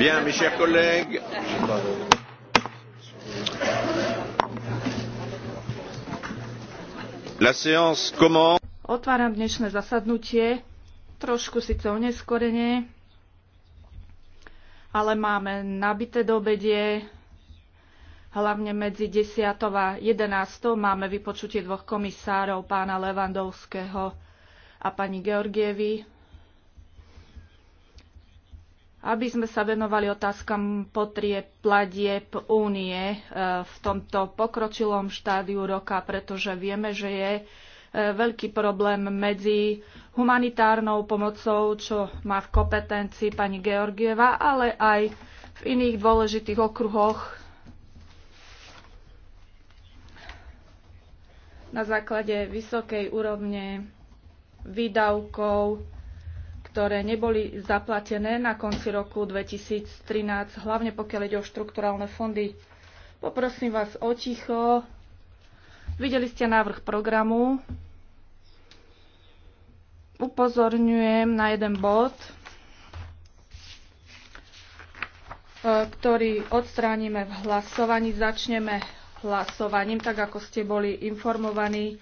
Bien, mes chers collègues. La séance commence. Otváram dnešné zasadnutie, trošku síce oneskorene, ale máme nabité do obedie, hlavne medzi 10. a 11. máme vypočutie dvoch komisárov, pána Levandovského a pani Georgievy, aby sme sa venovali otázkam potrie pladieb únie e, v tomto pokročilom štádiu roka, pretože vieme, že je e, veľký problém medzi humanitárnou pomocou, čo má v kompetencii pani Georgieva, ale aj v iných dôležitých okruhoch na základe vysokej úrovne výdavkov ktoré neboli zaplatené na konci roku 2013, hlavne pokiaľ ide o štrukturálne fondy. Poprosím vás o ticho. Videli ste návrh programu. Upozorňujem na jeden bod, e, ktorý odstránime v hlasovaní. Začneme hlasovaním, tak ako ste boli informovaní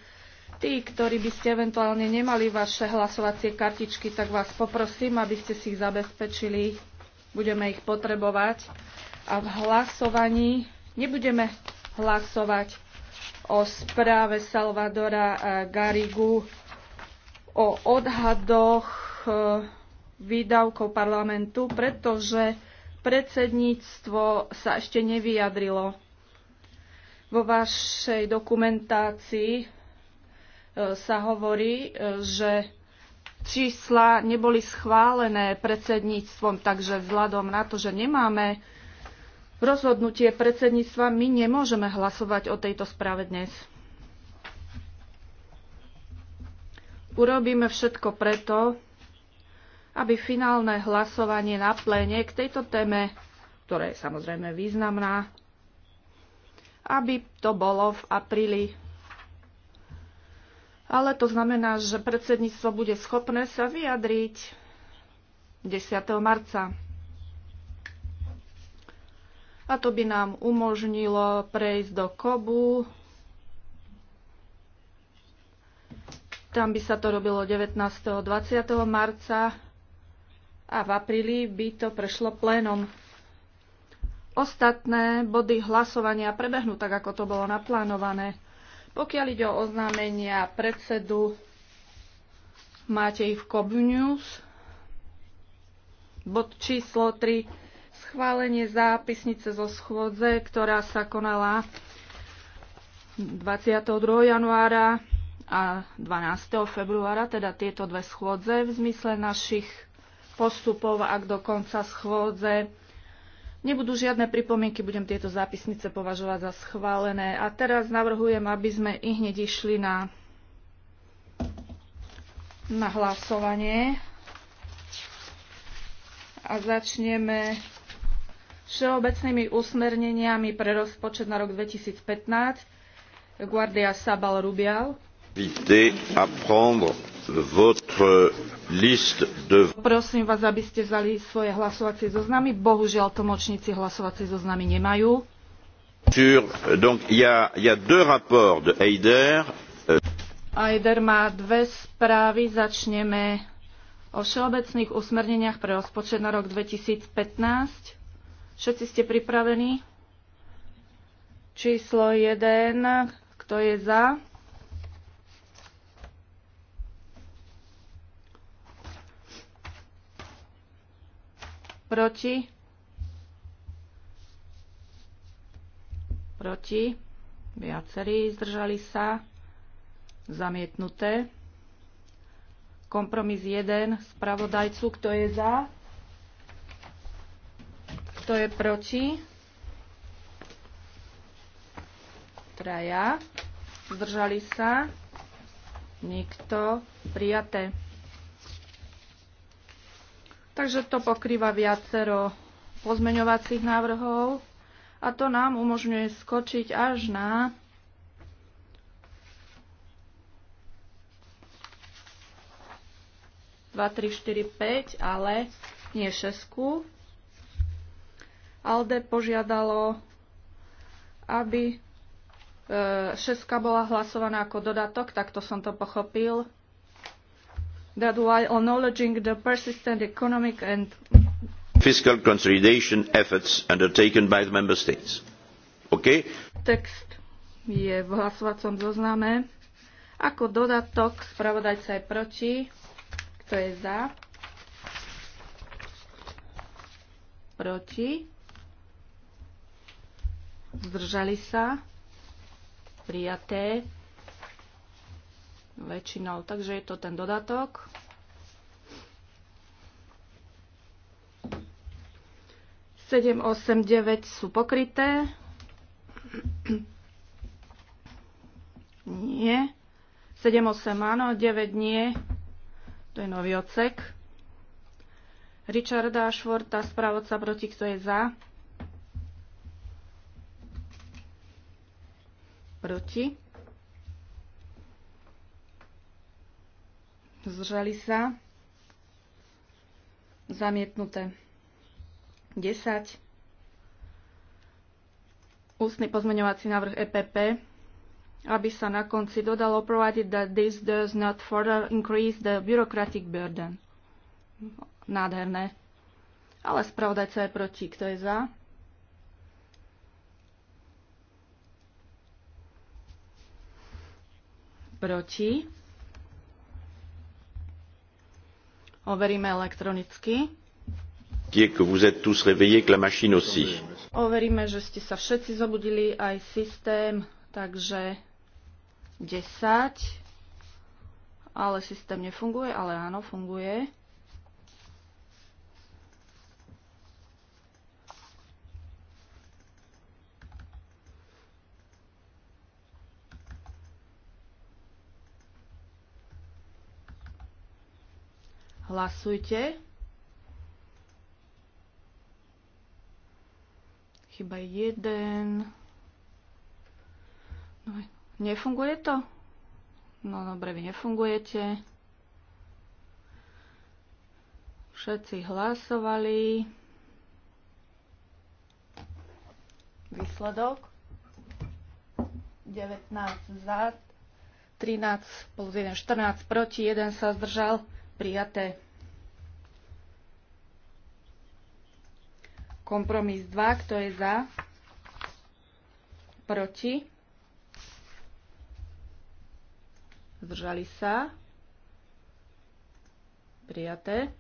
Tí, ktorí by ste eventuálne nemali vaše hlasovacie kartičky, tak vás poprosím, aby ste si ich zabezpečili. Budeme ich potrebovať. A v hlasovaní nebudeme hlasovať o správe Salvadora eh, Garigu o odhadoch eh, výdavkov parlamentu, pretože predsedníctvo sa ešte nevyjadrilo. Vo vašej dokumentácii sa hovorí, e, že čísla neboli schválené predsedníctvom, takže vzhľadom na to, že nemáme rozhodnutie predsedníctva, my nemôžeme hlasovať o tejto správe dnes. Urobíme všetko preto, aby finálne hlasovanie na pléne k tejto téme, ktorá je samozrejme významná, aby to bolo v apríli ale to znamená, že predsedníctvo bude schopné sa vyjadriť 10. marca. A to by nám umožnilo prejsť do Kobu. Tam by sa to robilo 19. 20. marca a v apríli by to prešlo plénom. Ostatné body hlasovania prebehnú tak, ako to bolo naplánované. Pokiaľ ide o oznámenia predsedu, máte ich v COB News. Bod číslo 3. Schválenie zápisnice zo schôdze, ktorá sa konala 22. januára a 12. februára, teda tieto dve schôdze v zmysle našich postupov, ak do konca schôdze Nebudú žiadne pripomienky, budem tieto zápisnice považovať za schválené. A teraz navrhujem, aby sme i hneď išli na, na hlasovanie. A začneme všeobecnými usmerneniami pre rozpočet na rok 2015. Guardia Sabal Rubial. Vite à prendre votre De... Prosím vás, aby ste vzali svoje hlasovacie zoznamy. Bohužiaľ, tlmočníci hlasovacie zoznamy nemajú. Sur, donc, y y a deux rapports de euh. má dve správy. Začneme o všeobecných usmerneniach pre rozpočet na rok 2015. Všetci ste pripravení? Číslo 1. Kto je za? Proti? Proti? Viacerí zdržali sa. Zamietnuté. Kompromis 1 spravodajcu. Kto je za? Kto je proti? Traja. Zdržali sa. Nikto. Prijaté. Takže to pokrýva viacero pozmeňovacích návrhov a to nám umožňuje skočiť až na dva, tri, štyri, päť, ale nie šesku. ALDE požiadalo, aby e, šeska bola hlasovaná ako dodatok, takto som to pochopil that while acknowledging the persistent economic and fiscal consolidation efforts undertaken by the member states. Okay? Text je v hlasovacom zozname. Ako dodatok spravodajca je proti. Kto je za? Proti. Zdržali sa. Prijaté väčšinou. Takže je to ten dodatok. Sedem, osem, deväť sú pokryté. Nie. Sedem, osem, áno, 9 nie. To je nový odsek. Richarda Ashworta, správodca proti, kto je za? Proti. Proti. zžali sa, zamietnuté. 10. Ústny pozmeňovací návrh EPP, aby sa na konci dodalo provided that this does not further increase the bureaucratic burden. Nádherné. Ale spravodajca je proti. Kto je za? Proti. Overíme elektronicky. Overíme, že ste sa všetci zobudili, aj systém, takže 10. Ale systém nefunguje, ale áno, funguje. Hlasujte. Chyba jeden. No, nefunguje to? No dobre, vy nefungujete. Všetci hlasovali. Výsledok 19 za, 13 plus 1, 14 proti, 1 sa zdržal prijaté. Kompromis 2, kto je za? Proti? Zdržali sa? Prijaté.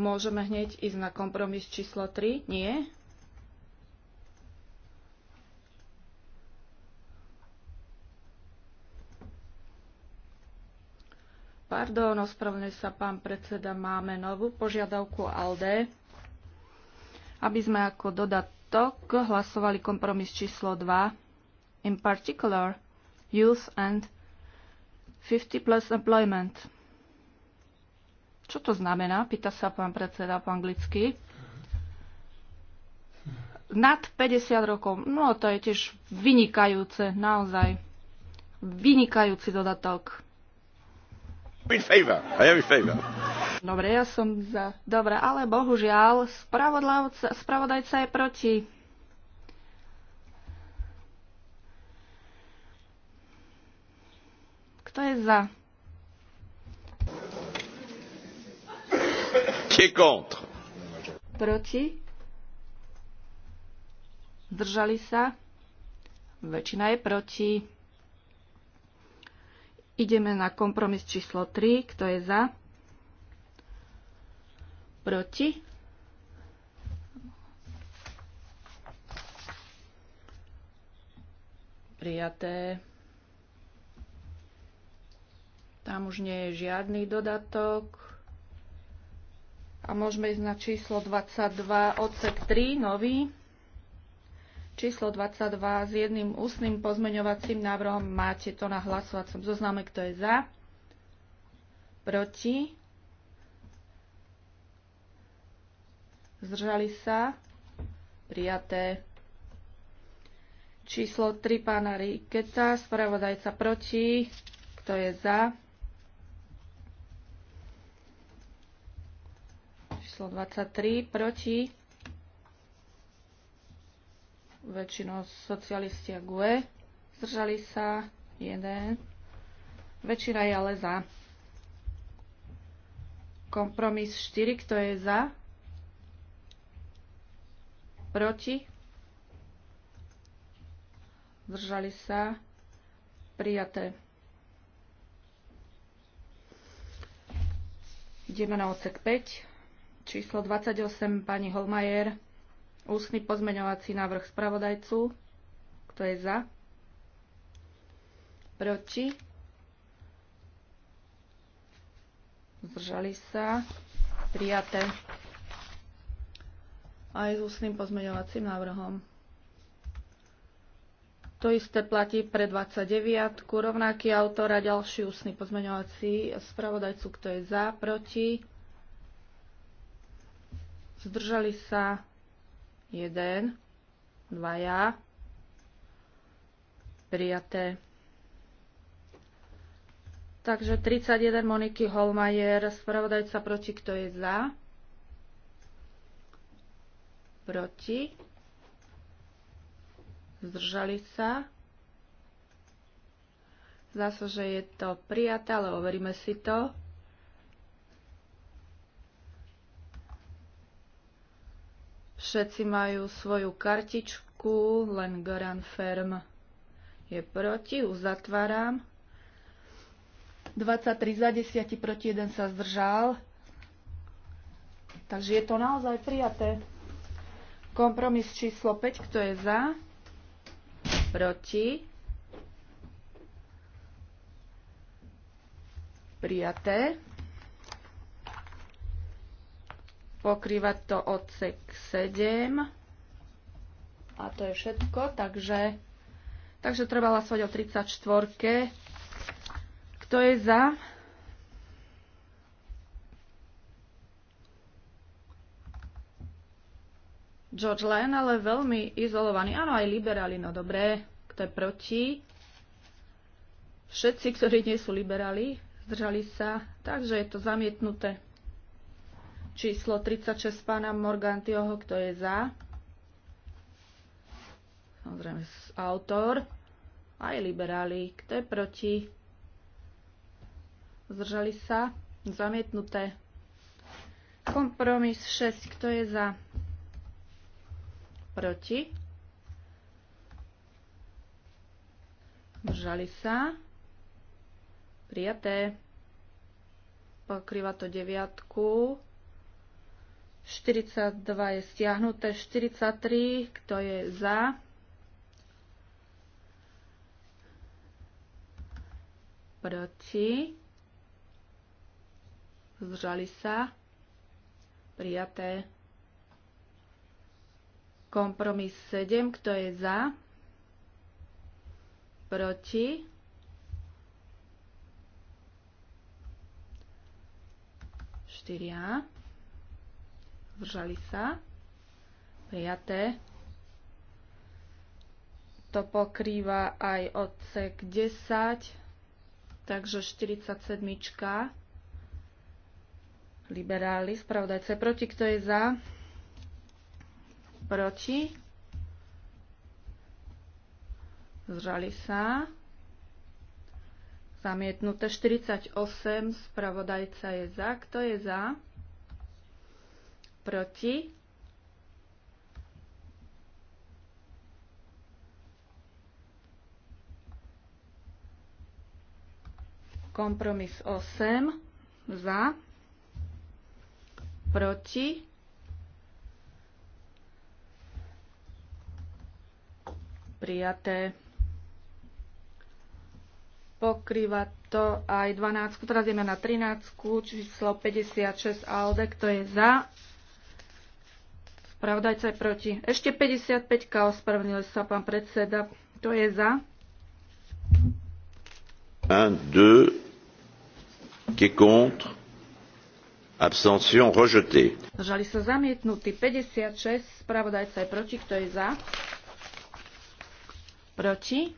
Môžeme hneď ísť na kompromis číslo 3? Nie. Pardon, ospravne sa pán predseda, máme novú požiadavku ALDE, aby sme ako dodatok hlasovali kompromis číslo 2, in particular youth and 50 plus employment. Čo to znamená? Pýta sa pán predseda po anglicky nad 50 rokov. No to je tiež vynikajúce, naozaj. Vynikajúci dodatok. In favor. I am in favor. Dobre, ja som za. Dobre, ale bohužiaľ, spravodajca je proti. Kto je za? Qui est contre? Proti? Zdržali sa? Väčšina je proti. Ideme na kompromis číslo 3. Kto je za? Proti? Prijaté. Tam už nie je žiadny dodatok. A môžeme ísť na číslo 22, odsek 3, nový číslo 22 s jedným ústnym pozmeňovacím návrhom. Máte to na hlasovacom zozname, kto je za, proti, zdržali sa, prijaté. Číslo 3 pána Riketa, spravodajca proti, kto je za. Číslo 23 proti väčšinou socialisti a GUE. Zdržali sa jeden. Väčšina je ale za. Kompromis 4, kto je za? Proti? Zdržali sa? Prijaté. Ideme na odsek 5. Číslo 28, pani Holmajer. Ústny pozmeňovací návrh spravodajcu. Kto je za? Proti? Zdržali sa? Prijaté. Aj s ústnym pozmeňovacím návrhom. To isté platí pre 29. Rovnaký autor a ďalší ústny pozmeňovací spravodajcu, kto je za, proti. Zdržali sa Jeden. Dvaja. Prijaté. Takže 31 Moniky Holmajer, spravodajca proti, kto je za? Proti. Zdržali sa. Zase, sa, že je to prijaté, ale overíme si to. Všetci majú svoju kartičku, len Goran Firm je proti, uzatváram. 23 za 10, proti 1 sa zdržal. Takže je to naozaj prijaté. Kompromis číslo 5, kto je za? Proti? Prijaté. Pokrýva to odsek 7. A to je všetko, takže, takže treba hlasovať o 34. Kto je za? George Lane, ale veľmi izolovaný. Áno, aj liberáli, no dobré. Kto je proti? Všetci, ktorí nie sú liberáli, zdržali sa, takže je to zamietnuté číslo 36 pána Morgantioho, kto je za. Samozrejme, autor. Aj liberáli, kto je proti. Zdržali sa. Zamietnuté. Kompromis 6, kto je za. Proti. Zdržali sa. Prijaté. Pokrýva to deviatku. 42 je stiahnuté, 43, kto je za? Proti? Zdržali sa? Prijaté. Kompromis 7, kto je za? Proti? Štyria zdržali sa, prijaté. To pokrýva aj odsek 10, takže 47. Liberáli, spravodajce proti, kto je za? Proti. Zžali sa. Zamietnuté 48, spravodajca je za. Kto je za? proti, kompromis 8 za, proti, prijaté. Pokrýva to aj 12, teraz ideme na 13, číslo 56 ALDE, kto je za, Spravodajca je proti. Ešte 55 K. Ospravedlnil sa pán predseda. To je za. 1, 2. Qui est contre Abstention rejeté. Zdržali sa zamietnutí. 56. Spravodajca je proti. Kto je za? Proti.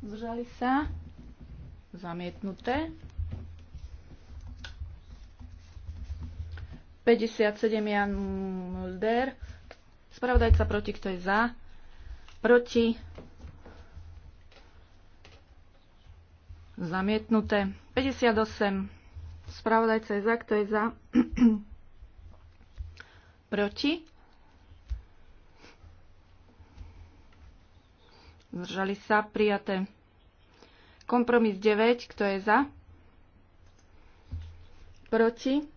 Zdržali sa. Zamietnuté. 57 Jan Mulder. Spravodajca proti, kto je za? Proti. Zamietnuté. 58. Spravodajca je za, kto je za? proti. Zdržali sa prijaté. Kompromis 9, kto je za? Proti.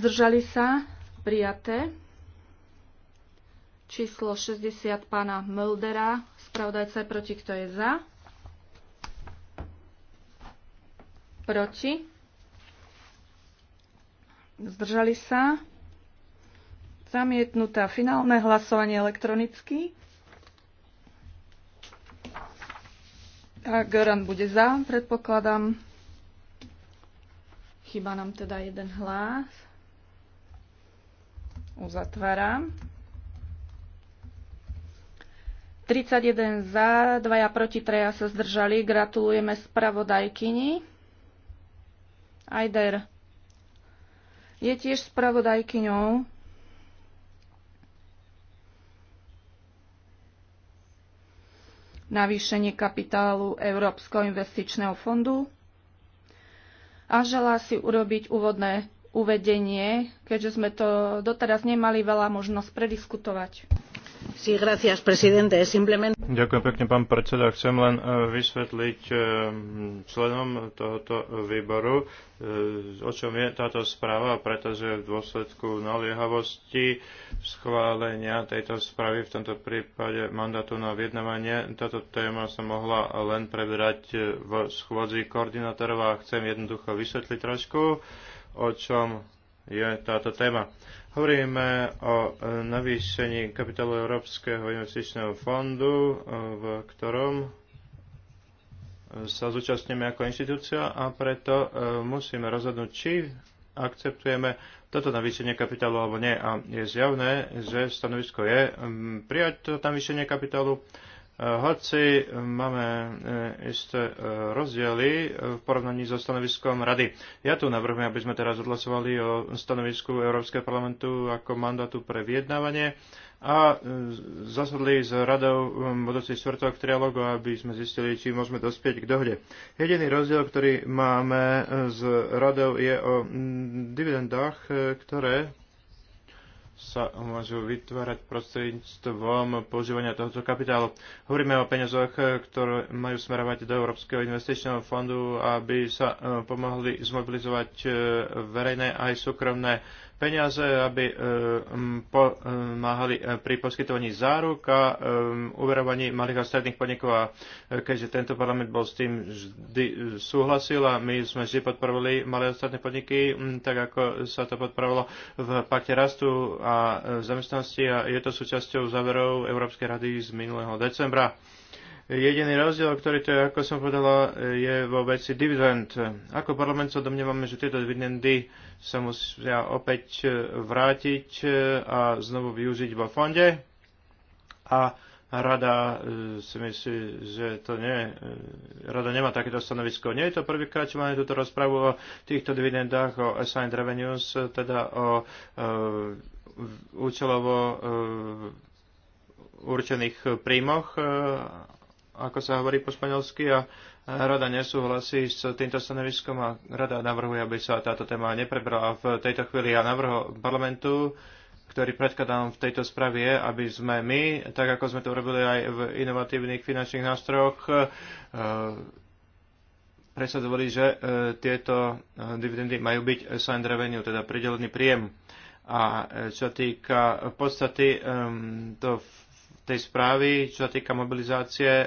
Zdržali sa? Prijaté. Číslo 60 pána Muldera. Spravodajca je proti. Kto je za? Proti. Zdržali sa? Zamietnutá finálne hlasovanie elektronicky. A Goran bude za, predpokladám. Chyba nám teda jeden hlas. Uzatváram. 31 za, 2 proti, 3 sa zdržali. Gratulujeme spravodajkyni. Ajder je tiež spravodajkyňou. navýšenie kapitálu Európskoho investičného fondu a želá si urobiť úvodné uvedenie, keďže sme to doteraz nemali veľa možnosť prediskutovať. Sí, gracias, Simplemente... Ďakujem pekne, pán predseda. Chcem len eh, vysvetliť eh, členom tohoto výboru, eh, o čom je táto správa, pretože v dôsledku naliehavosti schválenia tejto správy, v tomto prípade mandátu na vyjednávanie, táto téma sa mohla len preberať v schôdzi koordinátorov a chcem jednoducho vysvetliť trošku o čom je táto téma. Hovoríme o e, navýšení kapitálu Európskeho investičného fondu, e, v ktorom e, sa zúčastníme ako inštitúcia a preto musíme rozhodnúť, či akceptujeme toto navýšenie kapitálu alebo nie. A je zjavné, že stanovisko je prijať to navýšenie kapitálu E, hoci máme e, isté e, rozdiely v porovnaní so stanoviskom Rady. Ja tu navrhujem, aby sme teraz odhlasovali o stanovisku Európskeho parlamentu ako mandátu pre vyjednávanie a zasadli s radou budúci štvrtok trialogu, aby sme zistili, či môžeme dospieť k dohode. Jediný rozdiel, ktorý máme s radou, je o dividendách, ktoré sa môžu vytvárať prostredníctvom používania tohoto kapitálu. Hovoríme o peniazoch, ktoré majú smerovať do Európskeho investičného fondu, aby sa eh, pomohli zmobilizovať eh, verejné aj súkromné peniaze, aby e, pomáhali e, pri poskytovaní záruk a e, uverovaní malých a stredných podnikov. A keďže tento parlament bol s tým vždy súhlasil a my sme vždy podporovali malé a stredné podniky, tak ako sa to podporovalo v pakte rastu a zamestnanosti a je to súčasťou záverov Európskej rady z minulého decembra. Jediný rozdiel, ktorý to je, ako som povedala, je vo veci dividend. Ako parlament sa domnievame, že tieto dividendy sa musia opäť vrátiť a znovu využiť vo fonde. A rada e, si myslí, že to nie, e, rada nemá takéto stanovisko. Nie je to prvýkrát, čo máme túto rozpravu o týchto dividendách, o assigned revenues, teda o e, účelovo určených príjmoch ako sa hovorí po španielsky a rada nesúhlasí s týmto stanoviskom a rada navrhuje, aby sa táto téma neprebrala v tejto chvíli a ja navrhu parlamentu ktorý predkladám v tejto sprave je, aby sme my, tak ako sme to urobili aj v inovatívnych finančných nástrojoch, e, presadzovali, že e, tieto e, dividendy majú byť signed revenue, teda pridelený príjem. A čo týka v podstaty to tej správy, čo sa týka mobilizácie e, e,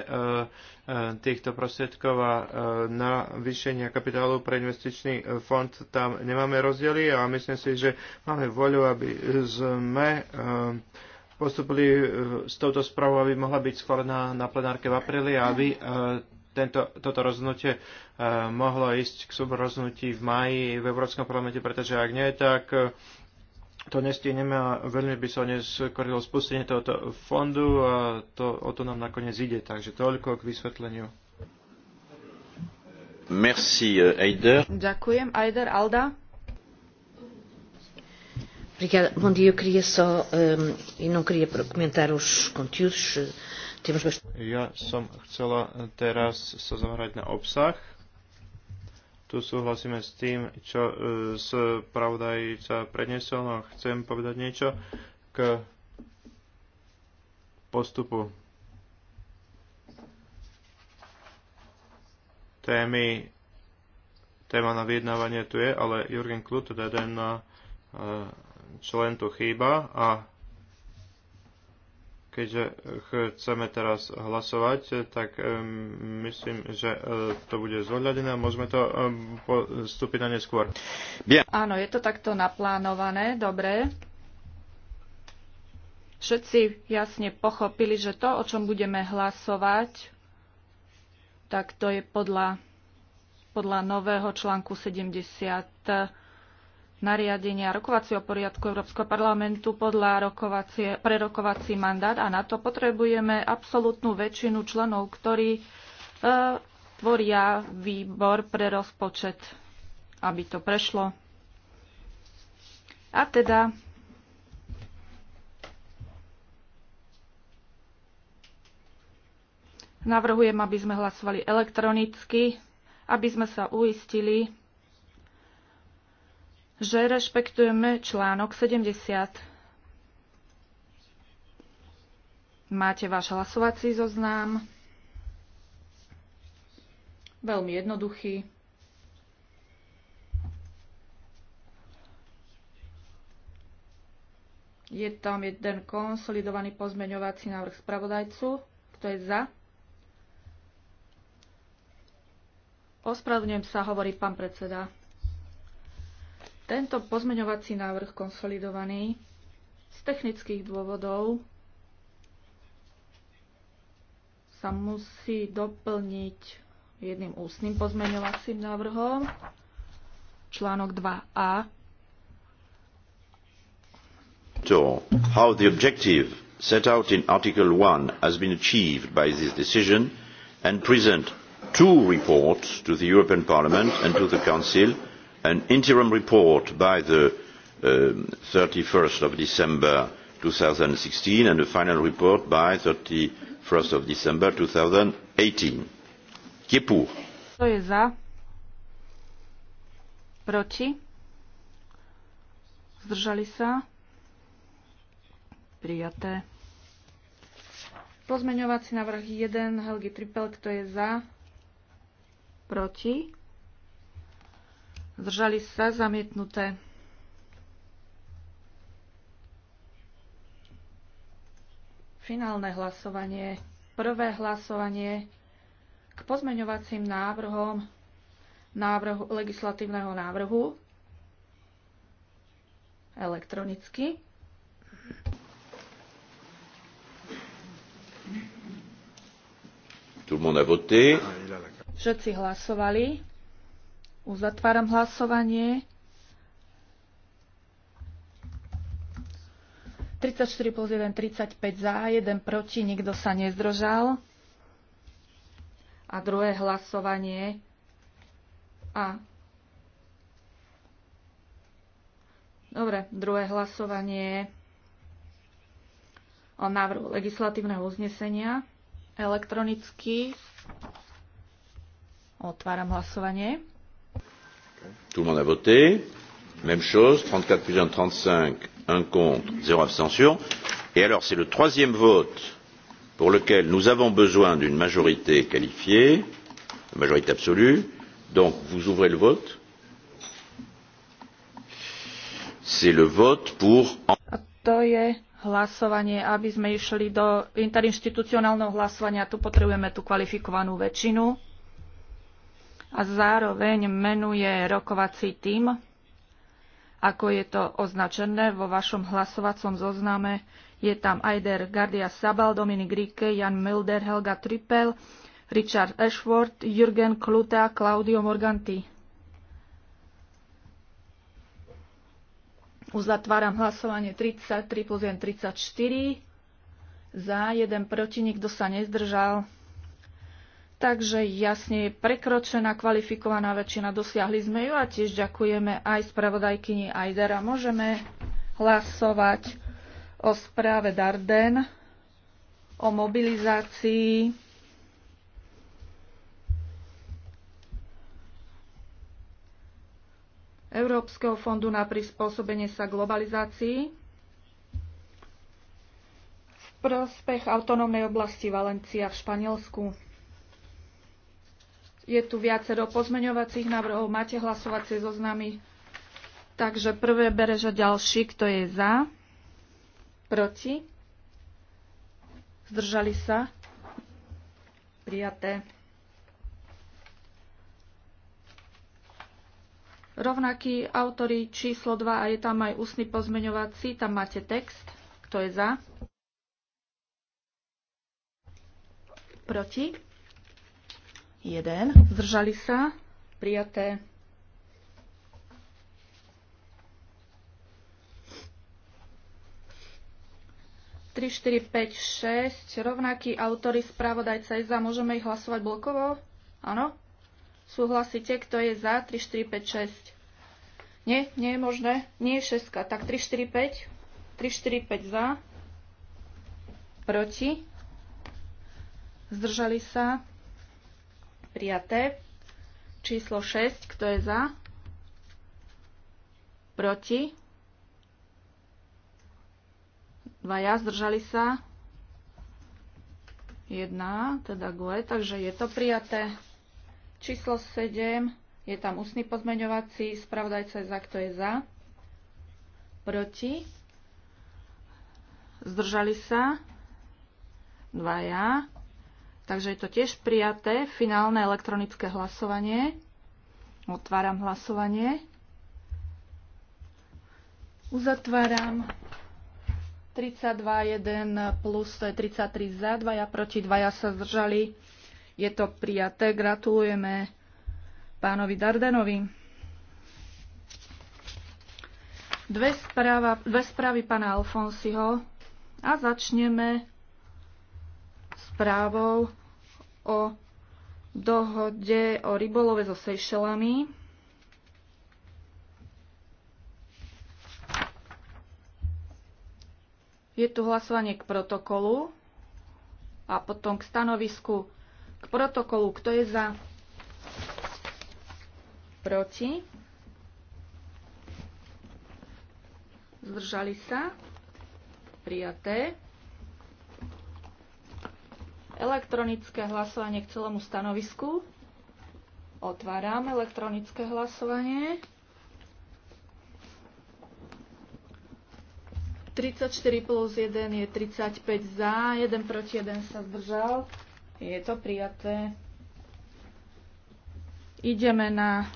týchto prostriedkov a e, na vyšenia kapitálu pre investičný fond tam nemáme rozdiely a myslím si, že máme voľu, aby sme postupili s touto správou, aby mohla byť schválená na plenárke v apríli a aby tento, toto rozhodnutie mohlo ísť k súboru rozhodnutí v maji v Európskom parlamente, pretože ak nie, tak to nestihneme a veľmi by sa neskorilo spustenie tohoto fondu a to, o to nám nakoniec ide. Takže toľko k vysvetleniu. Merci, eh, Eider. Ďakujem, Eider. Alda? Bom dia, eu queria só, ehm, e não queria comentar os conteúdos, eh, temos bastante... Ja som chcela teraz sa zamerať na obsah tu súhlasíme s tým, čo e, spravodajca prednesol, no chcem povedať niečo k postupu témy téma na vyjednávanie tu je, ale Jurgen Klut, teda jeden e, člen tu chýba a keďže chceme teraz hlasovať, tak eh, myslím, že eh, to bude zohľadené a môžeme to eh, postúpiť na neskôr. Áno, je to takto naplánované, dobre. Všetci jasne pochopili, že to, o čom budeme hlasovať, tak to je podľa, podľa nového článku 70 nariadenia rokovacieho poriadku Európskeho parlamentu podľa rokovacie, prerokovací mandát a na to potrebujeme absolútnu väčšinu členov, ktorí e, tvoria výbor pre rozpočet, aby to prešlo. A teda navrhujem, aby sme hlasovali elektronicky, aby sme sa uistili, že rešpektujeme článok 70. Máte váš hlasovací zoznám. Veľmi jednoduchý. Je tam jeden konsolidovaný pozmeňovací návrh spravodajcu. Kto je za? Ospravedlňujem sa, hovorí pán predseda. Tento pozmeňovací návrh konsolidovaný z technických dôvodov sa musí doplniť jedným ústnym pozmeňovacím návrhom, článok 2a. To how the objective set out in Article 1 has been achieved by this decision and present two reports to the European Parliament and to the Council an interim report by the um, thirty one of december two thousand and sixteen and a final report by thirty one of december. two thousand and eighteen qui est pour? Kto je za? Proti? Zdržali sa? Prijaté. Pozmeňovací návrh 1 Helgi Tripel, kto je za? Proti? Zdržali sa zamietnuté. Finálne hlasovanie. Prvé hlasovanie k pozmeňovacím návrhom návrhu, legislatívneho návrhu elektronicky. Tout le monde a voté. Všetci hlasovali. Uzatváram hlasovanie. 34 plus 1, 35 za, 1 proti, nikto sa nezdržal. A druhé hlasovanie. A. Dobre, druhé hlasovanie o návrhu legislatívneho uznesenia elektronicky. Otváram hlasovanie. Tout le monde a voté. Même chose, 34 plus 1, 35, 1 contre, 0 abstention. Et alors, c'est le troisième vote pour lequel nous avons besoin d'une majorité qualifiée, une majorité absolue. Donc, vous ouvrez le vote. C'est le vote pour. A to je hlasovanie, aby sme išli do interinstitucionálneho hlasovania. Tu potrebujeme tú kvalifikovanú väčšinu a zároveň menuje rokovací tým, ako je to označené vo vašom hlasovacom zozname. Je tam Aider Gardia Sabal, Dominik Ríke, Jan Milder, Helga Trippel, Richard Ashworth, Jürgen Kluta, Claudio Morganti. Uzatváram hlasovanie 33 plus 34. Za, jeden proti, nikto sa nezdržal. Takže jasne je prekročená kvalifikovaná väčšina, dosiahli sme ju a tiež ďakujeme aj spravodajkyni Ajdera. Môžeme hlasovať o správe Darden, o mobilizácii Európskeho fondu na prispôsobenie sa globalizácii v prospech autonómnej oblasti Valencia v Španielsku. Je tu viacero pozmeňovacích návrhov, máte hlasovacie zoznamy. Takže prvé že ďalší, kto je za, proti, zdržali sa, prijaté. Rovnaký autory číslo 2 a je tam aj ústny pozmeňovací, tam máte text, kto je za, proti, 1. Zdržali sa. Prijaté. Tri, štyri, päť, šesť. Rovnakí autory, spravodajca je za. Môžeme ich hlasovať blokovo? Áno? Súhlasíte, kto je za? 3, 4, 5, 6. Nie, nie je možné. Nie je 6. Tak 3, 4, 5. 3, 4, 5 za. Proti. Zdržali sa prijaté. Číslo 6, kto je za? Proti? Dvaja, zdržali sa? Jedna, teda GUE, takže je to prijaté. Číslo 7, je tam ústny pozmeňovací, spravodajca je za, kto je za? Proti? Zdržali sa? Dvaja. Takže je to tiež prijaté. Finálne elektronické hlasovanie. Otváram hlasovanie. Uzatváram. 32, 1 plus, to je 33 za, 2 ja proti, 2 ja sa zdržali. Je to prijaté. Gratulujeme pánovi Dardenovi. Dve, správa, dve správy pána Alfonsiho a začneme správou o dohode o rybolove so Sejšelami. Je tu hlasovanie k protokolu a potom k stanovisku k protokolu. Kto je za? Proti? Zdržali sa? Prijaté. Elektronické hlasovanie k celému stanovisku. Otváram elektronické hlasovanie. 34 plus 1 je 35 za, 1 proti 1 sa zdržal. Je to prijaté. Ideme na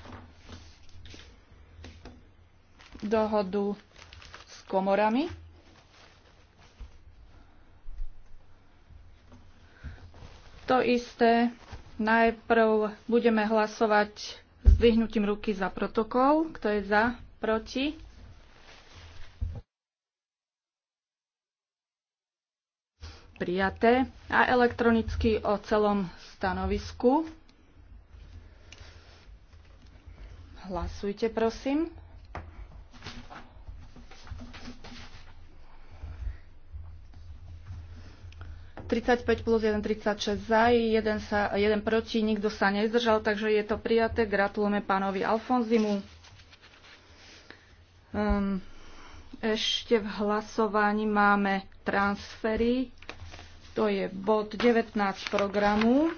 dohodu s komorami. To isté. Najprv budeme hlasovať dvihnutím ruky za protokol. Kto je za? Proti? Prijaté. A elektronicky o celom stanovisku. Hlasujte, prosím. 35 plus 1, 36 za, 1, sa, 1 proti, nikto sa nezdržal, takže je to prijaté. Gratulujeme pánovi Alfonzimu. Um, ešte v hlasovaní máme transfery. To je bod 19 programu.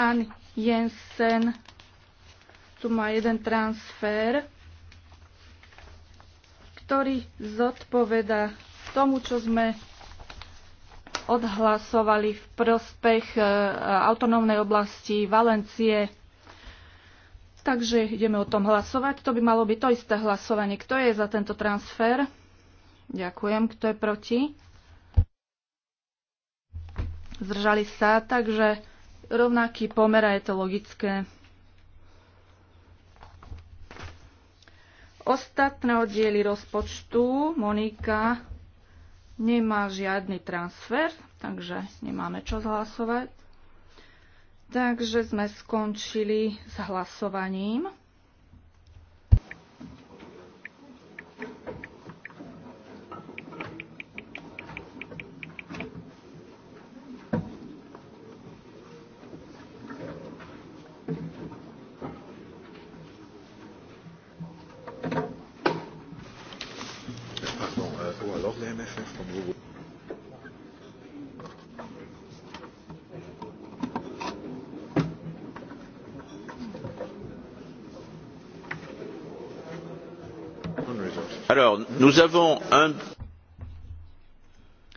An Jensen tu má jeden transfer, ktorý zodpoveda tomu, čo sme odhlasovali v prospech e, autonómnej oblasti Valencie. Takže ideme o tom hlasovať. To by malo byť to isté hlasovanie. Kto je za tento transfer? Ďakujem. Kto je proti? Zdržali sa, takže rovnaký pomer a je to logické. Ostatné oddiely rozpočtu. Monika nemá žiadny transfer, takže nemáme čo zhlasovať. Takže sme skončili s hlasovaním.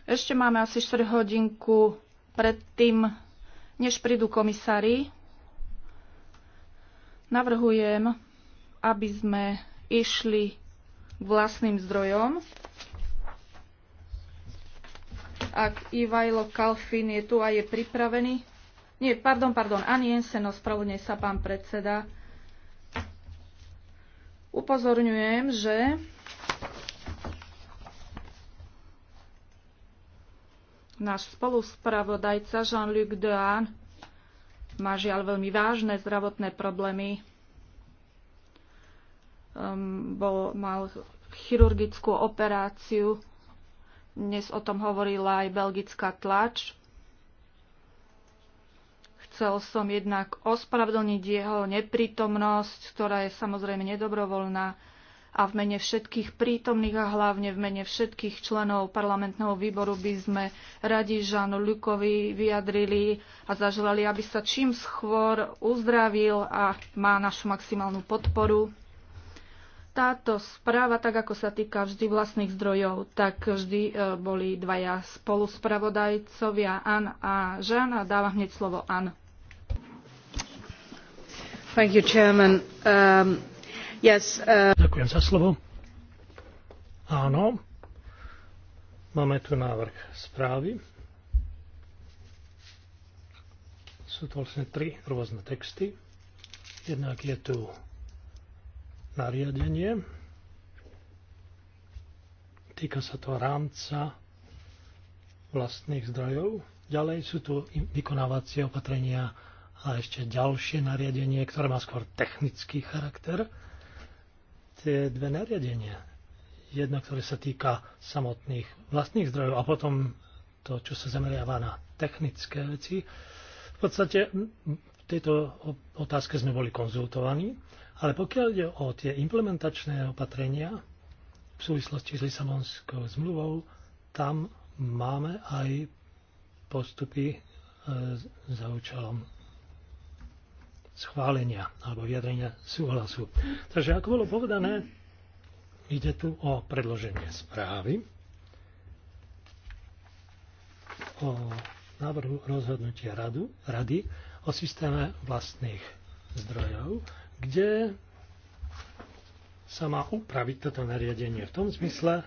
Ešte máme asi 4 hodinku predtým, než prídu komisári. Navrhujem, aby sme išli k vlastným zdrojom. Ak Ivajlo Kalfin je tu a je pripravený. Nie, pardon, pardon, ani Jensen, no, ospravedlňuje sa pán predseda. Upozorňujem, že Náš spoluspravodajca Jean-Luc Dehaene má žiaľ veľmi vážne zdravotné problémy. Um, bol, mal chirurgickú operáciu. Dnes o tom hovorila aj belgická tlač. Chcel som jednak ospravedlniť jeho neprítomnosť, ktorá je samozrejme nedobrovoľná a v mene všetkých prítomných a hlavne v mene všetkých členov parlamentného výboru by sme radi Žánu Ľukovi vyjadrili a zaželali, aby sa čím skôr uzdravil a má našu maximálnu podporu. Táto správa, tak ako sa týka vždy vlastných zdrojov, tak vždy e, boli dvaja spoluspravodajcovia, An a Žan, a dávam hneď slovo An. Thank you, Chairman. Um, Uh, Ďakujem za slovo. Áno, máme tu návrh správy. Sú to vlastne tri rôzne texty. Jednak je tu nariadenie. Týka sa to rámca vlastných zdrojov. Ďalej sú tu vykonávacie opatrenia a ešte ďalšie nariadenie, ktoré má skôr technický charakter tie dve nariadenia. Jedno, ktoré sa týka samotných vlastných zdrojov a potom to, čo sa zameriava na technické veci. V podstate v tejto otázke sme boli konzultovaní, ale pokiaľ ide o tie implementačné opatrenia v súvislosti s Lisabonskou zmluvou, tam máme aj postupy e, za účelom schválenia alebo vyjadrenia súhlasu. Takže ako bolo povedané, ide tu o predloženie správy, o návrhu rozhodnutia radu, rady o systéme vlastných zdrojov, kde sa má upraviť toto nariadenie v tom zmysle,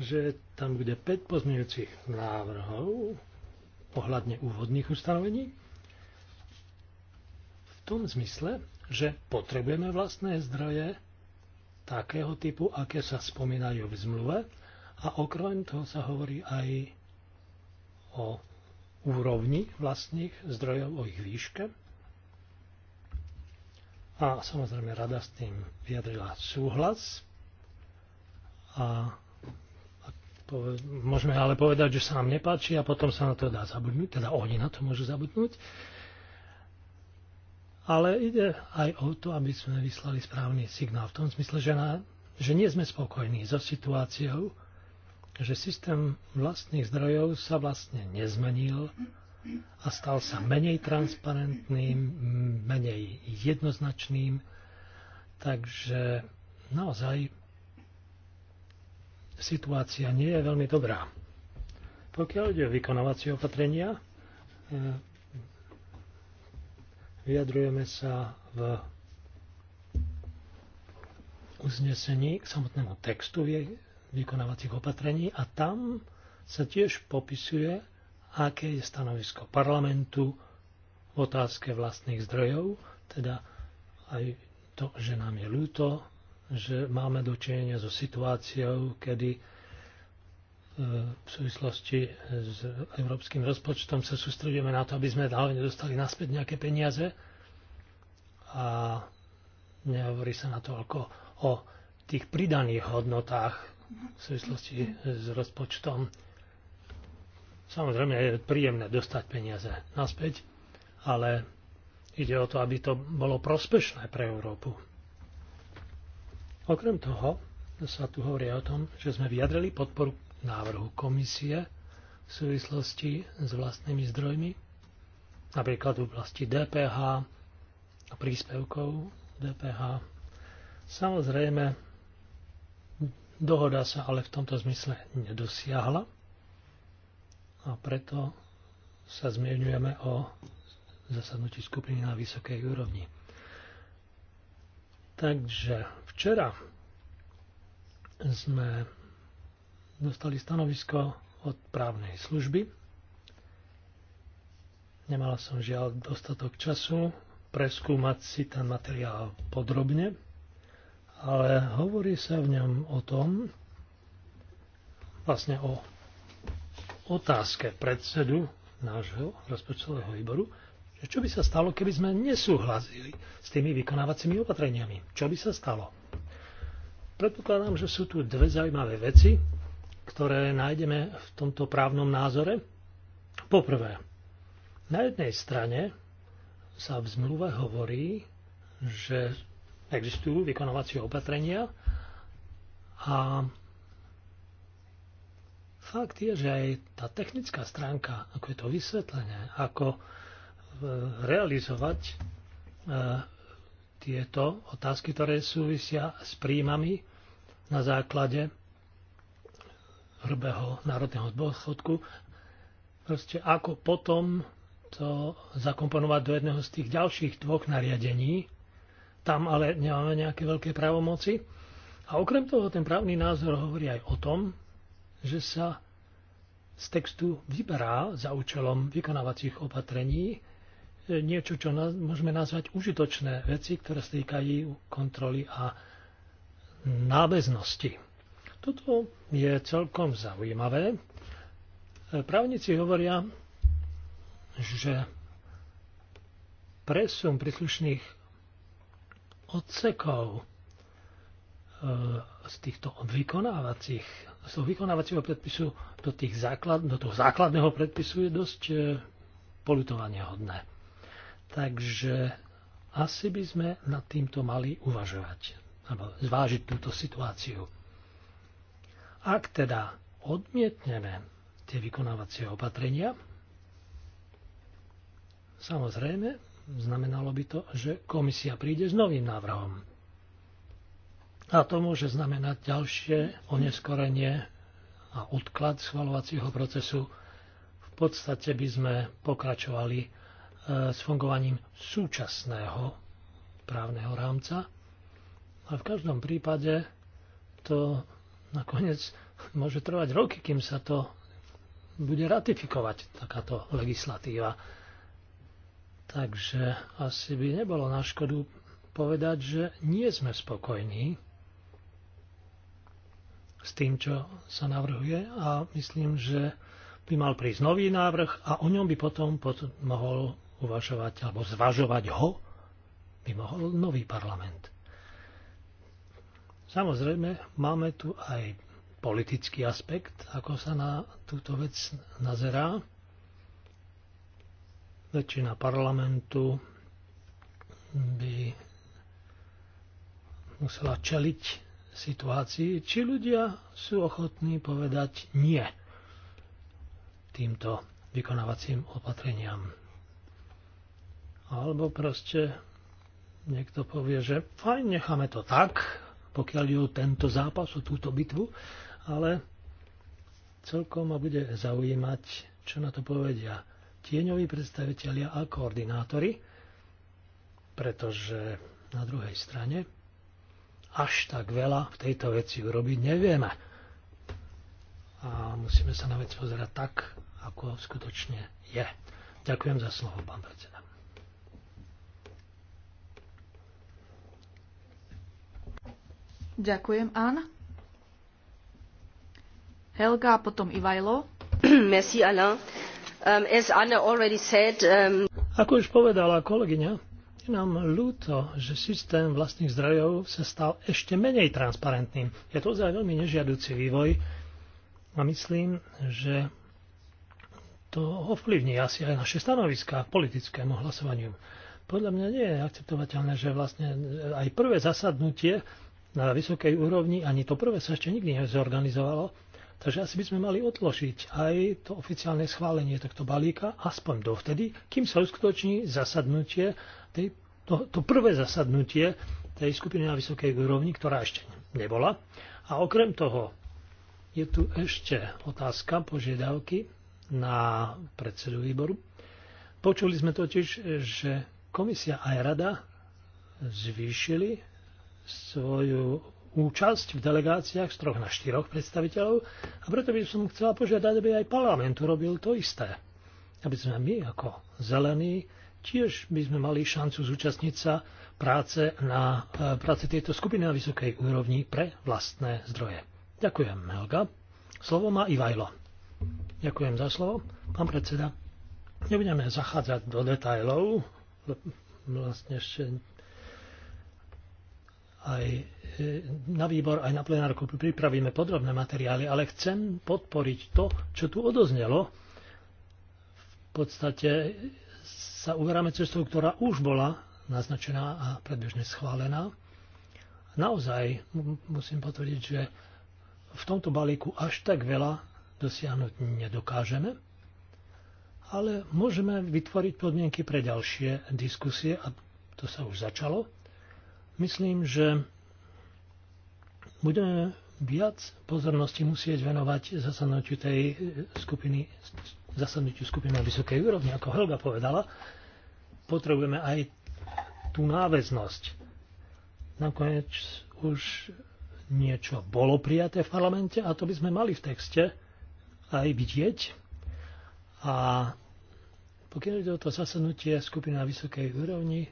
že tam bude 5 pozmeňujúcich návrhov ohľadne úvodných ustanovení tom zmysle, že potrebujeme vlastné zdroje takého typu, aké sa spomínajú v zmluve a okrem toho sa hovorí aj o úrovni vlastných zdrojov, o ich výške. A samozrejme rada s tým vyjadrila súhlas a môžeme ale povedať, že sa nám nepáči a potom sa na to dá zabudnúť, teda oni na to môžu zabudnúť ale ide aj o to, aby sme vyslali správny signál v tom smysle, že, na, že nie sme spokojní so situáciou, že systém vlastných zdrojov sa vlastne nezmenil a stal sa menej transparentným, menej jednoznačným. Takže naozaj situácia nie je veľmi dobrá. Pokiaľ ide o vykonávacie opatrenia, Vyjadrujeme sa v uznesení k samotnému textu vykonávacích opatrení a tam sa tiež popisuje, aké je stanovisko parlamentu v otázke vlastných zdrojov, teda aj to, že nám je ľúto, že máme dočinenia so situáciou, kedy v súvislosti s európskym rozpočtom sa sústredujeme na to, aby sme dále nedostali naspäť nejaké peniaze a nehovorí sa na to ako o tých pridaných hodnotách v súvislosti s rozpočtom. Samozrejme je príjemné dostať peniaze naspäť, ale ide o to, aby to bolo prospešné pre Európu. Okrem toho sa tu hovorí o tom, že sme vyjadrili podporu návrhu komisie v súvislosti s vlastnými zdrojmi, napríklad v oblasti DPH a príspevkov DPH. Samozrejme, dohoda sa ale v tomto zmysle nedosiahla a preto sa zmienujeme o zasadnutí skupiny na vysokej úrovni. Takže včera sme dostali stanovisko od právnej služby. Nemala som žiaľ dostatok času preskúmať si ten materiál podrobne, ale hovorí sa v ňom o tom, vlastne o otázke predsedu nášho rozpočtového výboru, že čo by sa stalo, keby sme nesúhlasili s tými vykonávacími opatreniami. Čo by sa stalo? Predpokladám, že sú tu dve zaujímavé veci, ktoré nájdeme v tomto právnom názore? Poprvé, na jednej strane sa v zmluve hovorí, že existujú vykonovacie opatrenia a fakt je, že aj tá technická stránka, ako je to vysvetlenie, ako e, realizovať e, tieto otázky, ktoré súvisia s príjmami na základe hrubého národného dôchodku. Proste ako potom to zakomponovať do jedného z tých ďalších dvoch nariadení. Tam ale nemáme nejaké veľké právomoci. A okrem toho ten právny názor hovorí aj o tom, že sa z textu vyberá za účelom vykonávacích opatrení e, niečo, čo môžeme nazvať užitočné veci, ktoré stýkajú týkajú kontroly a nábeznosti. Toto je celkom zaujímavé. Právnici hovoria, že presun príslušných odsekov e, z týchto vykonávacích z toho vykonávacieho predpisu do, tých základ, do toho základného predpisu je dosť e, polutovania hodné. Takže asi by sme nad týmto mali uvažovať, alebo zvážiť túto situáciu. Ak teda odmietneme tie vykonávacie opatrenia, samozrejme, znamenalo by to, že komisia príde s novým návrhom. A to môže znamenať ďalšie oneskorenie a odklad schvalovacieho procesu. V podstate by sme pokračovali e, s fungovaním súčasného právneho rámca. A v každom prípade to nakoniec môže trvať roky, kým sa to bude ratifikovať, takáto legislatíva. Takže asi by nebolo na škodu povedať, že nie sme spokojní s tým, čo sa navrhuje a myslím, že by mal prísť nový návrh a o ňom by potom, potom mohol uvažovať alebo zvažovať ho by mohol nový parlament. Samozrejme, máme tu aj politický aspekt, ako sa na túto vec nazerá. Väčšina parlamentu by musela čeliť situácii, či ľudia sú ochotní povedať nie týmto vykonávacím opatreniam. Alebo proste niekto povie, že fajn, necháme to tak, pokiaľ je o tento zápas, o túto bitvu, ale celkom ma bude zaujímať, čo na to povedia tieňoví predstavitelia a koordinátori, pretože na druhej strane až tak veľa v tejto veci urobiť nevieme. A musíme sa na vec pozerať tak, ako skutočne je. Ďakujem za slovo, pán predseda. Ďakujem, Anne. Helga a potom Ivajlo. Merci, Anna. Um, as Anna already said, um... Ako už povedala kolegyňa, je nám ľúto, že systém vlastných zdrojov sa stal ešte menej transparentným. Je to ozaj veľmi nežiaduci vývoj a myslím, že to ovplyvní asi aj naše stanoviská k politickému hlasovaniu. Podľa mňa nie je akceptovateľné, že vlastne aj prvé zasadnutie na vysokej úrovni, ani to prvé sa ešte nikdy nezorganizovalo, takže asi by sme mali odložiť aj to oficiálne schválenie tohto balíka, aspoň dovtedy, kým sa uskutoční zasadnutie, tej, to, to prvé zasadnutie tej skupiny na vysokej úrovni, ktorá ešte nebola. A okrem toho je tu ešte otázka požiadavky na predsedu výboru. Počuli sme totiž, že komisia aj rada zvýšili svoju účasť v delegáciách z troch na štyroch predstaviteľov a preto by som chcela požiadať, aby aj parlament urobil to isté. Aby sme my ako zelení tiež by sme mali šancu zúčastniť sa práce, na, e, práce tejto skupiny na vysokej úrovni pre vlastné zdroje. Ďakujem, Helga. Slovo má Ivajlo. Ďakujem za slovo. Pán predseda, nebudeme zachádzať do detajlov, vlastne ešte aj e, na výbor, aj na plenárku pripravíme podrobné materiály, ale chcem podporiť to, čo tu odoznelo. V podstate sa uveráme cestou, ktorá už bola naznačená a predbežne schválená. Naozaj musím potvrdiť, že v tomto balíku až tak veľa dosiahnuť nedokážeme, ale môžeme vytvoriť podmienky pre ďalšie diskusie a to sa už začalo Myslím, že budeme viac pozornosti musieť venovať zasadnutiu tej e, skupiny, zasadnutiu skupiny na vysokej úrovni, ako Helga povedala. Potrebujeme aj tú náväznosť. Nakoniec už niečo bolo prijaté v parlamente a to by sme mali v texte aj vidieť. A pokiaľ ide o to zasadnutie skupiny na vysokej úrovni,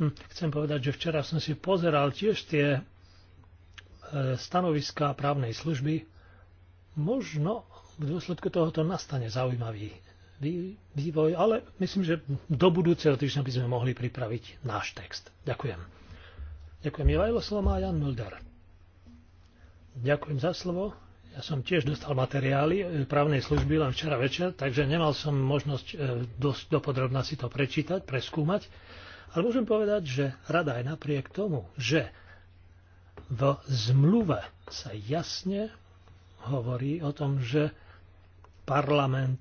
Hm, chcem povedať, že včera som si pozeral tiež tie e, stanoviská právnej služby. Možno v dôsledku tohoto nastane zaujímavý vývoj, ale myslím, že do budúceho týždňa by sme mohli pripraviť náš text. Ďakujem. Ďakujem Ivajlo Sloma a Jan Mulder. Ďakujem za slovo. Ja som tiež dostal materiály e, právnej služby len včera večer, takže nemal som možnosť e, dosť dopodrobná si to prečítať, preskúmať. Ale môžem povedať, že rada aj napriek tomu, že v zmluve sa jasne hovorí o tom, že parlament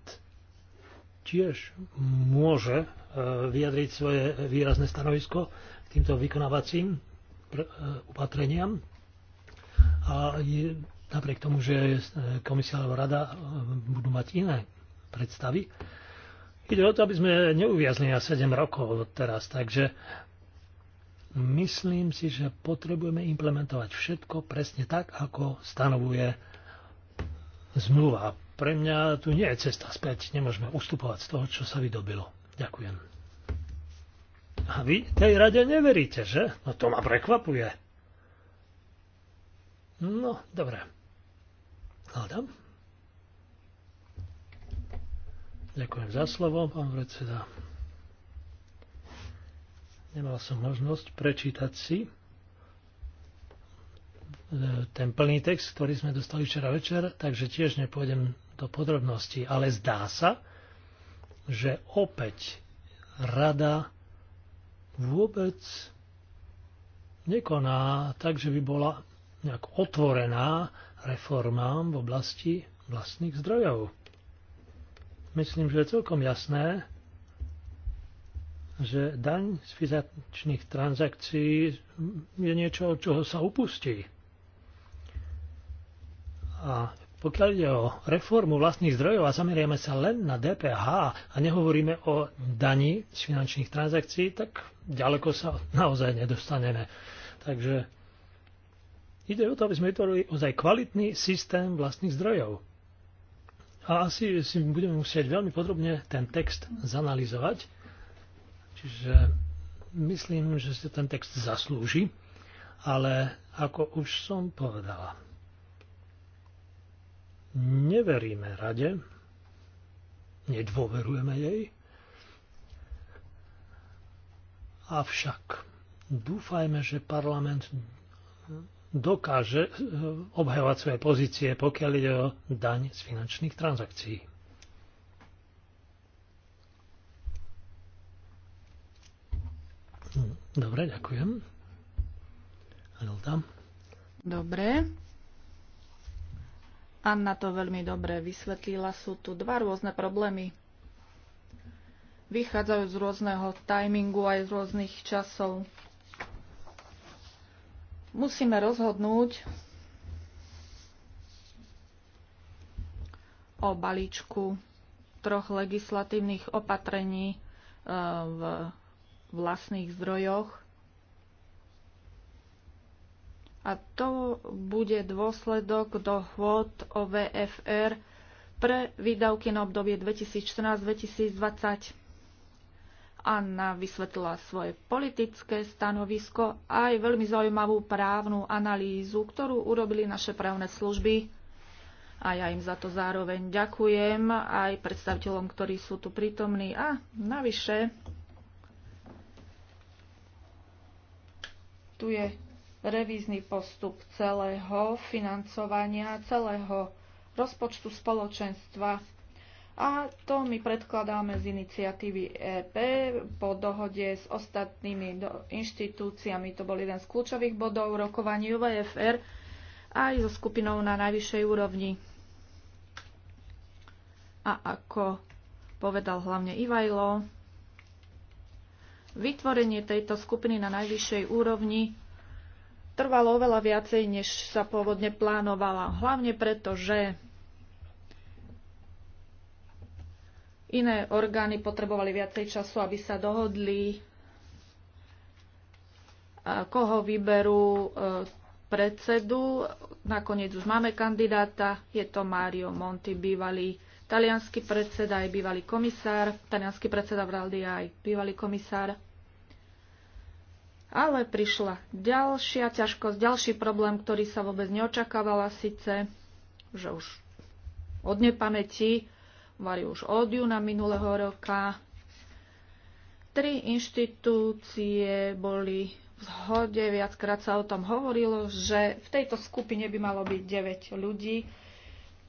tiež môže e, vyjadriť svoje výrazné stanovisko k týmto vykonávacím opatreniam. E, A napriek tomu, že e, komisia alebo rada budú mať iné predstavy, Ide o to, aby sme neuviazli na 7 rokov od teraz, takže myslím si, že potrebujeme implementovať všetko presne tak, ako stanovuje zmluva. Pre mňa tu nie je cesta späť, nemôžeme ustupovať z toho, čo sa vydobilo. Ďakujem. A vy tej rade neveríte, že? No to ma prekvapuje. No, dobre. Hľadám. Ďakujem za slovo, pán predseda. Nemal som možnosť prečítať si e, ten plný text, ktorý sme dostali včera večer, takže tiež nepôjdem do podrobností. Ale zdá sa, že opäť rada vôbec nekoná tak, že by bola nejak otvorená reformám v oblasti vlastných zdrojov myslím, že je celkom jasné, že daň z finančných transakcií je niečo, od čoho sa upustí. A pokiaľ ide o reformu vlastných zdrojov a zamerieme sa len na DPH a nehovoríme o daní z finančných transakcií, tak ďaleko sa naozaj nedostaneme. Takže ide o to, aby sme vytvorili ozaj kvalitný systém vlastných zdrojov. A asi si budeme musieť veľmi podrobne ten text zanalizovať. Čiže myslím, že si ten text zaslúži, ale ako už som povedala, neveríme rade, nedôverujeme jej, avšak dúfajme, že parlament dokáže eh, obhajovať svoje pozície, pokiaľ ide o daň z finančných transakcií. Hm, dobre, ďakujem. Hilda. Dobre. Anna to veľmi dobre vysvetlila. Sú tu dva rôzne problémy. Vychádzajú z rôzneho timingu aj z rôznych časov musíme rozhodnúť o balíčku troch legislatívnych opatrení e, v vlastných zdrojoch. A to bude dôsledok dohôd o VFR pre výdavky na obdobie 2014-2020. Anna vysvetlila svoje politické stanovisko a aj veľmi zaujímavú právnu analýzu, ktorú urobili naše právne služby. A ja im za to zároveň ďakujem, aj predstaviteľom, ktorí sú tu prítomní. A navyše, tu je revízny postup celého financovania, celého rozpočtu spoločenstva a to my predkladáme z iniciatívy EP po dohode s ostatnými inštitúciami. To bol jeden z kľúčových bodov rokovaní UVFR aj so skupinou na najvyššej úrovni. A ako povedal hlavne Ivajlo, vytvorenie tejto skupiny na najvyššej úrovni trvalo oveľa viacej, než sa pôvodne plánovala. Hlavne preto, že Iné orgány potrebovali viacej času, aby sa dohodli, koho vyberú e, predsedu. Nakoniec už máme kandidáta, je to Mario Monti, bývalý talianský predseda, aj bývalý komisár, talianský predseda v Raldi aj bývalý komisár. Ale prišla ďalšia ťažkosť, ďalší problém, ktorý sa vôbec neočakávala síce, že už od nepamäti mali už od júna minulého roka. Tri inštitúcie boli v zhode, viackrát sa o tom hovorilo, že v tejto skupine by malo byť 9 ľudí,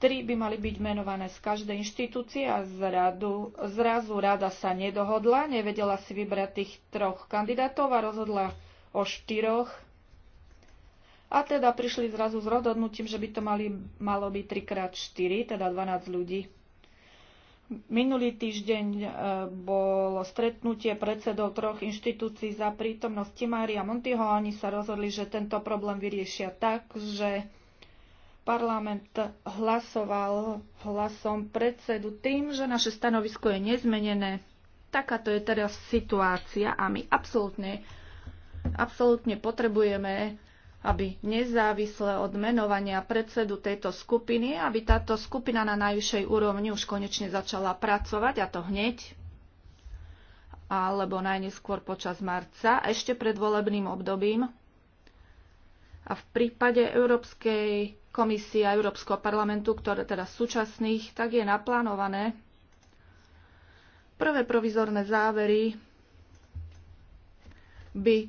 tri by mali byť menované z každej inštitúcie a radu, zrazu rada sa nedohodla, nevedela si vybrať tých troch kandidátov a rozhodla o štyroch. A teda prišli zrazu s rozhodnutím, že by to mali, malo byť 3x4, teda 12 ľudí. Minulý týždeň e, bolo stretnutie predsedov troch inštitúcií za prítomnosti Mária Montiho a oni sa rozhodli, že tento problém vyriešia tak, že parlament hlasoval hlasom predsedu tým, že naše stanovisko je nezmenené. Takáto je teraz situácia a my absolútne, absolútne potrebujeme aby nezávisle od menovania predsedu tejto skupiny, aby táto skupina na najvyššej úrovni už konečne začala pracovať, a to hneď, alebo najneskôr počas marca, ešte pred volebným obdobím. A v prípade Európskej komisie a Európskeho parlamentu, ktoré teda súčasných, tak je naplánované prvé provizorné závery by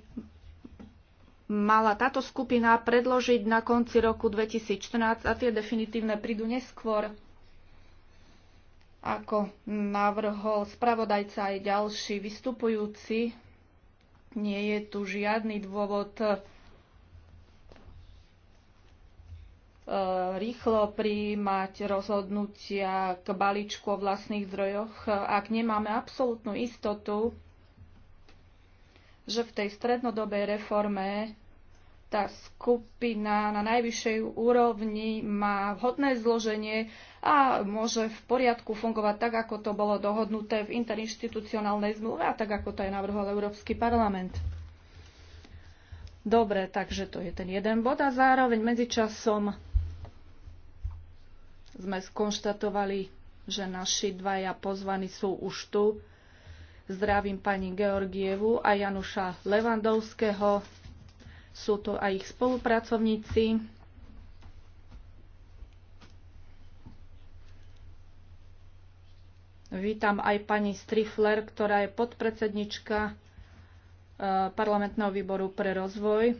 mala táto skupina predložiť na konci roku 2014 a tie definitívne prídu neskôr, ako navrhol spravodajca aj ďalší vystupujúci. Nie je tu žiadny dôvod e, rýchlo príjmať rozhodnutia k balíčku o vlastných zdrojoch, e, ak nemáme absolútnu istotu, že v tej strednodobej reforme tá skupina na najvyššej úrovni má vhodné zloženie a môže v poriadku fungovať tak, ako to bolo dohodnuté v interinstitucionálnej zmluve a tak, ako to aj navrhol Európsky parlament. Dobre, takže to je ten jeden bod a zároveň medzičasom sme skonštatovali, že naši dvaja pozvaní sú už tu. Zdravím pani Georgievu a Januša Levandovského sú to aj ich spolupracovníci. Vítam aj pani Strifler, ktorá je podpredsednička e, parlamentného výboru pre rozvoj.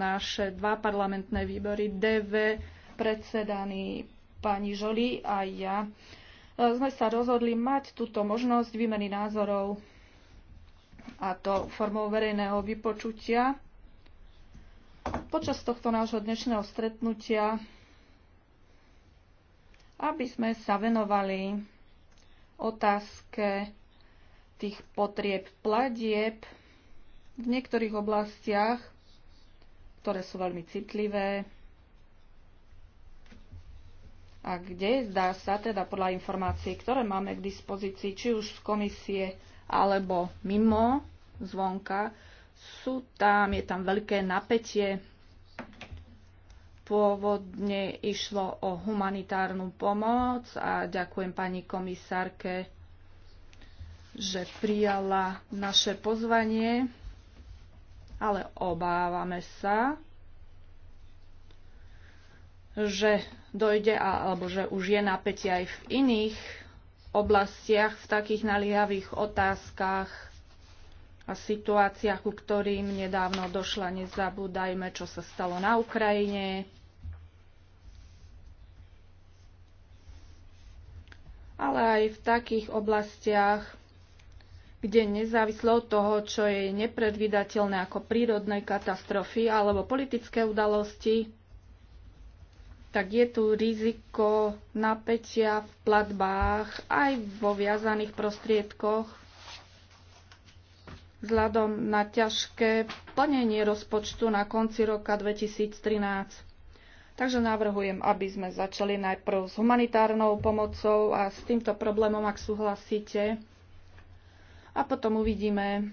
Naše dva parlamentné výbory, DV, predsedaný pani Žoli a ja, e, sme sa rozhodli mať túto možnosť výmeny názorov a to formou verejného vypočutia počas tohto nášho dnešného stretnutia, aby sme sa venovali otázke tých potrieb pladieb v niektorých oblastiach, ktoré sú veľmi citlivé a kde, zdá sa, teda podľa informácií, ktoré máme k dispozícii, či už z komisie alebo mimo, zvonka, sú tam, je tam veľké napätie. Pôvodne išlo o humanitárnu pomoc a ďakujem pani komisárke, že prijala naše pozvanie, ale obávame sa, že dojde, alebo že už je napätie aj v iných oblastiach, v takých naliehavých otázkach a situáciách, ku ktorým nedávno došla. Nezabúdajme, čo sa stalo na Ukrajine, ale aj v takých oblastiach, kde nezávislo od toho, čo je nepredvídateľné ako prírodné katastrofy alebo politické udalosti, tak je tu riziko napätia v platbách aj vo viazaných prostriedkoch vzhľadom na ťažké plnenie rozpočtu na konci roka 2013. Takže navrhujem, aby sme začali najprv s humanitárnou pomocou a s týmto problémom, ak súhlasíte. A potom uvidíme,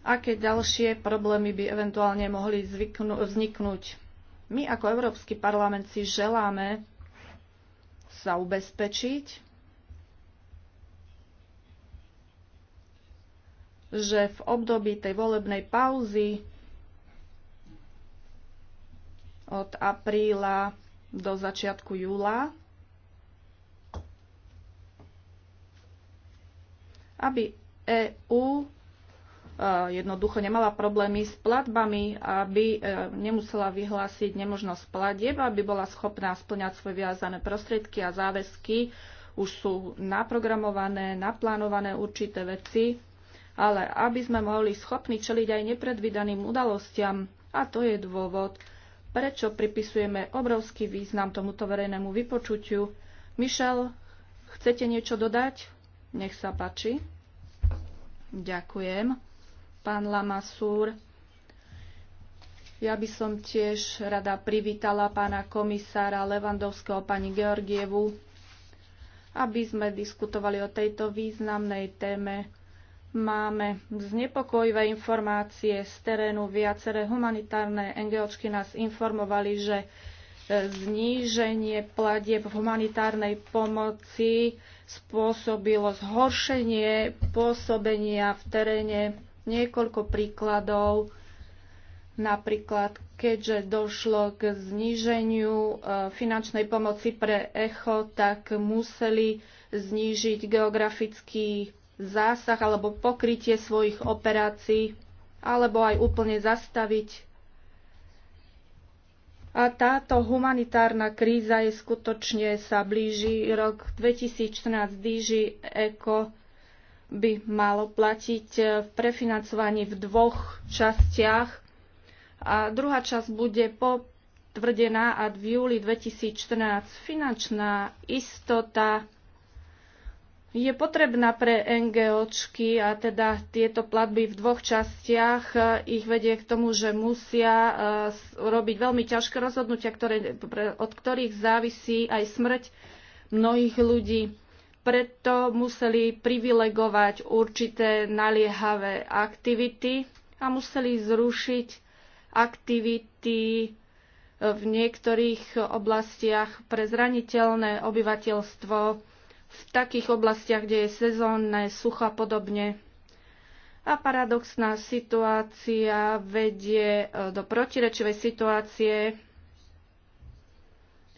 aké ďalšie problémy by eventuálne mohli vzniknúť. My ako Európsky parlament si želáme sa ubezpečiť, že v období tej volebnej pauzy od apríla do začiatku júla, aby EÚ e, jednoducho nemala problémy s platbami, aby e, nemusela vyhlásiť nemožnosť platieb, aby bola schopná splňať svoje viazané prostriedky a záväzky. Už sú naprogramované, naplánované určité veci, ale aby sme mohli schopní čeliť aj nepredvídaným udalostiam. A to je dôvod, prečo pripisujeme obrovský význam tomuto verejnému vypočutiu. Mišel, chcete niečo dodať? Nech sa páči. Ďakujem. Pán Lamasúr, ja by som tiež rada privítala pána komisára Levandovského, pani Georgievu, aby sme diskutovali o tejto významnej téme Máme znepokojivé informácie z terénu. Viaceré humanitárne NGOčky nás informovali, že e, zníženie platieb v humanitárnej pomoci spôsobilo zhoršenie pôsobenia v teréne. Niekoľko príkladov, napríklad keďže došlo k zníženiu e, finančnej pomoci pre ECHO, tak museli znížiť geografický zásah alebo pokrytie svojich operácií, alebo aj úplne zastaviť. A táto humanitárna kríza je skutočne sa blíži. Rok 2014 DG ECO by malo platiť v eh, prefinancovaní v dvoch častiach. A druhá časť bude potvrdená a v júli 2014 finančná istota je potrebná pre NGOčky a teda tieto platby v dvoch častiach e, ich vedie k tomu, že musia e, robiť veľmi ťažké rozhodnutia, ktoré, od ktorých závisí aj smrť mnohých ľudí. Preto museli privilegovať určité naliehavé aktivity a museli zrušiť aktivity e, v niektorých oblastiach pre zraniteľné obyvateľstvo v takých oblastiach, kde je sezónne, sucho a podobne. A paradoxná situácia vedie e, do protirečivej situácie.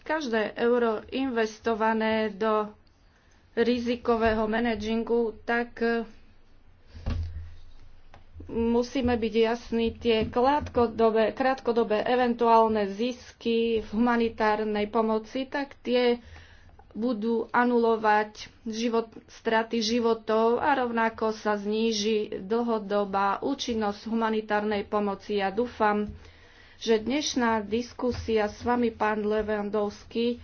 Každé euro investované do rizikového managingu, tak e, musíme byť jasní, tie krátkodobé, krátkodobé eventuálne zisky v humanitárnej pomoci, tak tie budú anulovať život, straty životov a rovnako sa zníži dlhodobá účinnosť humanitárnej pomoci. Ja dúfam, že dnešná diskusia s vami, pán Levandovský,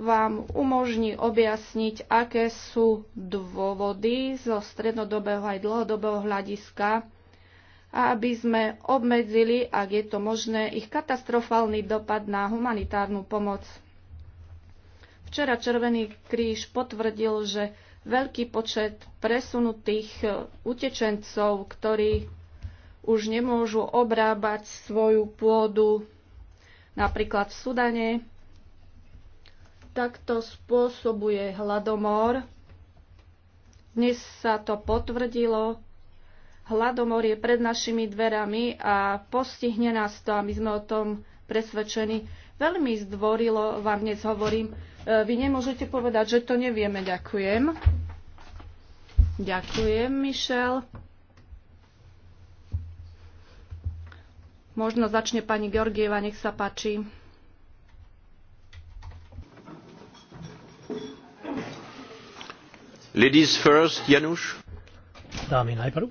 vám umožní objasniť, aké sú dôvody zo strednodobého aj dlhodobého hľadiska, aby sme obmedzili, ak je to možné, ich katastrofálny dopad na humanitárnu pomoc. Včera Červený kríž potvrdil, že veľký počet presunutých e, utečencov, ktorí už nemôžu obrábať svoju pôdu napríklad v Sudane, takto spôsobuje hladomor. Dnes sa to potvrdilo. Hladomor je pred našimi dverami a postihne nás to a my sme o tom presvedčení. Veľmi zdvorilo vám dnes hovorím, E, vy nemôžete povedať, že to nevieme. Ďakujem. Ďakujem, Mišel. Možno začne pani Georgieva, nech sa páči. Ladies first, Januš. Dámy najprv.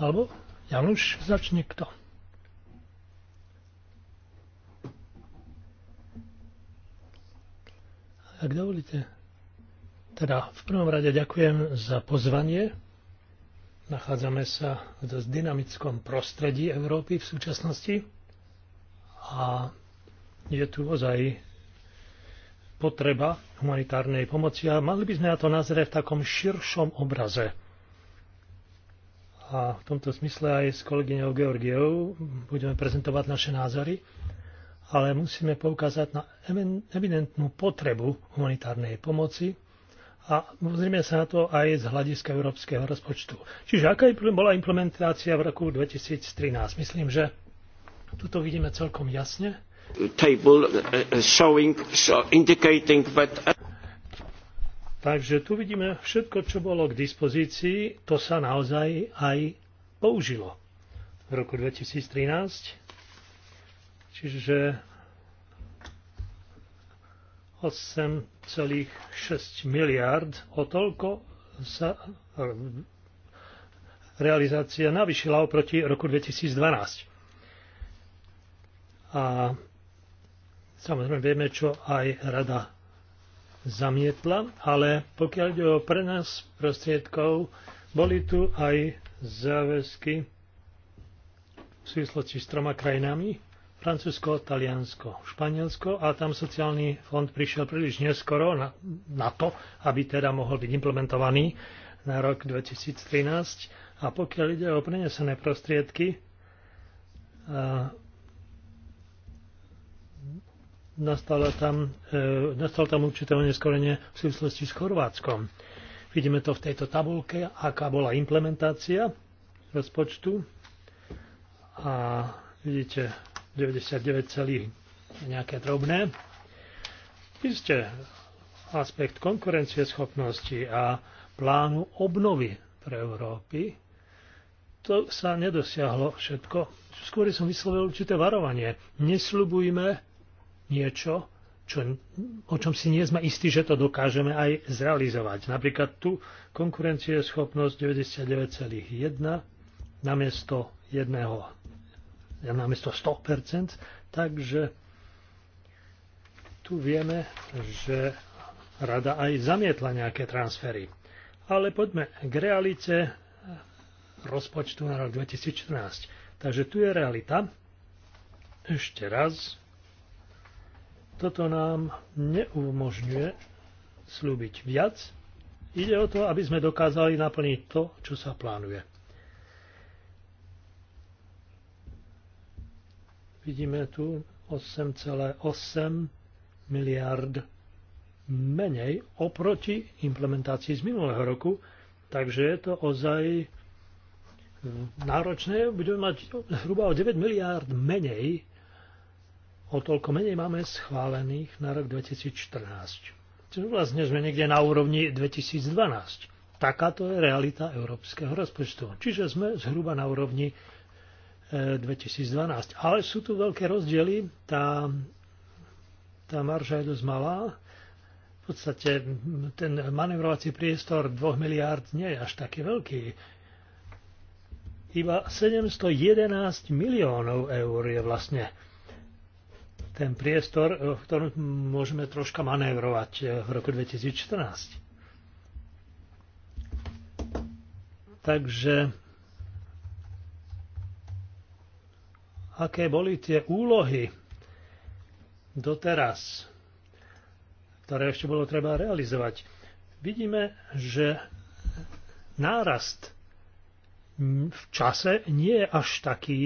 Alebo Januš začne kto? Ak dovolíte, teda v prvom rade ďakujem za pozvanie. Nachádzame sa v dosť dynamickom prostredí Európy v súčasnosti a je tu ozaj potreba humanitárnej pomoci a mali by sme na to nazrieť v takom širšom obraze. A v tomto smysle aj s kolegyňou Georgiou budeme prezentovať naše názory ale musíme poukázať na evidentnú potrebu humanitárnej pomoci a pozrieme sa na to aj z hľadiska európskeho rozpočtu. Čiže aká bola implementácia v roku 2013? Myslím, že tuto vidíme celkom jasne. Table uh, uh, showing, indicating that... Uh, Takže tu vidíme všetko, čo bolo k dispozícii, to sa naozaj aj použilo. V roku 2013 Čiže 8,6 miliard o toľko sa realizácia navyšila oproti roku 2012. A samozrejme vieme, čo aj rada zamietla, ale pokiaľ ide o prenos prostriedkov, boli tu aj záväzky v súvislosti s troma krajinami, Francúzsko, Taliansko, Španielsko a tam sociálny fond prišiel príliš neskoro na, na to, aby teda mohol byť implementovaný na rok 2013. A pokiaľ ide o prenesené prostriedky, eh, a tam, e, nastalo tam určité oneskorenie v súvislosti s Chorvátskom. Vidíme to v tejto tabulke, aká bola implementácia rozpočtu. A vidíte, 99, nejaké drobné. Isté aspekt konkurencieschopnosti a plánu obnovy pre Európy, to sa nedosiahlo všetko. Skôr som vyslovil určité varovanie. Nesľubujme niečo, čo, o čom si nie sme istí, že to dokážeme aj zrealizovať. Napríklad tu konkurencieschopnosť 99,1 namiesto jedného namiesto 100%, takže tu vieme, že rada aj zamietla nejaké transfery. Ale poďme k realite rozpočtu na rok 2014. Takže tu je realita. Ešte raz. Toto nám neumožňuje slúbiť viac. Ide o to, aby sme dokázali naplniť to, čo sa plánuje. Vidíme tu 8,8 miliard menej oproti implementácii z minulého roku, takže je to ozaj náročné. Budeme mať zhruba o 9 miliárd menej, o toľko menej máme schválených na rok 2014. Čiže vlastne sme niekde na úrovni 2012. Takáto je realita európskeho rozpočtu. Čiže sme zhruba na úrovni 2012. Ale sú tu veľké rozdiely. Tá, tá marža je dosť malá. V podstate ten manevrovací priestor 2 miliárd nie je až taký veľký. Iba 711 miliónov eur je vlastne ten priestor, v ktorom môžeme troška manévrovať e, v roku 2014. Takže aké boli tie úlohy doteraz, ktoré ešte bolo treba realizovať. Vidíme, že nárast v čase nie je až taký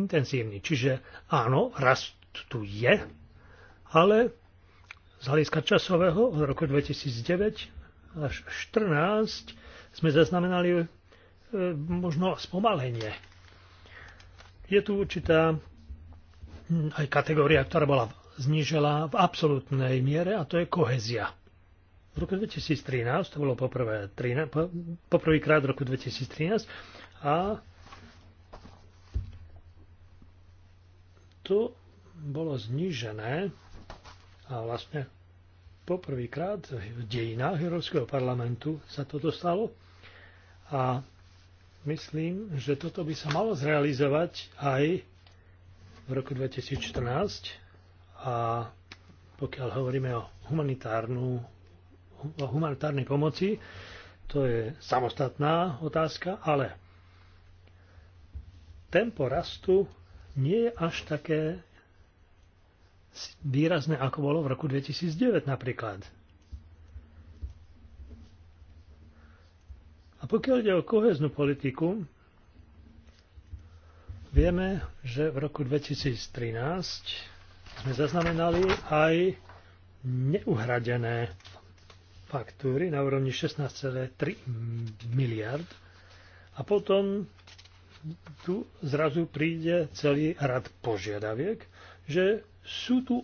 intenzívny. Čiže áno, rast tu je, ale z hľadiska časového od roku 2009 až 2014 sme zaznamenali e, možno spomalenie je tu určitá hm, aj kategória, ktorá bola znižená v absolútnej miere a to je kohezia. V roku 2013, to bolo poprvé, poprvýkrát v roku 2013 a to bolo znížené a vlastne poprvýkrát v dejinách Európskeho parlamentu sa to dostalo a myslím, že toto by sa malo zrealizovať aj v roku 2014 a pokiaľ hovoríme o, humanitárnu, o humanitárnej pomoci, to je samostatná otázka, ale tempo rastu nie je až také výrazné, ako bolo v roku 2009 napríklad. pokiaľ ide o koheznú politiku, vieme, že v roku 2013 sme zaznamenali aj neuhradené faktúry na úrovni 16,3 miliard a potom tu zrazu príde celý rad požiadaviek, že sú tu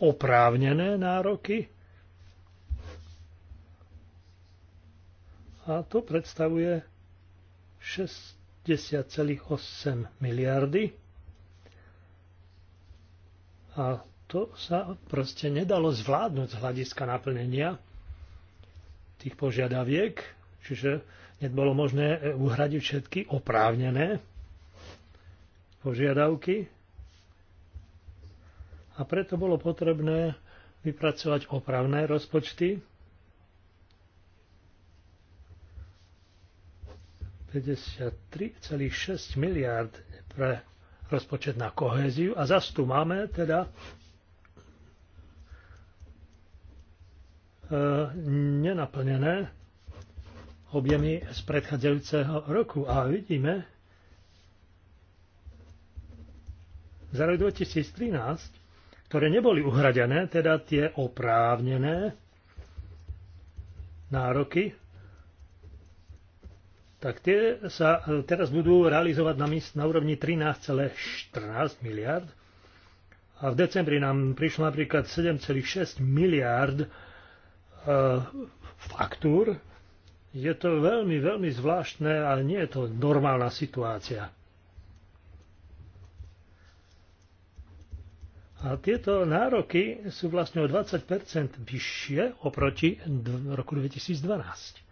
oprávnené nároky a to predstavuje 60,8 miliardy a to sa proste nedalo zvládnuť z hľadiska naplnenia tých požiadaviek, čiže nebolo možné e, uhradiť všetky oprávnené požiadavky a preto bolo potrebné vypracovať opravné rozpočty 53,6 miliard pre rozpočet na kohéziu a zas tu máme teda e, nenaplnené objemy z predchádzajúceho roku. A vidíme, za rok 2013, ktoré neboli uhradené, teda tie oprávnené nároky tak tie sa e, teraz budú realizovať na, na úrovni 13,14 miliard. A v decembri nám prišlo napríklad 7,6 miliard e, faktúr. Je to veľmi, veľmi zvláštne a nie je to normálna situácia. A tieto nároky sú vlastne o 20 vyššie oproti roku 2012.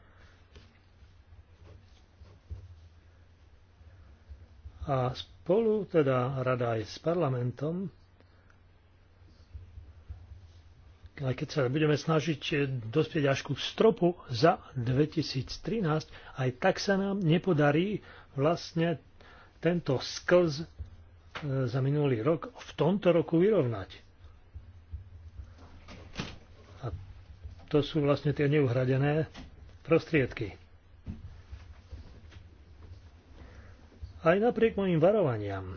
A spolu teda rada aj s parlamentom, aj keď sa budeme snažiť eh, dospieť až ku stropu za 2013, aj tak sa nám nepodarí vlastne tento sklz eh, za minulý rok v tomto roku vyrovnať. A to sú vlastne tie neuhradené prostriedky. Aj napriek mojim varovaniam.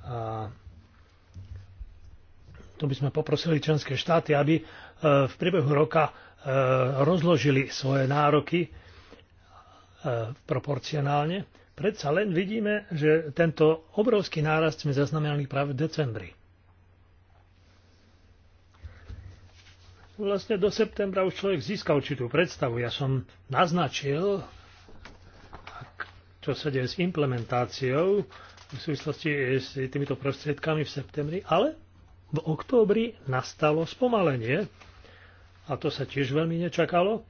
A tu by sme poprosili členské štáty, aby e, v priebehu roka e, rozložili svoje nároky e, proporcionálne. Predsa len vidíme, že tento obrovský nárast sme zaznamenali práve v decembri. Vlastne do septembra už človek získal určitú predstavu. Ja som naznačil čo sa deje s implementáciou v súvislosti s týmito prostriedkami v septembri, ale v októbri nastalo spomalenie a to sa tiež veľmi nečakalo.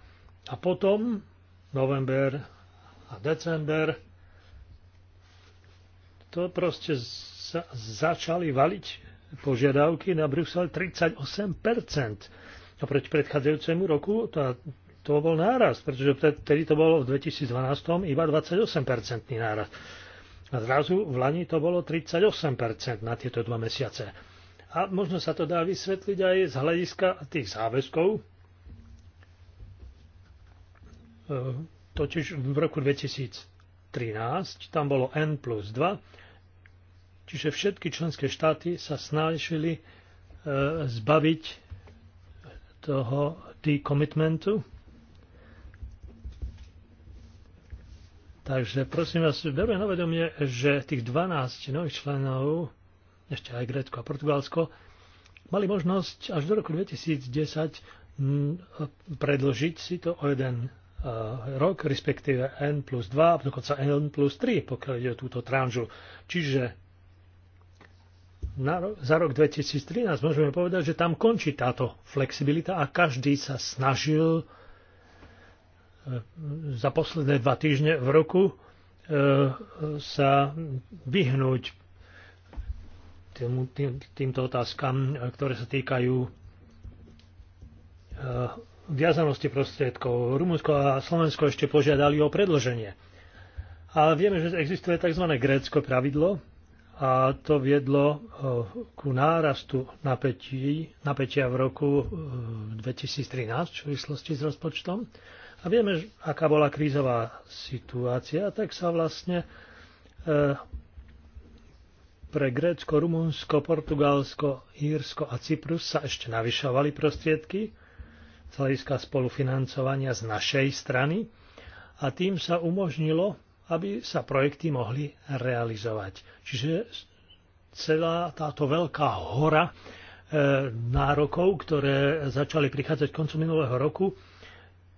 A potom november a december to proste za- začali valiť požiadavky na Brusel 38 oproti predchádzajúcemu roku. Tá to bol nárast, pretože vtedy to bolo v 2012 iba 28-percentný nárast. A zrazu v Lani to bolo 38% na tieto dva mesiace. A možno sa to dá vysvetliť aj z hľadiska tých záväzkov. E, totiž v roku 2013 tam bolo N plus 2, čiže všetky členské štáty sa snažili e, zbaviť toho decommitmentu, Takže prosím vás, berujem na vedomie, že tých 12 nových členov, ešte aj Grécko a Portugalsko, mali možnosť až do roku 2010 predložiť si to o jeden e, rok, respektíve N plus 2, dokonca N plus 3, pokiaľ ide o túto tranžu. Čiže na, za rok 2013 môžeme povedať, že tam končí táto flexibilita a každý sa snažil za posledné dva týždne v roku e, sa vyhnúť tým, tým, týmto otázkam, ktoré sa týkajú e, viazanosti prostriedkov. Rumunsko a Slovensko ešte požiadali o predloženie. A vieme, že existuje tzv. grécko pravidlo a to viedlo e, ku nárastu napätí, napätia v roku 2013 v súvislosti s rozpočtom. A vieme, aká bola krízová situácia, tak sa vlastne e, pre Grécko, Rumunsko, Portugalsko, Írsko a Cyprus sa ešte navyšovali prostriedky z hľadiska spolufinancovania z našej strany a tým sa umožnilo, aby sa projekty mohli realizovať. Čiže celá táto veľká hora e, nárokov, ktoré začali prichádzať koncu minulého roku,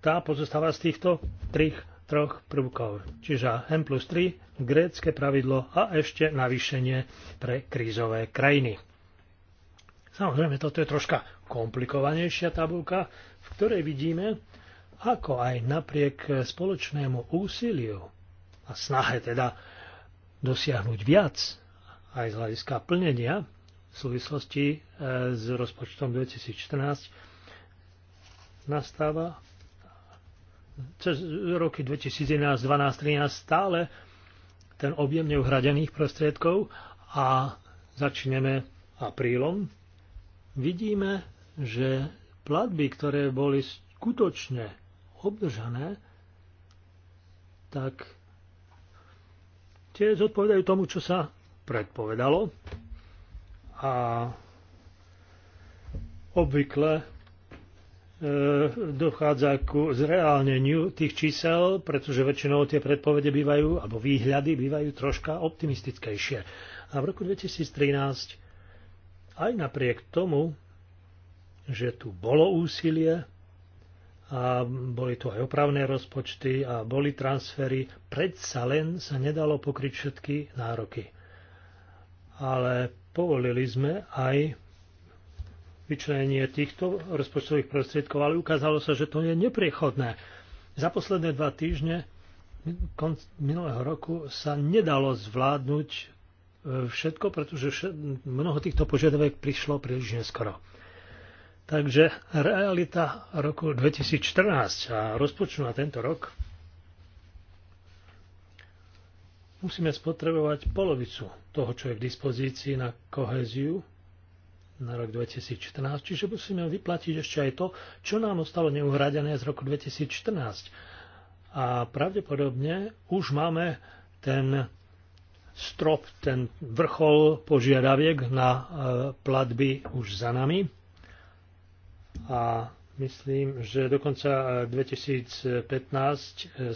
tá pozostáva z týchto trich, troch prvkov. Čiže N plus 3, grécke pravidlo a ešte navýšenie pre krízové krajiny. Samozrejme, toto je troška komplikovanejšia tabulka, v ktorej vidíme, ako aj napriek spoločnému úsiliu a snahe teda dosiahnuť viac aj z hľadiska plnenia v súvislosti eh, s rozpočtom 2014 nastáva cez roky 2011, 12, 13 stále ten objem neuhradených prostriedkov a začneme aprílom, vidíme, že platby, ktoré boli skutočne obdržané, tak tie zodpovedajú tomu, čo sa predpovedalo. A obvykle E, dochádza k zreálneniu tých čísel, pretože väčšinou tie predpovede bývajú, alebo výhľady bývajú troška optimistickejšie. A v roku 2013 aj napriek tomu, že tu bolo úsilie a boli tu aj opravné rozpočty a boli transfery, predsa len sa nedalo pokryť všetky nároky. Ale povolili sme aj vyčlenenie týchto rozpočtových prostriedkov, ale ukázalo sa, že to je nepriechodné. Za posledné dva týždne minulého roku sa nedalo zvládnuť e, všetko, pretože mnoho týchto požiadaviek prišlo príliš neskoro. Takže realita roku 2014 a rozpočtu na tento rok musíme spotrebovať polovicu toho, čo je k dispozícii na koheziu na rok 2014, čiže musíme vyplatiť ešte aj to, čo nám ostalo neuhradené z roku 2014. A pravdepodobne už máme ten strop, ten vrchol požiadaviek na e, platby už za nami. A myslím, že do konca 2015 e, e,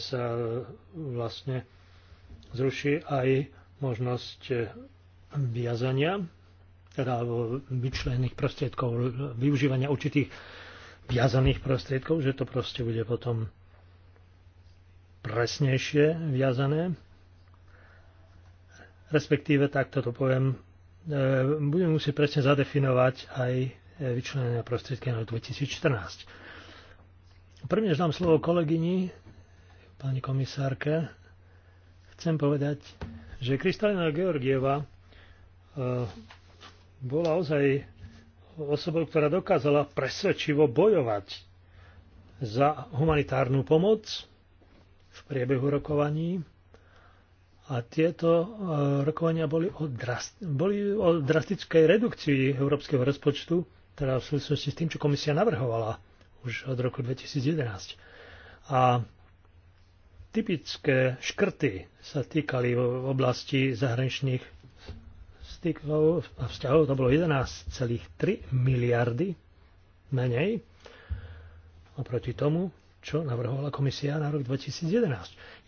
sa vlastne zruší aj možnosť viazania teda vyčlených prostriedkov, využívania určitých viazaných prostriedkov, že to proste bude potom presnejšie viazané. Respektíve, tak toto poviem, e, budeme musieť presne zadefinovať aj e, vyčlenené prostriedky na 2014. Prvne dám slovo kolegyni, pani komisárke. Chcem povedať, že Kristalina Georgieva e, bola ozaj osobou, ktorá dokázala presvedčivo bojovať za humanitárnu pomoc v priebehu rokovaní. A tieto e, rokovania boli o, drast- boli o drastickej redukcii európskeho rozpočtu, teda v súvislosti s tým, čo komisia navrhovala už od roku 2011. A typické škrty sa týkali v oblasti zahraničných stykov a vzťahov to bolo 11,3 miliardy menej oproti tomu, čo navrhovala komisia na rok 2011.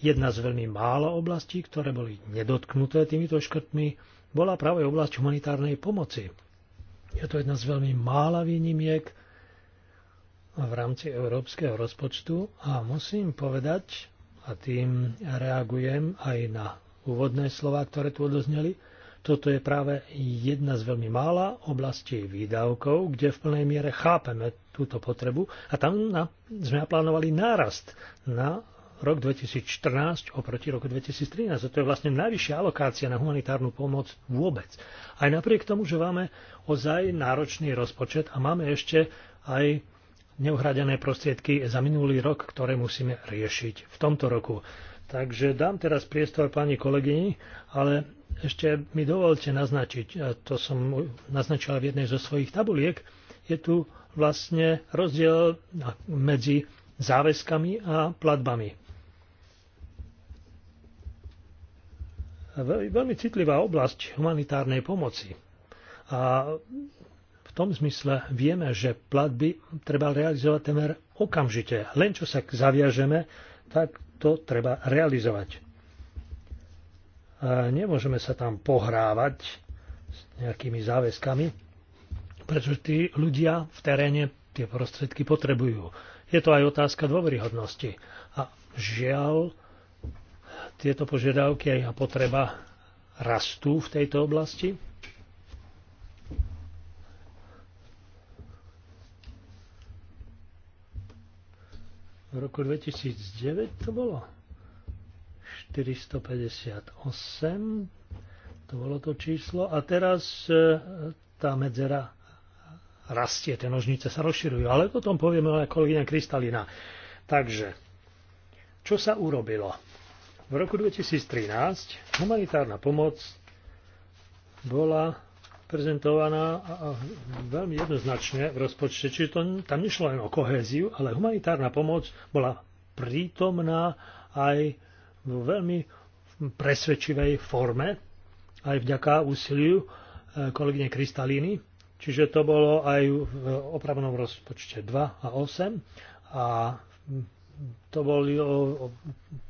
Jedna z veľmi mála oblastí, ktoré boli nedotknuté týmito škrtmi, bola práve oblasť humanitárnej pomoci. Je to jedna z veľmi mála výnimiek v rámci európskeho rozpočtu a musím povedať, a tým reagujem aj na úvodné slova, ktoré tu odozneli, toto je práve jedna z veľmi mála oblastí výdavkov, kde v plnej miere chápeme túto potrebu a tam na, sme naplánovali nárast na rok 2014 oproti roku 2013. A to je vlastne najvyššia alokácia na humanitárnu pomoc vôbec. Aj napriek tomu, že máme ozaj náročný rozpočet a máme ešte aj neuhradené prostriedky za minulý rok, ktoré musíme riešiť v tomto roku. Takže dám teraz priestor pani kolegyni, ale ešte mi dovolte naznačiť, a to som naznačila v jednej zo svojich tabuliek, je tu vlastne rozdiel medzi záväzkami a platbami. Veľmi citlivá oblasť humanitárnej pomoci. A v tom zmysle vieme, že platby treba realizovať temer okamžite. Len čo sa zaviažeme, tak to treba realizovať. nemôžeme sa tam pohrávať s nejakými záväzkami, pretože tí ľudia v teréne tie prostriedky potrebujú. Je to aj otázka dôveryhodnosti. A žiaľ, tieto požiadavky a potreba rastú v tejto oblasti v roku 2009 to bolo 458, to bolo to číslo a teraz e, tá medzera rastie, tie nožnice sa rozširujú, ale o tom povieme aj kolegyňa Kristalina. Takže, čo sa urobilo? V roku 2013 humanitárna pomoc bola prezentovaná veľmi jednoznačne v rozpočte. Čiže to, tam nešlo len o kohéziu, ale humanitárna pomoc bola prítomná aj v veľmi presvedčivej forme, aj vďaka úsiliu e, kolegyne Kristalíny. Čiže to bolo aj v opravnom rozpočte 2 a 8 a to, boli,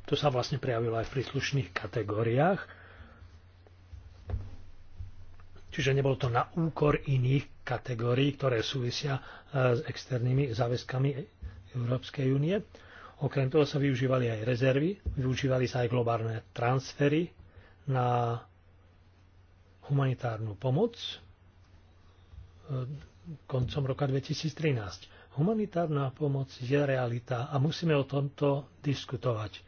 to sa vlastne prejavilo aj v príslušných kategóriách. Čiže nebolo to na úkor iných kategórií, ktoré súvisia e, s externými záväzkami Európskej únie. Okrem toho sa využívali aj rezervy, využívali sa aj globálne transfery na humanitárnu pomoc e, koncom roka 2013. Humanitárna pomoc je realita a musíme o tomto diskutovať.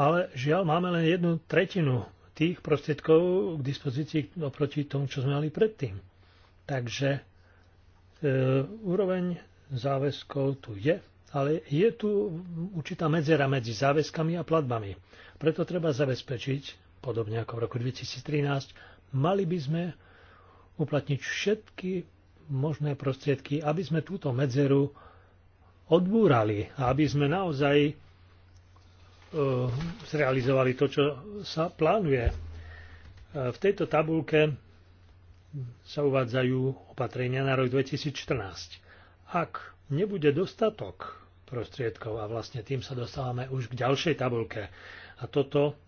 Ale žiaľ, máme len jednu tretinu tých prostriedkov k dispozícii oproti tomu, čo sme mali predtým. Takže e, úroveň záväzkov tu je, ale je tu určitá medzera medzi záväzkami a platbami. Preto treba zabezpečiť, podobne ako v roku 2013, mali by sme uplatniť všetky možné prostriedky, aby sme túto medzeru odbúrali a aby sme naozaj Eh, zrealizovali to, čo sa plánuje. Eh, v tejto tabulke sa uvádzajú opatrenia na rok 2014. Ak nebude dostatok prostriedkov a vlastne tým sa dostávame už k ďalšej tabulke. A toto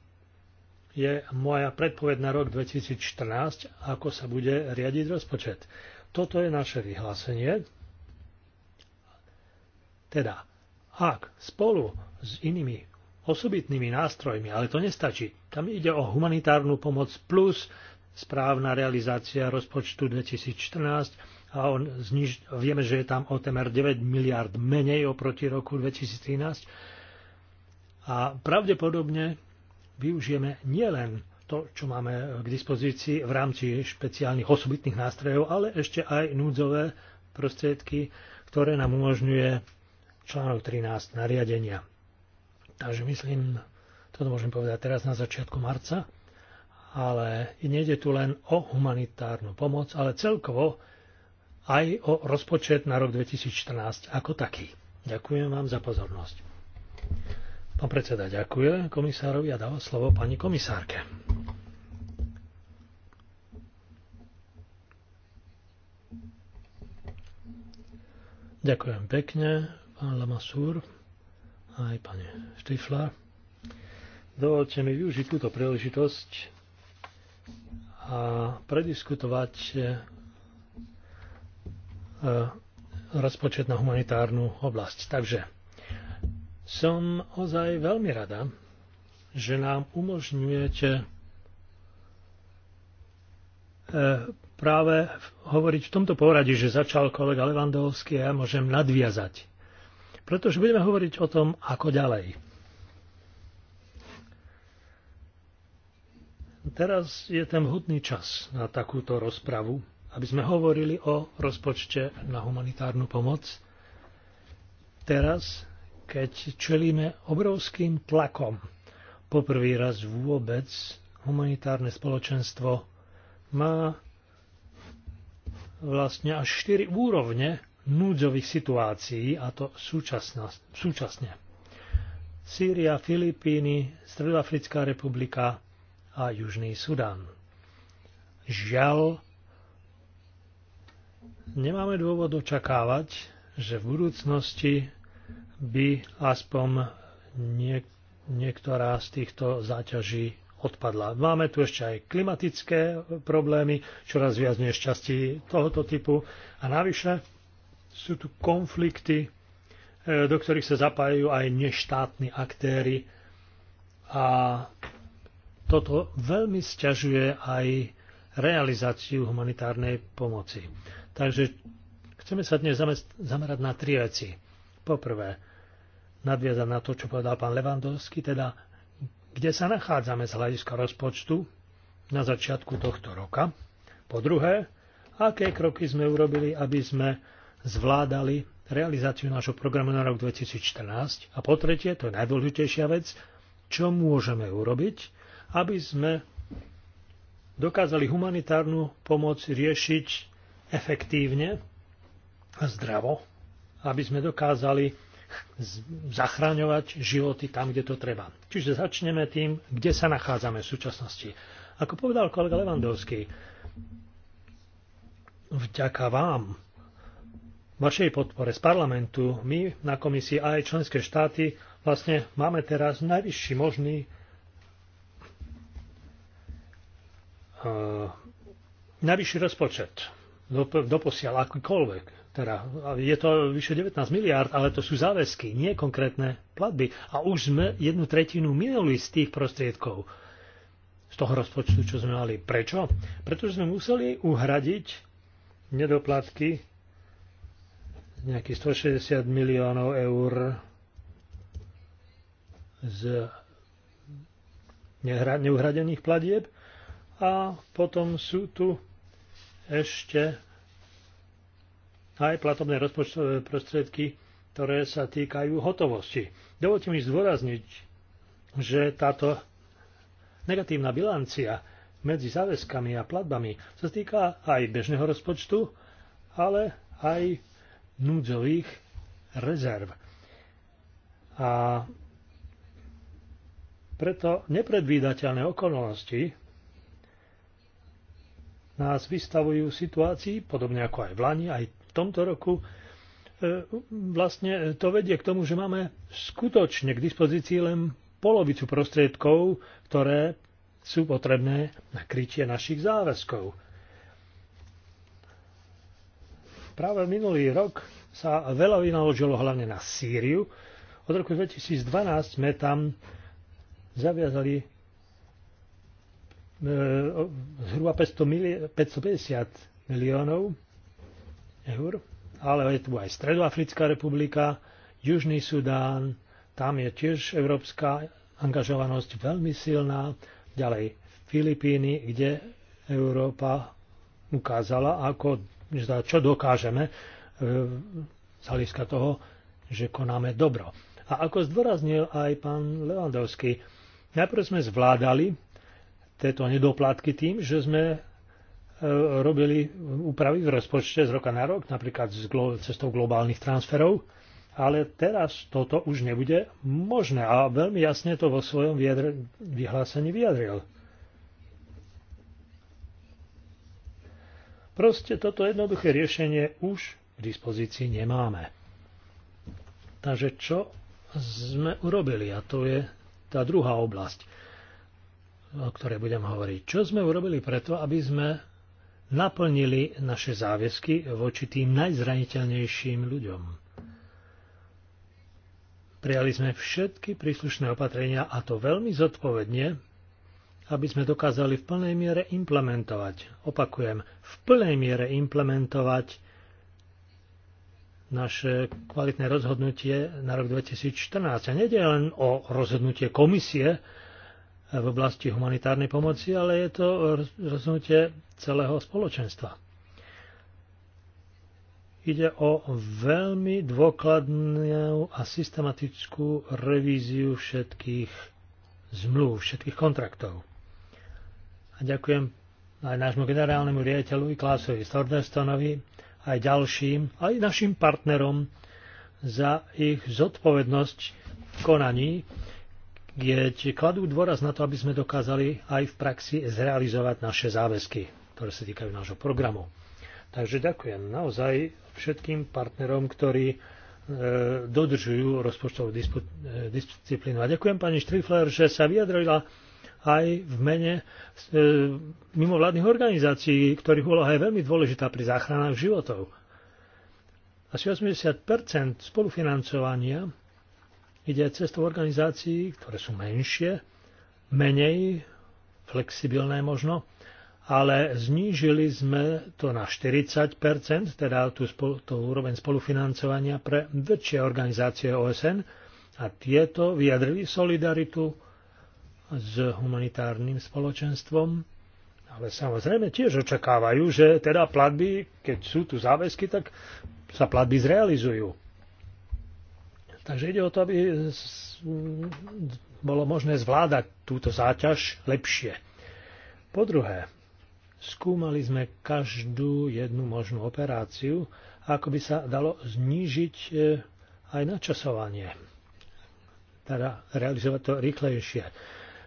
je moja predpoveď na rok 2014, ako sa bude riadiť rozpočet. Toto je naše vyhlásenie. Teda, ak spolu s inými osobitnými nástrojmi, ale to nestačí. Tam ide o humanitárnu pomoc plus správna realizácia rozpočtu 2014 a on zniž, vieme, že je tam o temer 9 miliard menej oproti roku 2013 a pravdepodobne využijeme nielen to, čo máme k dispozícii v rámci špeciálnych osobitných nástrojov, ale ešte aj núdzové prostriedky, ktoré nám umožňuje článok 13 nariadenia. Takže myslím, toto môžem povedať teraz na začiatku marca, ale nejde tu len o humanitárnu pomoc, ale celkovo aj o rozpočet na rok 2014 ako taký. Ďakujem vám za pozornosť. Pán predseda ďakuje komisárovi a dáva slovo pani komisárke. Ďakujem pekne, pán Lamasúr aj pani Štifla. Dovolte mi využiť túto príležitosť a prediskutovať e, rozpočet na humanitárnu oblasť. Takže som ozaj veľmi rada, že nám umožňujete e, práve hovoriť v tomto poradí, že začal kolega Levandovský a ja môžem nadviazať pretože budeme hovoriť o tom, ako ďalej. Teraz je ten hutný čas na takúto rozpravu, aby sme hovorili o rozpočte na humanitárnu pomoc. Teraz, keď čelíme obrovským tlakom, poprvý raz vôbec humanitárne spoločenstvo má vlastne až 4 úrovne núdzových situácií, a to súčasne. Sýria, Filipíny, Stredoafrická republika a Južný Sudan. Žiaľ, nemáme dôvod očakávať, že v budúcnosti by aspoň niek- niektorá z týchto záťaží odpadla. Máme tu ešte aj klimatické problémy, čoraz viac nešťastí tohoto typu a navyše sú tu konflikty, e, do ktorých sa zapájajú aj neštátni aktéry a toto veľmi sťažuje aj realizáciu humanitárnej pomoci. Takže chceme sa dnes zamerať na tri veci. Poprvé, nadviazať na to, čo povedal pán Levandovský, teda kde sa nachádzame z hľadiska rozpočtu na začiatku tohto roka. Po druhé, aké kroky sme urobili, aby sme zvládali realizáciu nášho programu na rok 2014. A po tretie, to je najdôležitejšia vec, čo môžeme urobiť, aby sme dokázali humanitárnu pomoc riešiť efektívne a zdravo, aby sme dokázali zachraňovať životy tam, kde to treba. Čiže začneme tým, kde sa nachádzame v súčasnosti. Ako povedal kolega Levandovský, vďaka vám vašej podpore z parlamentu my na komisii aj členské štáty vlastne máme teraz najvyšší možný uh, najvyšší rozpočet do, doposiaľ akýkoľvek. Teda, je to vyše 19 miliárd, ale to sú záväzky, nie konkrétne platby. A už sme jednu tretinu minuli z tých prostriedkov z toho rozpočtu, čo sme mali. Prečo? Pretože sme museli uhradiť nedoplatky nejakých 160 miliónov eur z neuhradených platieb a potom sú tu ešte aj platobné rozpočtové prostriedky, ktoré sa týkajú hotovosti. Dovolte mi zdôrazniť, že táto negatívna bilancia medzi záväzkami a platbami sa týka aj bežného rozpočtu, ale aj núdzových rezerv. A preto nepredvídateľné okolnosti nás vystavujú situácii, podobne ako aj v Lani, aj v tomto roku, e, vlastne to vedie k tomu, že máme skutočne k dispozícii len polovicu prostriedkov, ktoré sú potrebné na krytie našich záväzkov. Práve minulý rok sa veľa vynaložilo hlavne na Sýriu. Od roku 2012 sme tam zaviazali e, zhruba 500 mili- 550 miliónov eur, ale je tu aj Stredoafrická republika, Južný Sudán, tam je tiež európska angažovanosť veľmi silná, ďalej Filipíny, kde Európa ukázala, ako teda čo dokážeme e, z hľadiska toho, že konáme dobro. A ako zdôraznil aj pán Levandovský, najprv sme zvládali tieto nedoplatky tým, že sme e, robili úpravy v rozpočte z roka na rok, napríklad s cestou globálnych transferov, ale teraz toto už nebude možné a veľmi jasne to vo svojom vyhlásení vyjadril. Proste toto jednoduché riešenie už k dispozícii nemáme. Takže čo sme urobili? A to je tá druhá oblasť, o ktorej budem hovoriť. Čo sme urobili preto, aby sme naplnili naše záväzky voči tým najzraniteľnejším ľuďom? Prijali sme všetky príslušné opatrenia a to veľmi zodpovedne, aby sme dokázali v plnej miere implementovať, opakujem, v plnej miere implementovať naše kvalitné rozhodnutie na rok 2014. A nejde len o rozhodnutie komisie v oblasti humanitárnej pomoci, ale je to rozhodnutie celého spoločenstva. Ide o veľmi dôkladnú a systematickú revíziu všetkých zmluv, všetkých kontraktov ďakujem aj nášmu generálnemu riaditeľu Klásovi Stornestonovi, aj ďalším, aj našim partnerom za ich zodpovednosť v konaní, keď kladú dôraz na to, aby sme dokázali aj v praxi zrealizovať naše záväzky, ktoré sa týkajú nášho programu. Takže ďakujem naozaj všetkým partnerom, ktorí e, dodržujú rozpočtovú e, disciplínu. A ďakujem pani Štrifler, že sa vyjadrila aj v mene e, mimovládnych organizácií, ktorých úloha je veľmi dôležitá pri záchranách životov. Asi 80 spolufinancovania ide cestou organizácií, ktoré sú menšie, menej flexibilné možno, ale znížili sme to na 40 teda tú, spolu, tú úroveň spolufinancovania pre väčšie organizácie OSN a tieto vyjadrili solidaritu s humanitárnym spoločenstvom, ale samozrejme tiež očakávajú, že teda platby, keď sú tu záväzky, tak sa platby zrealizujú. Takže ide o to, aby bolo možné zvládať túto záťaž lepšie. Po druhé, skúmali sme každú jednu možnú operáciu, ako by sa dalo znížiť eh, aj načasovanie, teda realizovať to rýchlejšie.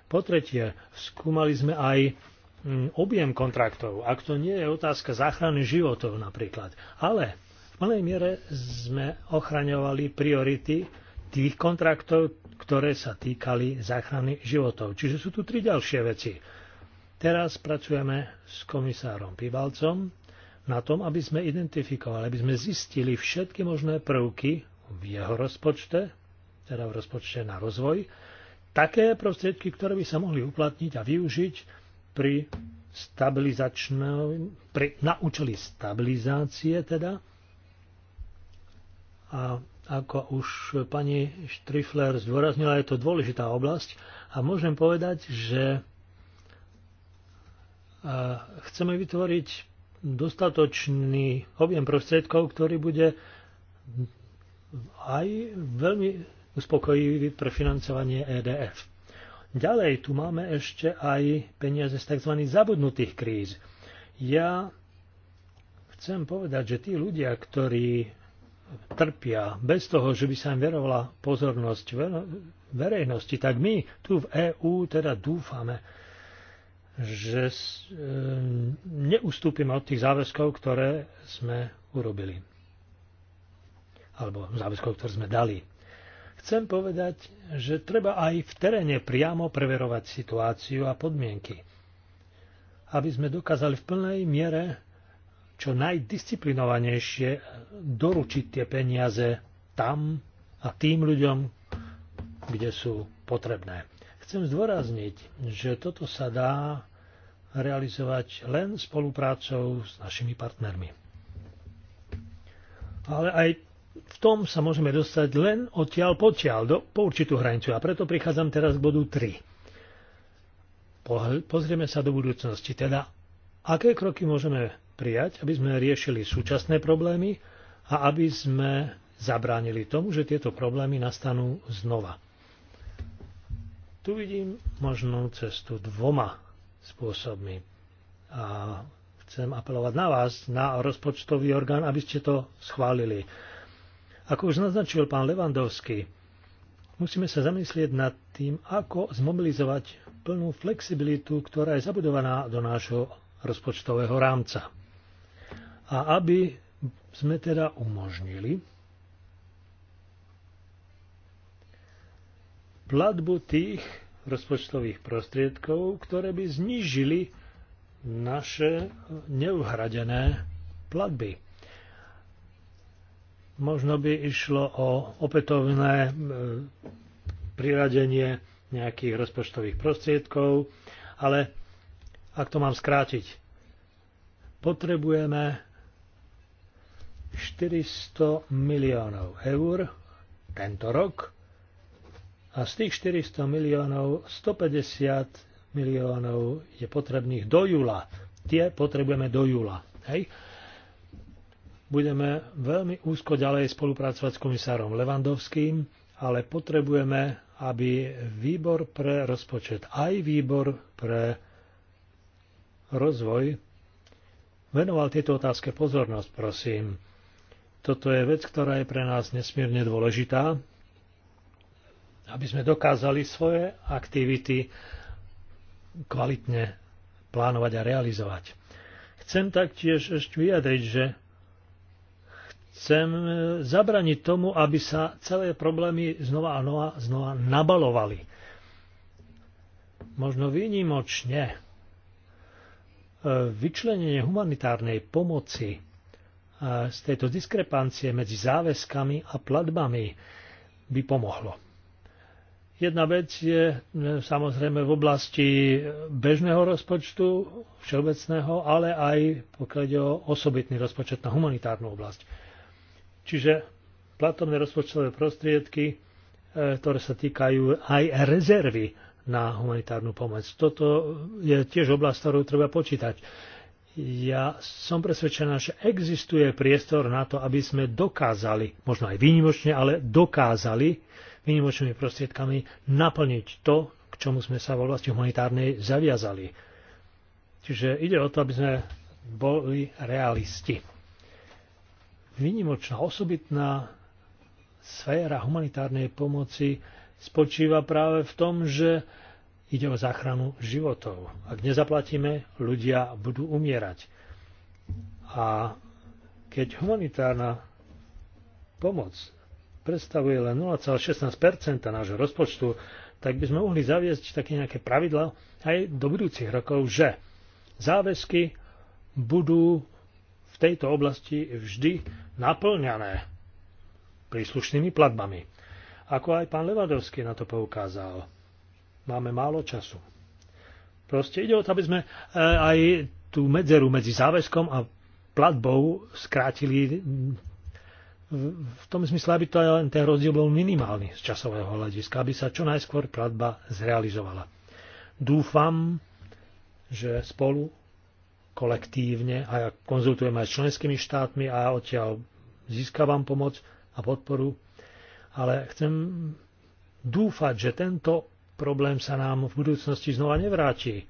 Po tretie, skúmali sme aj mm, objem kontraktov, ak to nie je otázka záchrany životov napríklad. Ale v plnej miere sme ochraňovali priority tých kontraktov, ktoré sa týkali záchrany životov. Čiže sú tu tri ďalšie veci. Teraz pracujeme s komisárom Pivalcom na tom, aby sme identifikovali, aby sme zistili všetky možné prvky v jeho rozpočte, teda v rozpočte na rozvoj, také prostriedky, ktoré by sa mohli uplatniť a využiť pri pri, na účely stabilizácie teda. A ako už pani Štrifler zdôraznila, je to dôležitá oblasť a môžem povedať, že chceme vytvoriť dostatočný objem prostriedkov, ktorý bude aj veľmi uspokojivý pre financovanie EDF. Ďalej tu máme ešte aj peniaze z tzv. zabudnutých kríz. Ja chcem povedať, že tí ľudia, ktorí trpia bez toho, že by sa im verovala pozornosť verejnosti, tak my tu v EÚ teda dúfame, že e, neustúpime od tých záväzkov, ktoré sme urobili. Alebo záväzkov, ktoré sme dali. Chcem povedať, že treba aj v teréne priamo preverovať situáciu a podmienky, aby sme dokázali v plnej miere čo najdisciplinovanejšie doručiť tie peniaze tam a tým ľuďom, kde sú potrebné. Chcem zdôrazniť, že toto sa dá realizovať len spoluprácou s našimi partnermi. Ale aj v tom sa môžeme dostať len odtiaľ potiaľ, do, po určitú hranicu. A preto prichádzam teraz k bodu 3. Po, pozrieme sa do budúcnosti, teda aké kroky môžeme prijať, aby sme riešili súčasné problémy a aby sme zabránili tomu, že tieto problémy nastanú znova. Tu vidím možnú cestu dvoma spôsobmi. A chcem apelovať na vás, na rozpočtový orgán, aby ste to schválili. Ako už naznačil pán Levandovský, musíme sa zamyslieť nad tým, ako zmobilizovať plnú flexibilitu, ktorá je zabudovaná do nášho rozpočtového rámca. A aby sme teda umožnili platbu tých rozpočtových prostriedkov, ktoré by znížili naše neuhradené platby. Možno by išlo o opätovné e, priradenie nejakých rozpočtových prostriedkov, ale ak to mám skrátiť, potrebujeme 400 miliónov eur tento rok a z tých 400 miliónov 150 miliónov je potrebných do júla. Tie potrebujeme do júla. Hej? budeme veľmi úzko ďalej spolupracovať s komisárom Levandovským, ale potrebujeme, aby výbor pre rozpočet, aj výbor pre rozvoj venoval tieto otázke pozornosť, prosím. Toto je vec, ktorá je pre nás nesmierne dôležitá, aby sme dokázali svoje aktivity kvalitne plánovať a realizovať. Chcem taktiež ešte vyjadriť, že chcem e, zabraniť tomu, aby sa celé problémy znova a znova, znova nabalovali. Možno výnimočne e, vyčlenenie humanitárnej pomoci e, z tejto diskrepancie medzi záväzkami a platbami by pomohlo. Jedna vec je samozrejme v oblasti bežného rozpočtu, všeobecného, ale aj pokiaľ ide o osobitný rozpočet na humanitárnu oblasť. Čiže platobné rozpočtové prostriedky, e, ktoré sa týkajú aj rezervy na humanitárnu pomoc. Toto je tiež oblasť, ktorú treba počítať. Ja som presvedčená, že existuje priestor na to, aby sme dokázali, možno aj výnimočne, ale dokázali výnimočnými prostriedkami naplniť to, k čomu sme sa v oblasti humanitárnej zaviazali. Čiže ide o to, aby sme boli realisti. Vynimočná osobitná sféra humanitárnej pomoci spočíva práve v tom, že ide o záchranu životov. Ak nezaplatíme, ľudia budú umierať. A keď humanitárna pomoc predstavuje len 0,16 nášho rozpočtu, tak by sme mohli zaviesť také nejaké pravidla aj do budúcich rokov, že záväzky budú v tejto oblasti vždy naplňané príslušnými platbami. Ako aj pán Levadovský na to poukázal. Máme málo času. Proste ide o to, aby sme e, aj tú medzeru medzi záväzkom a platbou skrátili v tom zmysle, aby to len ten rozdiel bol minimálny z časového hľadiska, aby sa čo najskôr platba zrealizovala. Dúfam, že spolu kolektívne a ja konzultujem aj s členskými štátmi a ja odtiaľ získavam pomoc a podporu. Ale chcem dúfať, že tento problém sa nám v budúcnosti znova nevráti.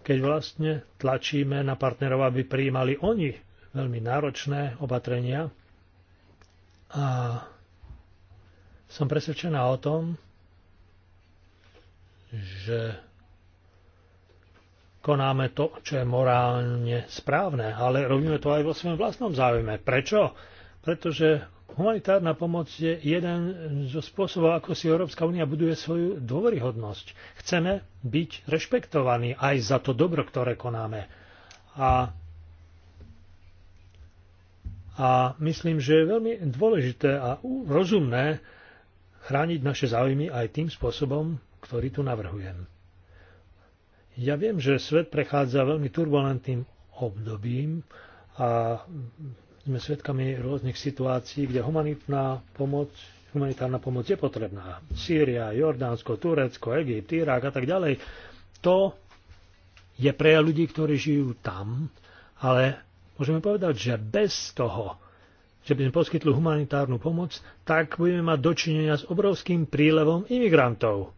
Keď vlastne tlačíme na partnerov, aby prijímali oni veľmi náročné opatrenia. A som presvedčená o tom, že konáme to, čo je morálne správne, ale robíme to aj vo svojom vlastnom záujme. Prečo? Pretože humanitárna pomoc je jeden zo spôsobov, ako si Európska únia buduje svoju dôveryhodnosť. Chceme byť rešpektovaní aj za to dobro, ktoré konáme. A a myslím, že je veľmi dôležité a rozumné chrániť naše záujmy aj tým spôsobom, ktorý tu navrhujem. Ja viem, že svet prechádza veľmi turbulentným obdobím a sme svedkami rôznych situácií, kde humanitná pomoc, humanitárna pomoc je potrebná. Sýria, Jordánsko, Turecko, Egypt, Irak a tak ďalej. To je pre ľudí, ktorí žijú tam, ale môžeme povedať, že bez toho, že by sme poskytli humanitárnu pomoc, tak budeme mať dočinenia s obrovským prílevom imigrantov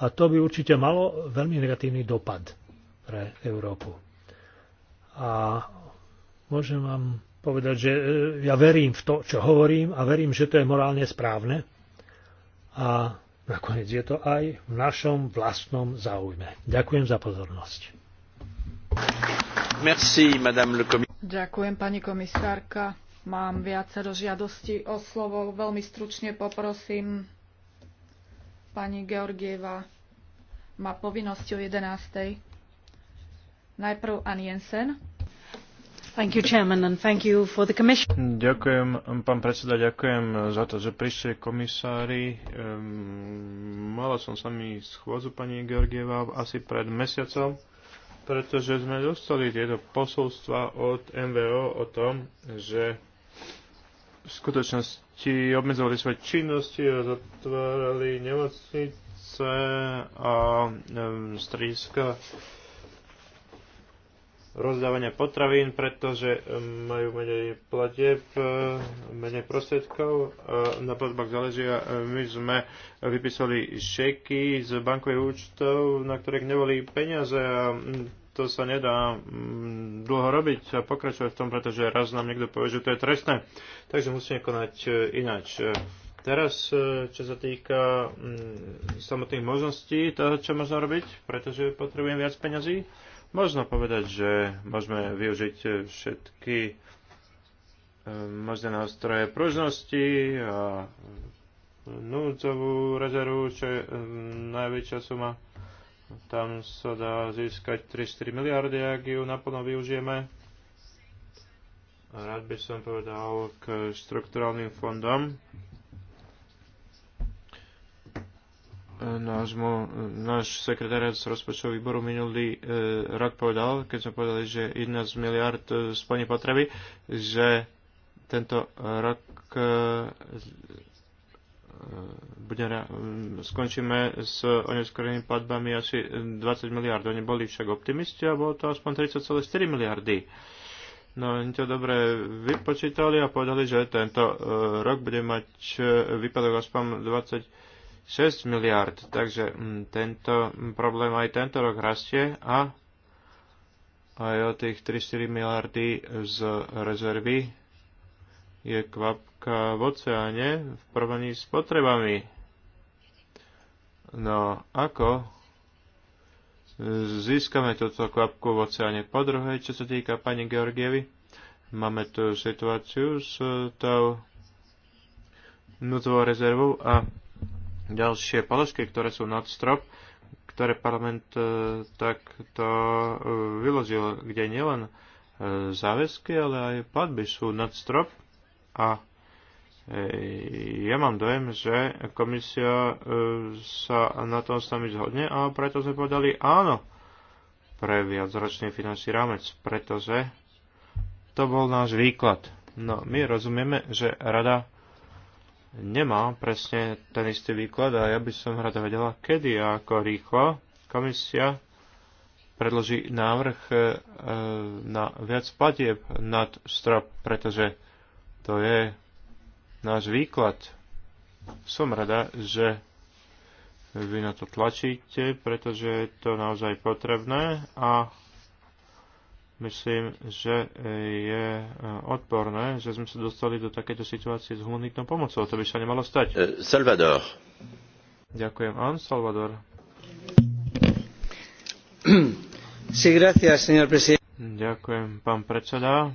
a to by určite malo veľmi negatívny dopad pre Európu. A môžem vám povedať, že e, ja verím v to, čo hovorím a verím, že to je morálne správne. A nakoniec je to aj v našom vlastnom záujme. Ďakujem za pozornosť. Merci, madame le Ďakujem, pani komisárka. Mám viacero žiadosti o slovo. Veľmi stručne poprosím Pani Georgieva má povinnosť o 11. Najprv Ann Jensen. You, chairman, ďakujem, pán predseda, ďakujem za to, že prišli komisári. Um, mala som sami schôdzu pani Georgieva asi pred mesiacom, pretože sme dostali tieto posolstva od MVO o tom, že v skutočnosti obmedzovali svoje činnosti a zatvárali nemocnice a strediska rozdávania potravín, pretože majú menej platieb, menej prostriedkov. Na platbách záleží a my sme vypísali šeky z bankových účtov, na ktorých neboli peniaze a to sa nedá mm, dlho robiť a pokračovať v tom, pretože raz nám niekto povie, že to je trestné. Takže musíme konať e, ináč. E, teraz, e, čo sa týka mm, samotných možností, toho, čo možno robiť, pretože potrebujem viac peňazí, možno povedať, že môžeme využiť všetky možné nástroje pružnosti a núdzovú rezervu, čo je najväčšia suma tam sa dá získať 3-4 miliardy, ak ju naplno využijeme. Rád by som povedal k štrukturálnym fondom. náš sekretariat z rozpočtového výboru minulý e, rok povedal, keď sme povedali, že 11 miliard e, splní potreby, že tento rok e, bude, skončíme s oneskorenými platbami asi 20 miliard. Oni boli však optimisti a bolo to aspoň 30,4 miliardy. No oni to dobre vypočítali a povedali, že tento e, rok bude mať e, výpadok aspoň 26 miliard. Takže tento problém aj tento rok rastie a aj o tých 3-4 miliardy z rezervy je kvap v oceáne v porovnaní s potrebami. No ako získame túto kvapku v oceáne? Po druhé, čo sa týka pani Georgievy, máme tu situáciu s tou nutovou rezervou a ďalšie položky, ktoré sú nad strop, ktoré parlament e, takto e, vyložil, kde nielen e, záväzky, ale aj platby sú nad strop a ja mám dojem, že komisia e, sa na tom s nami zhodne a preto sme povedali áno pre viacročný finančný rámec, pretože to bol náš výklad. No, my rozumieme, že rada nemá presne ten istý výklad a ja by som rada vedela, kedy a ako rýchlo komisia predloží návrh e, na viac platieb nad strop, pretože to je náš výklad. Som rada, že vy na to tlačíte, pretože je to naozaj potrebné a myslím, že je e, odporné, že sme sa dostali do takéto situácie s humanitnou pomocou. To by sa nemalo stať. E, Salvador. Ďakujem. An Salvador. Sí, gracias, señor presidente. Ďakujem, pán predseda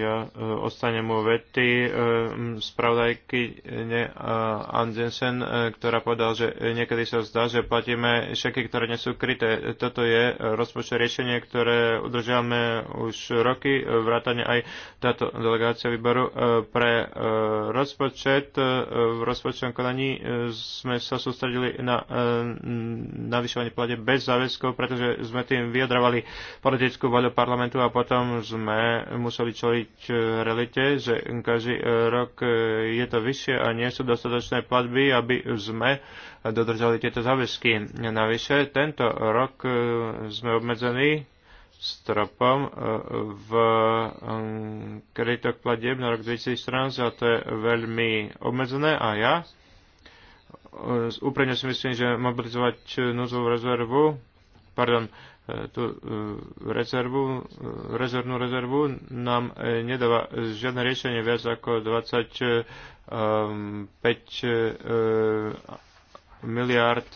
ja e, ostanem u vety e, spravodajky e, Andensen, ktorá povedala, že niekedy sa zdá, že platíme šeky, ktoré nie sú kryté. Toto je rozpočet riešenie, ktoré udržiavame už roky, vrátane aj táto delegácia výboru pre rozpočet. V rozpočtovom konaní sme sa sústredili na navyšovanie plate bez záväzkov, pretože sme tým vyjadrovali politickú voľu parlamentu a potom sme museli čeliť e, realite, že každý e, rok e, je to vyššie a nie sú dostatočné platby, aby sme dodržali tieto záväzky. Navyše, tento rok sme obmedzení stropom v kreditoch platieb na rok 2014 a to je veľmi obmedzené a ja úprimne si myslím, že mobilizovať núzovú rezervu, pardon, tú e, rezervu, e, rezervnú rezervu nám e, nedáva žiadne riešenie viac ako 25 miliard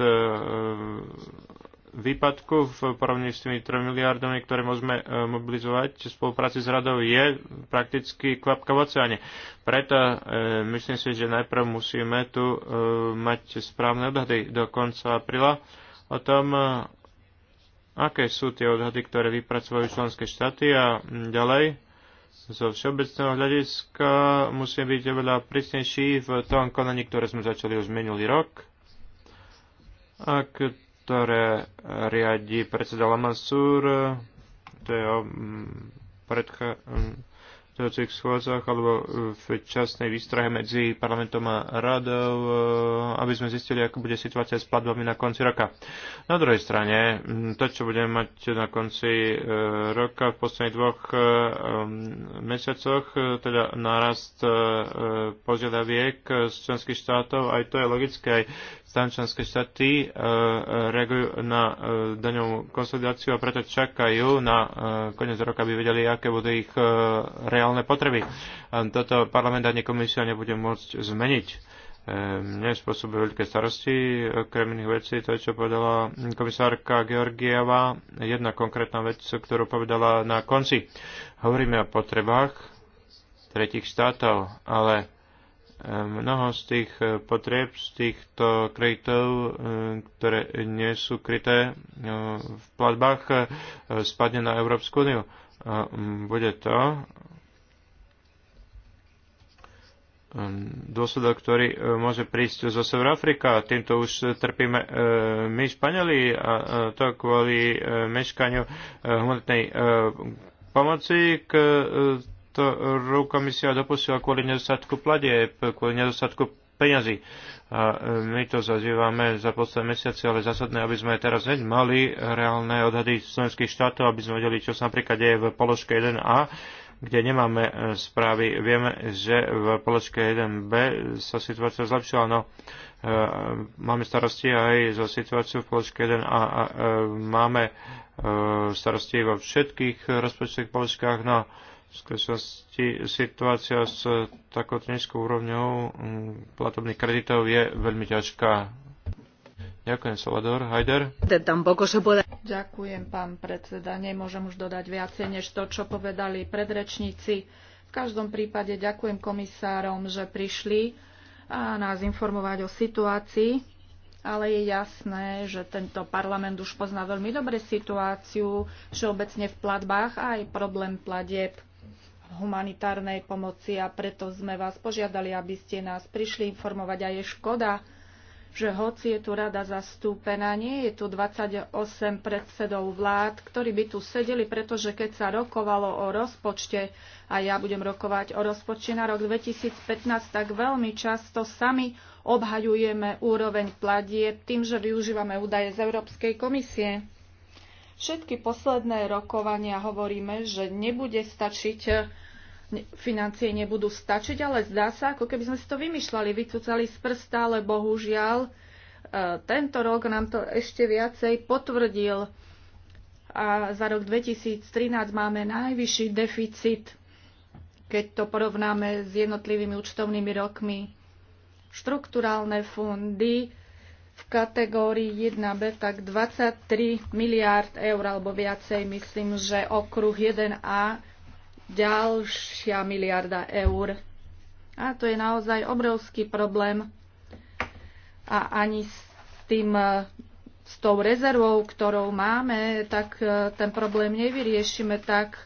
výpadku v porovnaní s tými 3 miliardami, ktoré môžeme mobilizovať v spolupráci s radou, je prakticky kvapka v oceáne. Preto myslím si, že najprv musíme tu mať správne odhady do konca apríla o tom, aké sú tie odhady, ktoré vypracovajú členské štáty a ďalej. Zo všeobecného hľadiska musíme byť oveľa prísnejší v tom konaní, ktoré sme začali už minulý rok a ktoré riadi predseda Lamassur, to je mm, predcha- mm, tých schôdzach alebo e, v časnej výstrahe medzi parlamentom a radou, e, aby sme zistili, ako bude situácia s platbami na konci roka. Na druhej strane, to, čo budeme mať na konci e, roka v posledných dvoch mesiacoch, teda nárast požiadaviek z členských štátov, aj to je logické, aj členské štáty reagujú na daňovú konsolidáciu a preto čakajú na koniec roka, aby vedeli, aké budú ich reálne reálne potreby. Toto parlament ani komisia nebude môcť zmeniť. Mne ehm, spôsobuje veľké starosti, okrem iných vecí, to, čo povedala komisárka Georgieva, jedna konkrétna vec, ktorú povedala na konci. Hovoríme o potrebách tretich štátov, ale ehm, mnoho z tých e, potrieb, z týchto kreditov, e, ktoré nie sú kryté e, v platbách, spadne na Európsku úniu. Bude to Ehm, dôsledok, ktorý e, môže prísť zo Sever Afrika. Týmto už trpíme e, my Španieli a e, to kvôli meškaniu humanitnej pomoci, ktorú komisia dopustila kvôli nedostatku plade, kvôli nedostatku peňazí. A my to zažívame za posledné mesiace, ale zásadné, aby sme teraz hneď mali reálne odhady slovenských štátov, aby sme vedeli, čo sa napríklad deje v položke 1a, kde nemáme e, správy. Vieme, že v poločke 1b sa situácia zlepšila, no e, máme starosti aj za situáciu v poločke 1a a e, máme starosti vo všetkých rozpočtových poločkách, no v skutočnosti situácia s takouto nízkou úrovňou platobných kreditov je veľmi ťažká. Ďakujem, Salvador. Hajder. Ďakujem, pán predseda. Nemôžem už dodať viacej, než to, čo povedali predrečníci. V každom prípade ďakujem komisárom, že prišli a nás informovať o situácii, ale je jasné, že tento parlament už pozná veľmi dobre situáciu všeobecne v platbách a aj problém platieb humanitárnej pomoci a preto sme vás požiadali, aby ste nás prišli informovať a je škoda, že hoci je tu rada zastúpená, nie je tu 28 predsedov vlád, ktorí by tu sedeli, pretože keď sa rokovalo o rozpočte, a ja budem rokovať o rozpočte na rok 2015, tak veľmi často sami obhajujeme úroveň pladie tým, že využívame údaje z Európskej komisie. Všetky posledné rokovania hovoríme, že nebude stačiť financie nebudú stačiť, ale zdá sa, ako keby sme si to vymýšľali, vycúcali z prsta, ale bohužiaľ e, tento rok nám to ešte viacej potvrdil a za rok 2013 máme najvyšší deficit, keď to porovnáme s jednotlivými účtovnými rokmi. Štruktúrálne fondy v kategórii 1B tak 23 miliárd eur alebo viacej, myslím, že okruh 1A ďalšia miliarda eur. A to je naozaj obrovský problém. A ani s tým, e, s tou rezervou, ktorou máme, tak e, ten problém nevyriešime tak.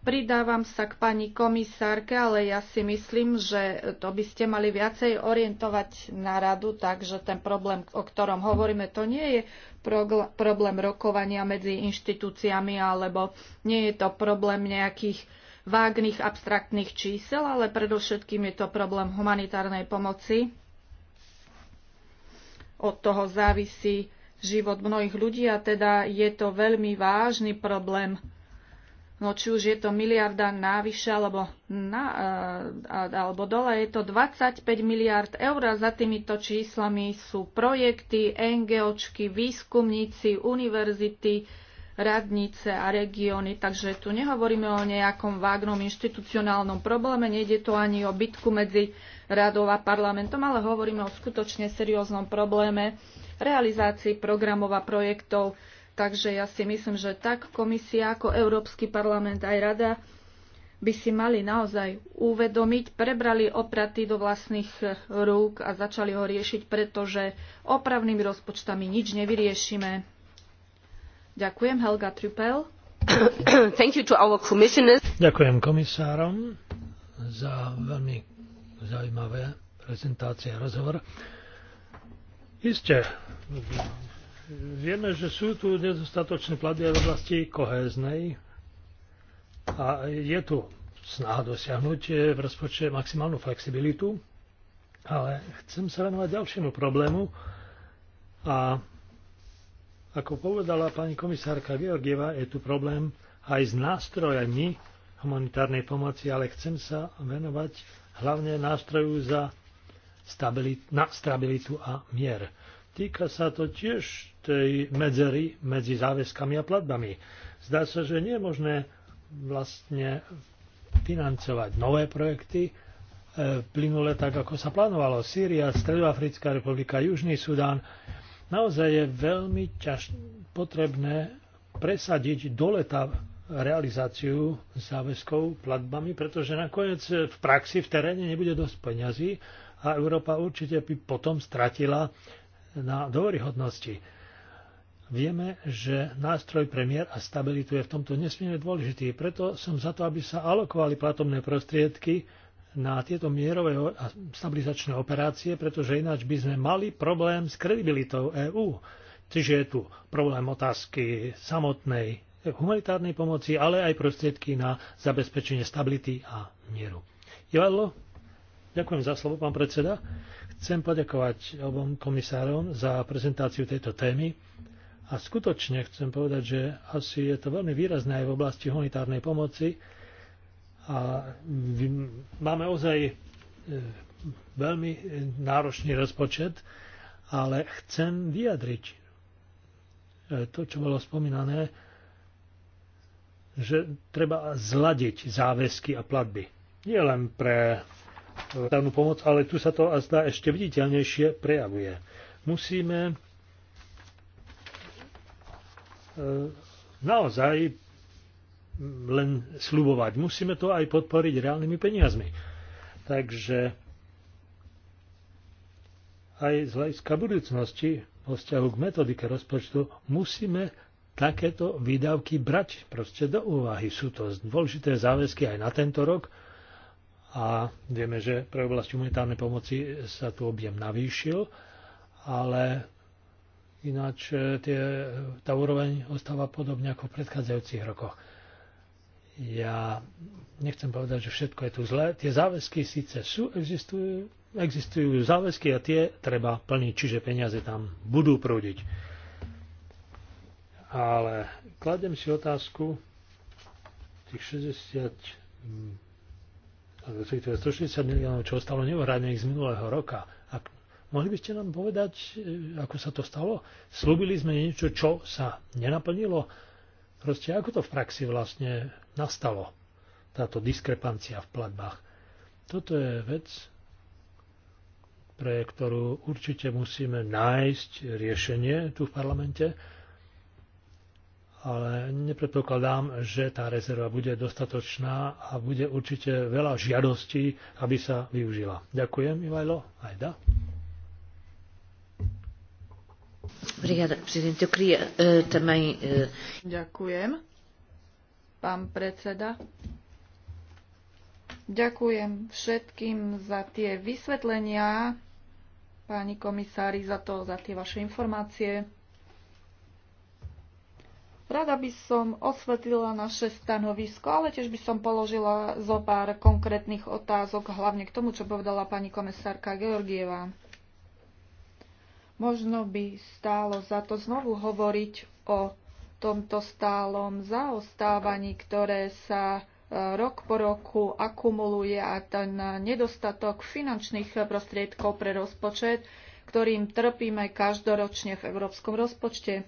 Pridávam sa k pani komisárke, ale ja si myslím, že to by ste mali viacej orientovať na radu, takže ten problém, o ktorom hovoríme, to nie je problém rokovania medzi inštitúciami, alebo nie je to problém nejakých vágnych abstraktných čísel, ale predovšetkým je to problém humanitárnej pomoci. Od toho závisí život mnohých ľudí a teda je to veľmi vážny problém. No či už je to miliarda návyše alebo, na, alebo dole, je to 25 miliard eur a za týmito číslami sú projekty, NGOčky, výskumníci, univerzity, radnice a regióny, takže tu nehovoríme o nejakom vágnom inštitucionálnom probléme, nejde to ani o bitku medzi radou a parlamentom, ale hovoríme o skutočne serióznom probléme realizácii programov a projektov. Takže ja si myslím, že tak komisia ako Európsky parlament aj rada by si mali naozaj uvedomiť, prebrali opraty do vlastných rúk a začali ho riešiť, pretože opravnými rozpočtami nič nevyriešime. Ďakujem, Helga Trupel. Ďakujem komisárom za veľmi zaujímavé prezentácie a rozhovor. Isté, vieme, že sú tu nedostatočné platby v oblasti kohéznej a je tu snaha dosiahnuť v rozpočte maximálnu flexibilitu, ale chcem sa venovať ďalšiemu problému a ako povedala pani komisárka Georgieva, je tu problém aj s nástrojami humanitárnej pomoci, ale chcem sa venovať hlavne nástroju za stabilit, na stabilitu a mier. Týka sa to tiež tej medzery medzi záväzkami a platbami. Zdá sa, že nie je možné vlastne financovať nové projekty e, plynule tak, ako sa plánovalo. Sýria, Stredoafrická republika, Južný Sudán, Naozaj je veľmi ťaž... potrebné presadiť do leta realizáciu záväzkov platbami, pretože nakoniec v praxi, v teréne nebude dosť peňazí a Európa určite by potom stratila na dôveryhodnosti. Vieme, že nástroj premiér a stabilitu je v tomto nesmierne dôležitý, preto som za to, aby sa alokovali platobné prostriedky na tieto mierové a stabilizačné operácie, pretože ináč by sme mali problém s kredibilitou EÚ. Čiže je tu problém otázky samotnej humanitárnej pomoci, ale aj prostriedky na zabezpečenie stability a mieru. Ivadlo, ďakujem za slovo, pán predseda. Chcem poďakovať obom komisárom za prezentáciu tejto témy. A skutočne chcem povedať, že asi je to veľmi výrazné aj v oblasti humanitárnej pomoci, a máme ozaj e, veľmi náročný rozpočet, ale chcem vyjadriť e, to, čo bolo spomínané, že treba zladiť záväzky a platby. Nie len pre e, danú pomoc, ale tu sa to a zdá ešte viditeľnejšie prejavuje. Musíme naozaj len slubovať. Musíme to aj podporiť reálnymi peniazmi. Takže aj z hľadiska budúcnosti vo vzťahu k metodike rozpočtu musíme takéto výdavky brať proste do úvahy. Sú to dôležité záväzky aj na tento rok a vieme, že pre oblasti humanitárnej pomoci sa tu objem navýšil, ale ináč eh, tie, eh, tá úroveň ostáva podobne ako v predchádzajúcich rokoch. Ja nechcem povedať, že všetko je tu zlé. Tie záväzky síce sú, existujú, existujú záväzky a tie treba plniť, čiže peniaze tam budú prúdiť. Ale kladem si otázku, tých 60 160 miliónov, čo ostalo neuhradených z minulého roka. A mohli by ste nám povedať, eh, ako sa to stalo? Slúbili sme niečo, čo sa nenaplnilo? Proste ako to v praxi vlastne nastalo, táto diskrepancia v platbách. Toto je vec, pre ktorú určite musíme nájsť riešenie tu v parlamente, ale nepredpokladám, že tá rezerva bude dostatočná a bude určite veľa žiadostí, aby sa využila. Ďakujem, Ivajlo. Ajda. Eh, eh, Ďakujem pán predseda. Ďakujem všetkým za tie vysvetlenia, páni komisári, za to, za tie vaše informácie. Rada by som osvetlila naše stanovisko, ale tiež by som položila zo pár konkrétnych otázok, hlavne k tomu, čo povedala pani komisárka Georgieva. Možno by stálo za to znovu hovoriť o tomto stálom zaostávaní, ktoré sa e, rok po roku akumuluje a ten nedostatok finančných prostriedkov pre rozpočet, ktorým trpíme každoročne v európskom rozpočte.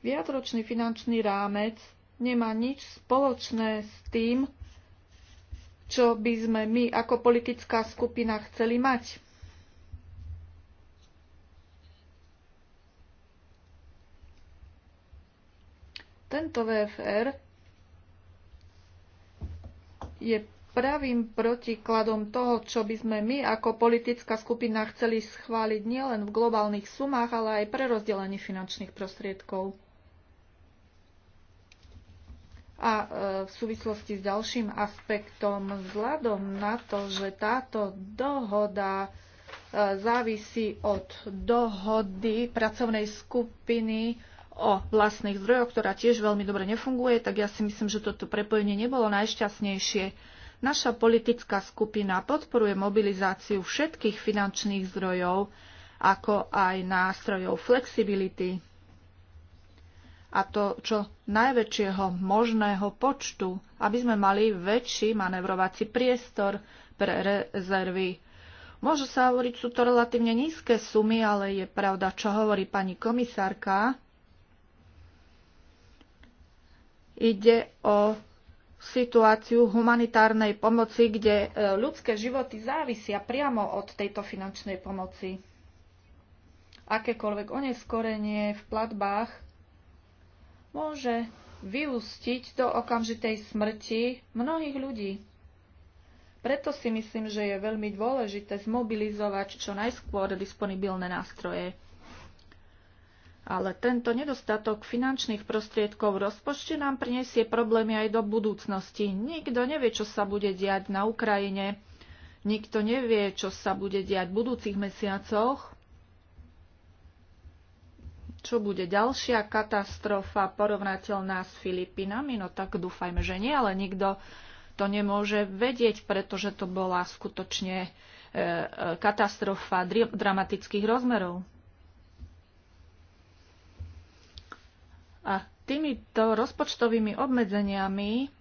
Viacročný finančný rámec nemá nič spoločné s tým, čo by sme my ako politická skupina chceli mať. Tento VFR je pravým protikladom toho, čo by sme my ako politická skupina chceli schváliť nielen v globálnych sumách, ale aj pre rozdelenie finančných prostriedkov. A e, v súvislosti s ďalším aspektom, vzhľadom na to, že táto dohoda e, závisí od dohody pracovnej skupiny o vlastných zdrojoch, ktorá tiež veľmi dobre nefunguje, tak ja si myslím, že toto prepojenie nebolo najšťastnejšie. Naša politická skupina podporuje mobilizáciu všetkých finančných zdrojov, ako aj nástrojov flexibility a to čo najväčšieho možného počtu, aby sme mali väčší manevrovací priestor pre rezervy. Môže sa hovoriť, sú to relatívne nízke sumy, ale je pravda, čo hovorí pani komisárka, Ide o situáciu humanitárnej pomoci, kde e, ľudské životy závisia priamo od tejto finančnej pomoci. Akékoľvek oneskorenie v platbách môže vyústiť do okamžitej smrti mnohých ľudí. Preto si myslím, že je veľmi dôležité zmobilizovať čo najskôr disponibilné nástroje. Ale tento nedostatok finančných prostriedkov v rozpočte nám prinesie problémy aj do budúcnosti. Nikto nevie, čo sa bude diať na Ukrajine. Nikto nevie, čo sa bude diať v budúcich mesiacoch. Čo bude ďalšia katastrofa porovnateľná s Filipinami? No tak dúfajme, že nie, ale nikto to nemôže vedieť, pretože to bola skutočne e, e, katastrofa dramatických rozmerov. A týmito rozpočtovými obmedzeniami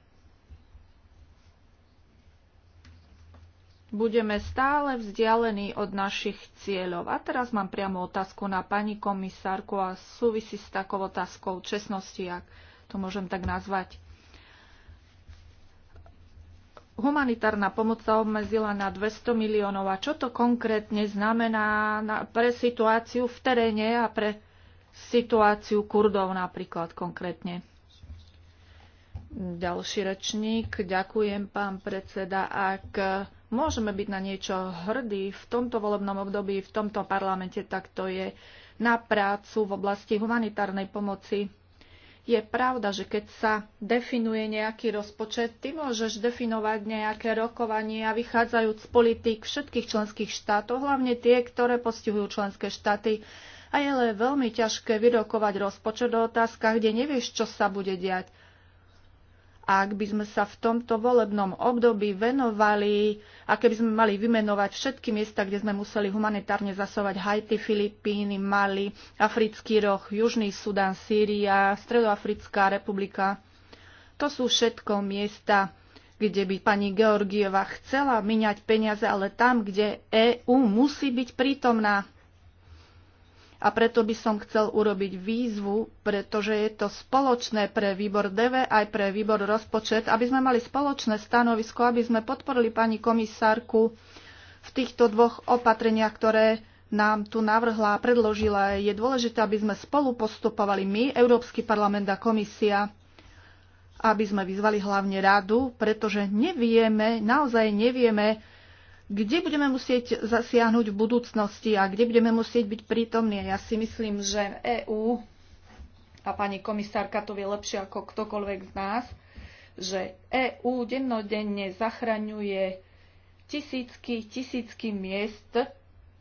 budeme stále vzdialení od našich cieľov. A teraz mám priamo otázku na pani komisárku a súvisí s takou otázkou čestnosti, ak to môžem tak nazvať. Humanitárna pomoc sa obmedzila na 200 miliónov. A čo to konkrétne znamená pre situáciu v teréne a pre situáciu Kurdov napríklad konkrétne. Ďalší rečník. Ďakujem, pán predseda. Ak môžeme byť na niečo hrdí v tomto volebnom období, v tomto parlamente, tak to je na prácu v oblasti humanitárnej pomoci. Je pravda, že keď sa definuje nejaký rozpočet, ty môžeš definovať nejaké rokovanie a vychádzajúc z politik všetkých členských štátov, hlavne tie, ktoré postihujú členské štáty, a je ale veľmi ťažké vyrokovať rozpočet o otázkach, kde nevieš, čo sa bude diať. A ak by sme sa v tomto volebnom období venovali a keby sme mali vymenovať všetky miesta, kde sme museli humanitárne zasovať Haiti, Filipíny, Mali, Africký roh, Južný Sudan, Sýria, Stredoafrická republika. To sú všetko miesta, kde by pani Georgieva chcela miňať peniaze, ale tam, kde EÚ musí byť prítomná a preto by som chcel urobiť výzvu, pretože je to spoločné pre výbor DV aj pre výbor rozpočet, aby sme mali spoločné stanovisko, aby sme podporili pani komisárku v týchto dvoch opatreniach, ktoré nám tu navrhla a predložila. Je dôležité, aby sme spolu postupovali my, Európsky parlament a komisia, aby sme vyzvali hlavne radu, pretože nevieme, naozaj nevieme, kde budeme musieť zasiahnuť v budúcnosti a kde budeme musieť byť prítomní. Ja si myslím, že EÚ a pani komisárka to vie lepšie ako ktokoľvek z nás, že EÚ dennodenne zachraňuje tisícky, tisícky miest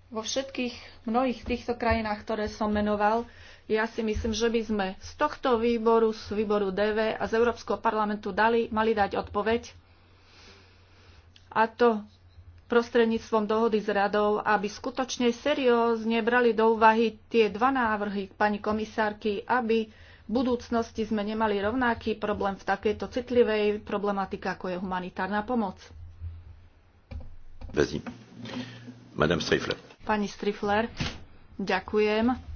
vo všetkých mnohých týchto krajinách, ktoré som menoval. Ja si myslím, že by sme z tohto výboru, z výboru DV a z Európskeho parlamentu dali, mali dať odpoveď. A to prostredníctvom dohody s radou, aby skutočne seriózne brali do úvahy tie dva návrhy pani komisárky, aby v budúcnosti sme nemali rovnaký problém v takejto citlivej problematike, ako je humanitárna pomoc. Pani Strifler, ďakujem.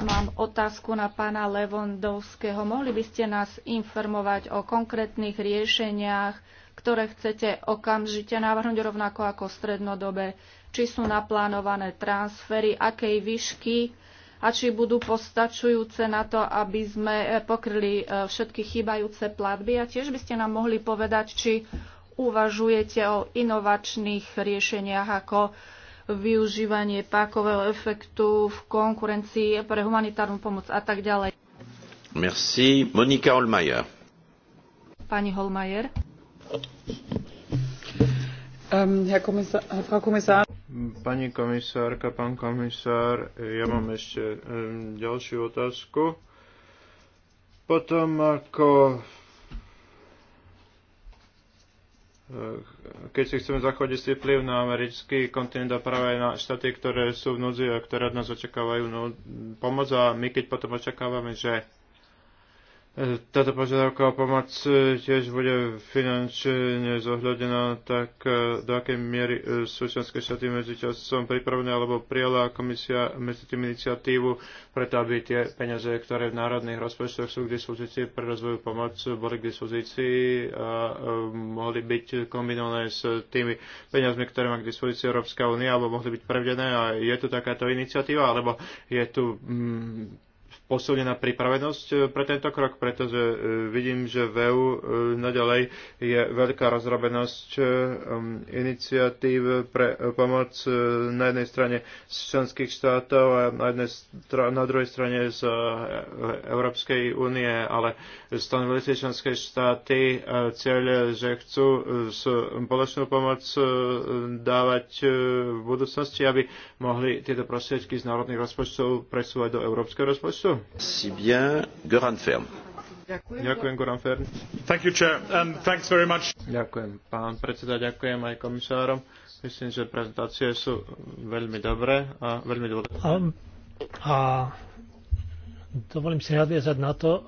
Mám otázku na pána Levondovského. Mohli by ste nás informovať o konkrétnych riešeniach, ktoré chcete okamžite navrhnúť rovnako ako v strednodobe, Či sú naplánované transfery, akej výšky a či budú postačujúce na to, aby sme eh, pokryli eh, všetky chýbajúce platby? A tiež by ste nám mohli povedať, či uvažujete o inovačných riešeniach ako využívanie pákového efektu v konkurencii pre humanitárnu pomoc a tak ďalej. Merci. Monika Holmajer. Pani Holmajer. Um, Herr Kommissar, Pani komisárka, pán komisár, ja mám ešte um, ďalšiu otázku. Potom ako v Eh, keď si chceme zachovať istý vplyv na americký kontinent a práve na štáty, ktoré sú v núdzi a ktoré od nás očakávajú no, pomoc a my keď potom očakávame, že táto požiadavka o pomoc e, tiež bude finančne zohľadená, tak e, do akej miery e, sú členské štáty medzi časom pripravené alebo prijala komisia medzi tým iniciatívu, preto aby tie peniaze, ktoré v národných rozpočtoch sú k dispozícii pre rozvoju pomoc, boli k dispozícii a mohli byť kombinované s tými peniazmi, ktoré má k dispozícii Európska únia, alebo mohli byť prevedené a je tu takáto iniciatíva, alebo je tu mm, posilnená pripravenosť e, pre tento krok, pretože e, vidím, že v EU e, naďalej je veľká rozrobenosť um, iniciatív pre pomoc na jednej strane z členských štátov a na, jednej na druhej strane z Európskej únie, ale stanovili si členské štáty cieľ, že chcú spoločnú pomoc dávať v budúcnosti, aby mohli tieto prostriedky z národných rozpočtov presúvať do európskeho rozpočtu? Si bien, Göran Ferm. Ďakujem. Goran Fern. Thank you, Chair. Um, thanks very much. Ďakujem, pán predseda, ďakujem aj komisárom. Myslím, že prezentácie sú veľmi dobré a veľmi dôležité. A, a dovolím si nadviazať na to,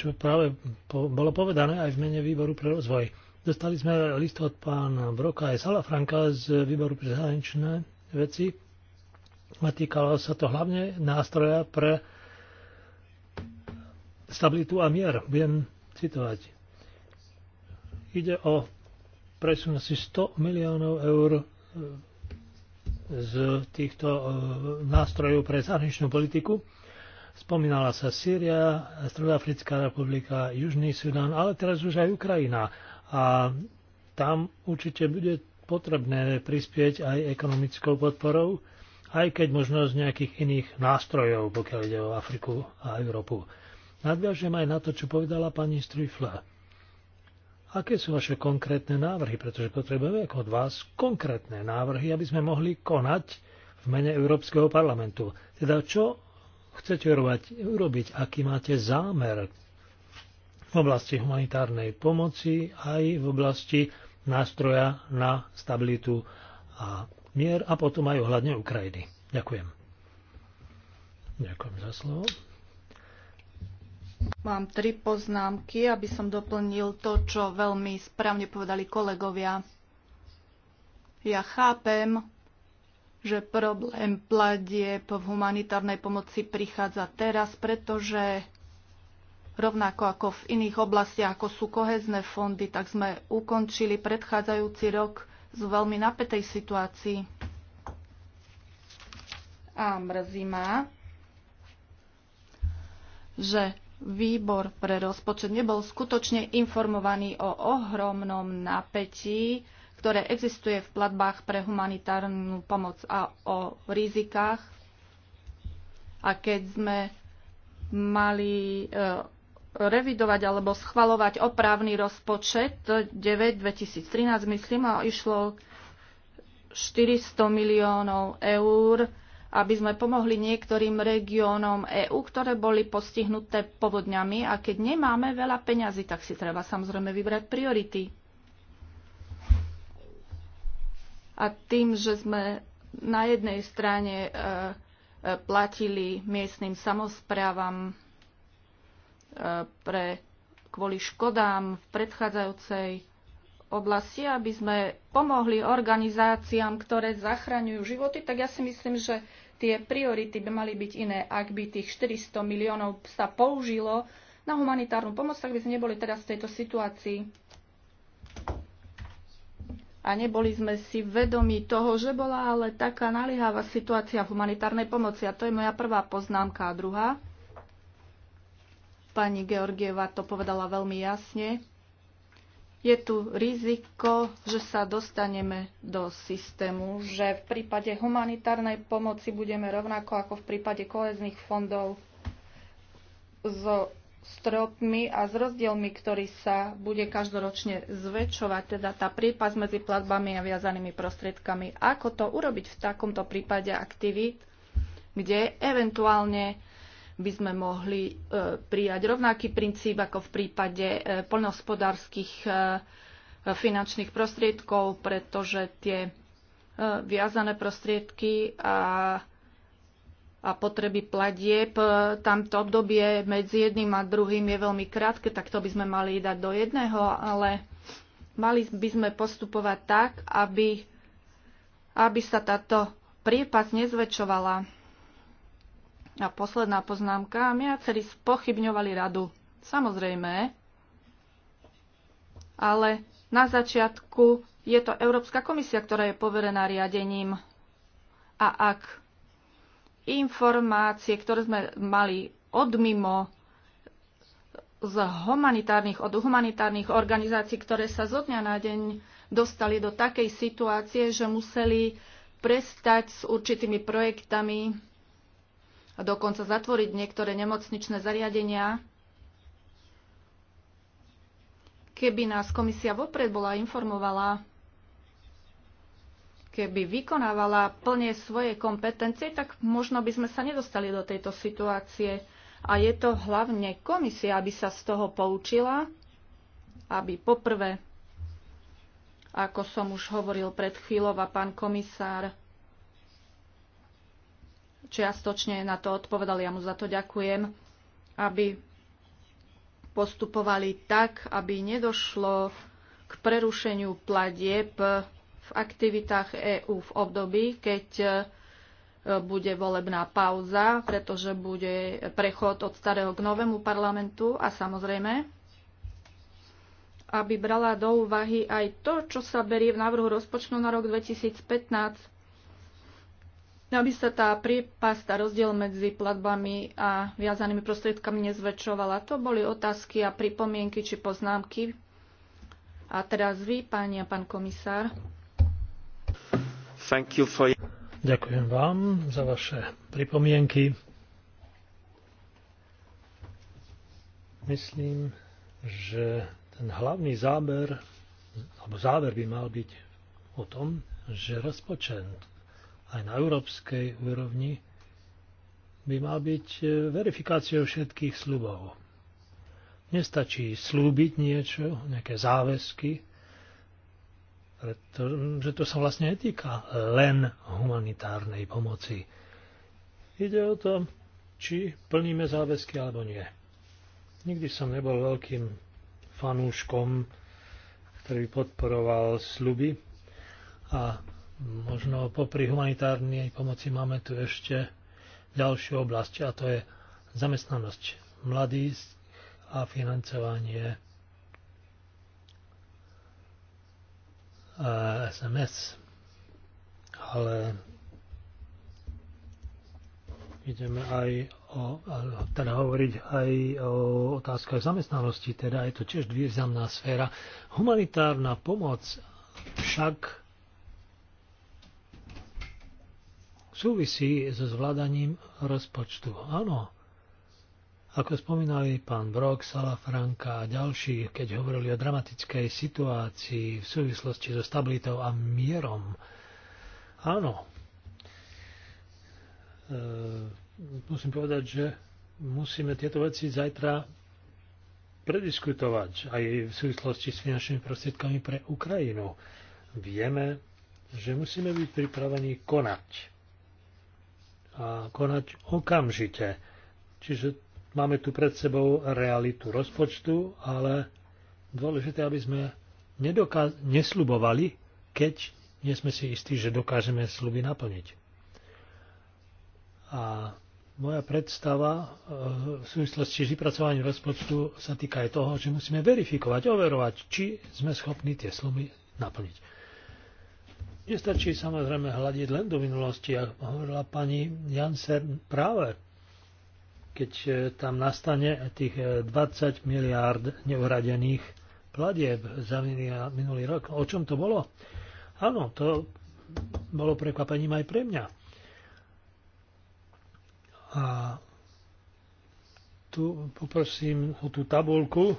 čo práve po, bolo povedané aj v mene výboru pre rozvoj. Dostali sme list od pána Broka aj Salafranka z výboru pre zahraničné veci a týkalo sa to hlavne nástroja pre stabilitu a mier. Budem citovať. Ide o presun asi 100 miliónov eur e, z týchto e, nástrojov pre zahraničnú politiku. Spomínala sa Sýria, Stredoafrická republika, Južný Sudán, ale teraz už aj Ukrajina. A tam určite bude potrebné prispieť aj ekonomickou podporou, aj keď možno z nejakých iných nástrojov, pokiaľ ide o Afriku a Európu. Nadviažem aj na to, čo povedala pani Strifla. Aké sú vaše konkrétne návrhy? Pretože potrebujeme od vás konkrétne návrhy, aby sme mohli konať v mene Európskeho parlamentu. Teda čo chcete urobiť, urobiť aký máte zámer v oblasti humanitárnej pomoci, aj v oblasti nástroja na stabilitu a mier a potom aj ohľadne Ukrajiny. Ďakujem. Ďakujem za slovo. Mám tri poznámky, aby som doplnil to, čo veľmi správne povedali kolegovia. Ja chápem, že problém pladieb v humanitárnej pomoci prichádza teraz, pretože rovnako ako v iných oblastiach, ako sú kohezné fondy, tak sme ukončili predchádzajúci rok z veľmi napätej situácii. A mrzí ma, že výbor pre rozpočet nebol skutočne informovaný o ohromnom napätí, ktoré existuje v platbách pre humanitárnu pomoc a o rizikách. A keď sme mali e, revidovať alebo schvalovať opravný rozpočet 9-2013, myslím, a išlo 400 miliónov eur aby sme pomohli niektorým regiónom EÚ, ktoré boli postihnuté povodňami a keď nemáme veľa peňazí, tak si treba samozrejme vybrať priority. A tým, že sme na jednej strane e, e, platili miestnym samozprávam e, pre, kvôli škodám v predchádzajúcej oblasti, aby sme pomohli organizáciám, ktoré zachraňujú životy, tak ja si myslím, že tie priority by mali byť iné. Ak by tých 400 miliónov sa použilo na humanitárnu pomoc, tak by sme neboli teraz v tejto situácii. A neboli sme si vedomi toho, že bola ale taká naliehavá situácia v humanitárnej pomoci. A to je moja prvá poznámka. A druhá, pani Georgieva to povedala veľmi jasne je tu riziko, že sa dostaneme do systému, že v prípade humanitárnej pomoci budeme rovnako ako v prípade kohezných fondov so stropmi a s rozdielmi, ktorý sa bude každoročne zväčšovať, teda tá prípas medzi platbami a viazanými prostriedkami. Ako to urobiť v takomto prípade aktivít, kde eventuálne by sme mohli e, prijať rovnaký princíp ako v prípade e, poľnohospodárskych e, finančných prostriedkov, pretože tie viazané prostriedky a, a potreby platieb, tamto obdobie medzi jedným a druhým je veľmi krátke, tak to by sme mali dať do jedného, ale mali by sme postupovať tak, aby, aby sa táto priepas nezväčšovala. A posledná poznámka. Miaceri spochybňovali radu. Samozrejme. Ale na začiatku je to Európska komisia, ktorá je poverená riadením. A ak informácie, ktoré sme mali odmimo z humanitárnych, od humanitárnych organizácií, ktoré sa zo dňa na deň dostali do takej situácie, že museli prestať s určitými projektami, a dokonca zatvoriť niektoré nemocničné zariadenia, keby nás komisia vopred bola informovala, keby vykonávala plne svoje kompetencie, tak možno by sme sa nedostali do tejto situácie. A je to hlavne komisia, aby sa z toho poučila, aby poprvé, ako som už hovoril pred chvíľou a pán komisár, čiastočne na to odpovedal, ja mu za to ďakujem, aby postupovali tak, aby nedošlo k prerušeniu platieb v aktivitách EÚ v období, keď e, bude volebná pauza, pretože bude prechod od starého k novému parlamentu a samozrejme, aby brala do úvahy aj to, čo sa berie v návrhu rozpočtu na rok 2015 No, aby sa tá prípasť a rozdiel medzi platbami a viazanými prostriedkami nezväčšovala. To boli otázky a pripomienky či poznámky. A teraz vy, pani a pán komisár. Thank you for... Ďakujem vám za vaše pripomienky. Myslím, že ten hlavný záber, alebo záver by mal byť o tom, že rozpočet aj na európskej úrovni by mal byť e, verifikáciou všetkých slubov. Nestačí slúbiť niečo, nejaké záväzky, pretože to sa vlastne netýka len humanitárnej pomoci. Ide o to, či plníme záväzky alebo nie. Nikdy som nebol veľkým fanúškom, ktorý podporoval sluby a Možno popri humanitárnej pomoci máme tu ešte ďalšiu oblasť a to je zamestnanosť mladých a financovanie SMS. Eh, Ale ideme aj o, teda hovoriť aj o otázkach zamestnanosti, teda je to tiež významná sféra. Humanitárna pomoc však súvisí so zvládaním rozpočtu. Áno, ako spomínali pán Brok, Franka a ďalší, keď hovorili o dramatickej situácii v súvislosti so stabilitou a mierom. Áno, e, musím povedať, že musíme tieto veci zajtra prediskutovať aj v súvislosti s finančnými prostriedkami pre Ukrajinu. Vieme, že musíme byť pripravení konať a konať okamžite. Čiže máme tu pred sebou realitu rozpočtu, ale dôležité, aby sme nedokaz- keď nie sme si istí, že dokážeme sluby naplniť. A moja predstava e, v súvislosti s vypracovaním rozpočtu sa týka aj toho, že musíme verifikovať, overovať, či sme schopní tie sluby naplniť. Nestačí samozrejme hľadiť len do minulosti, ako hovorila pani Jansen práve, keď e, tam nastane tých 20 e, miliárd neuradených pladieb za minulý rok. O čom to bolo? Áno, to bolo prekvapením aj pre mňa. A tu poprosím o tú tabulku e,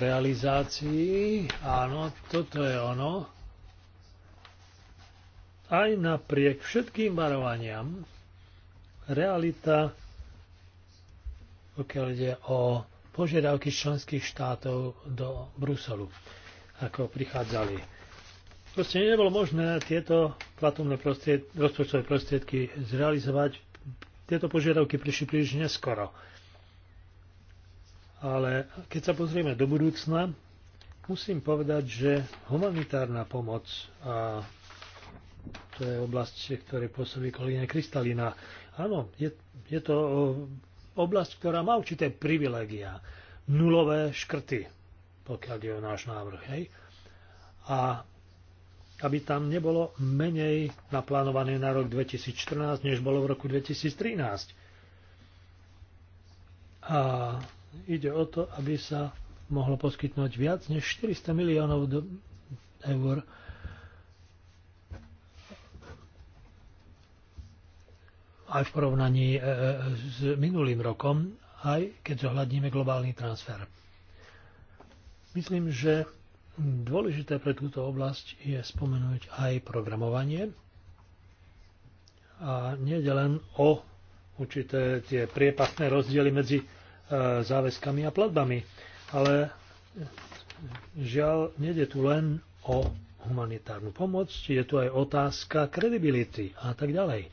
realizácií. Áno, toto je ono aj napriek všetkým varovaniam realita, pokiaľ ide o požiadavky členských štátov do Bruselu, ako prichádzali. Proste nebolo možné tieto platobné prostried, rozpočtové prostriedky zrealizovať. Tieto požiadavky prišli príliš neskoro. Ale keď sa pozrieme do budúcna, musím povedať, že humanitárna pomoc a to je oblasť, ktoré pôsobí kolíne Kristalina. Áno, je, je to e, oblasť, ktorá má určité privilegia. Nulové škrty, pokiaľ je o náš návrh. Hej? A aby tam nebolo menej naplánované na rok 2014, než bolo v roku 2013. A ide o to, aby sa mohlo poskytnúť viac než 400 miliónov eur aj v porovnaní e, e, s minulým rokom, aj keď zohľadníme globálny transfer. Myslím, že dôležité pre túto oblasť je spomenúť aj programovanie a nie len o určité tie priepasné rozdiely medzi e, záväzkami a platbami, ale žiaľ, nede tu len o humanitárnu pomoc, je tu aj otázka kredibility a tak ďalej.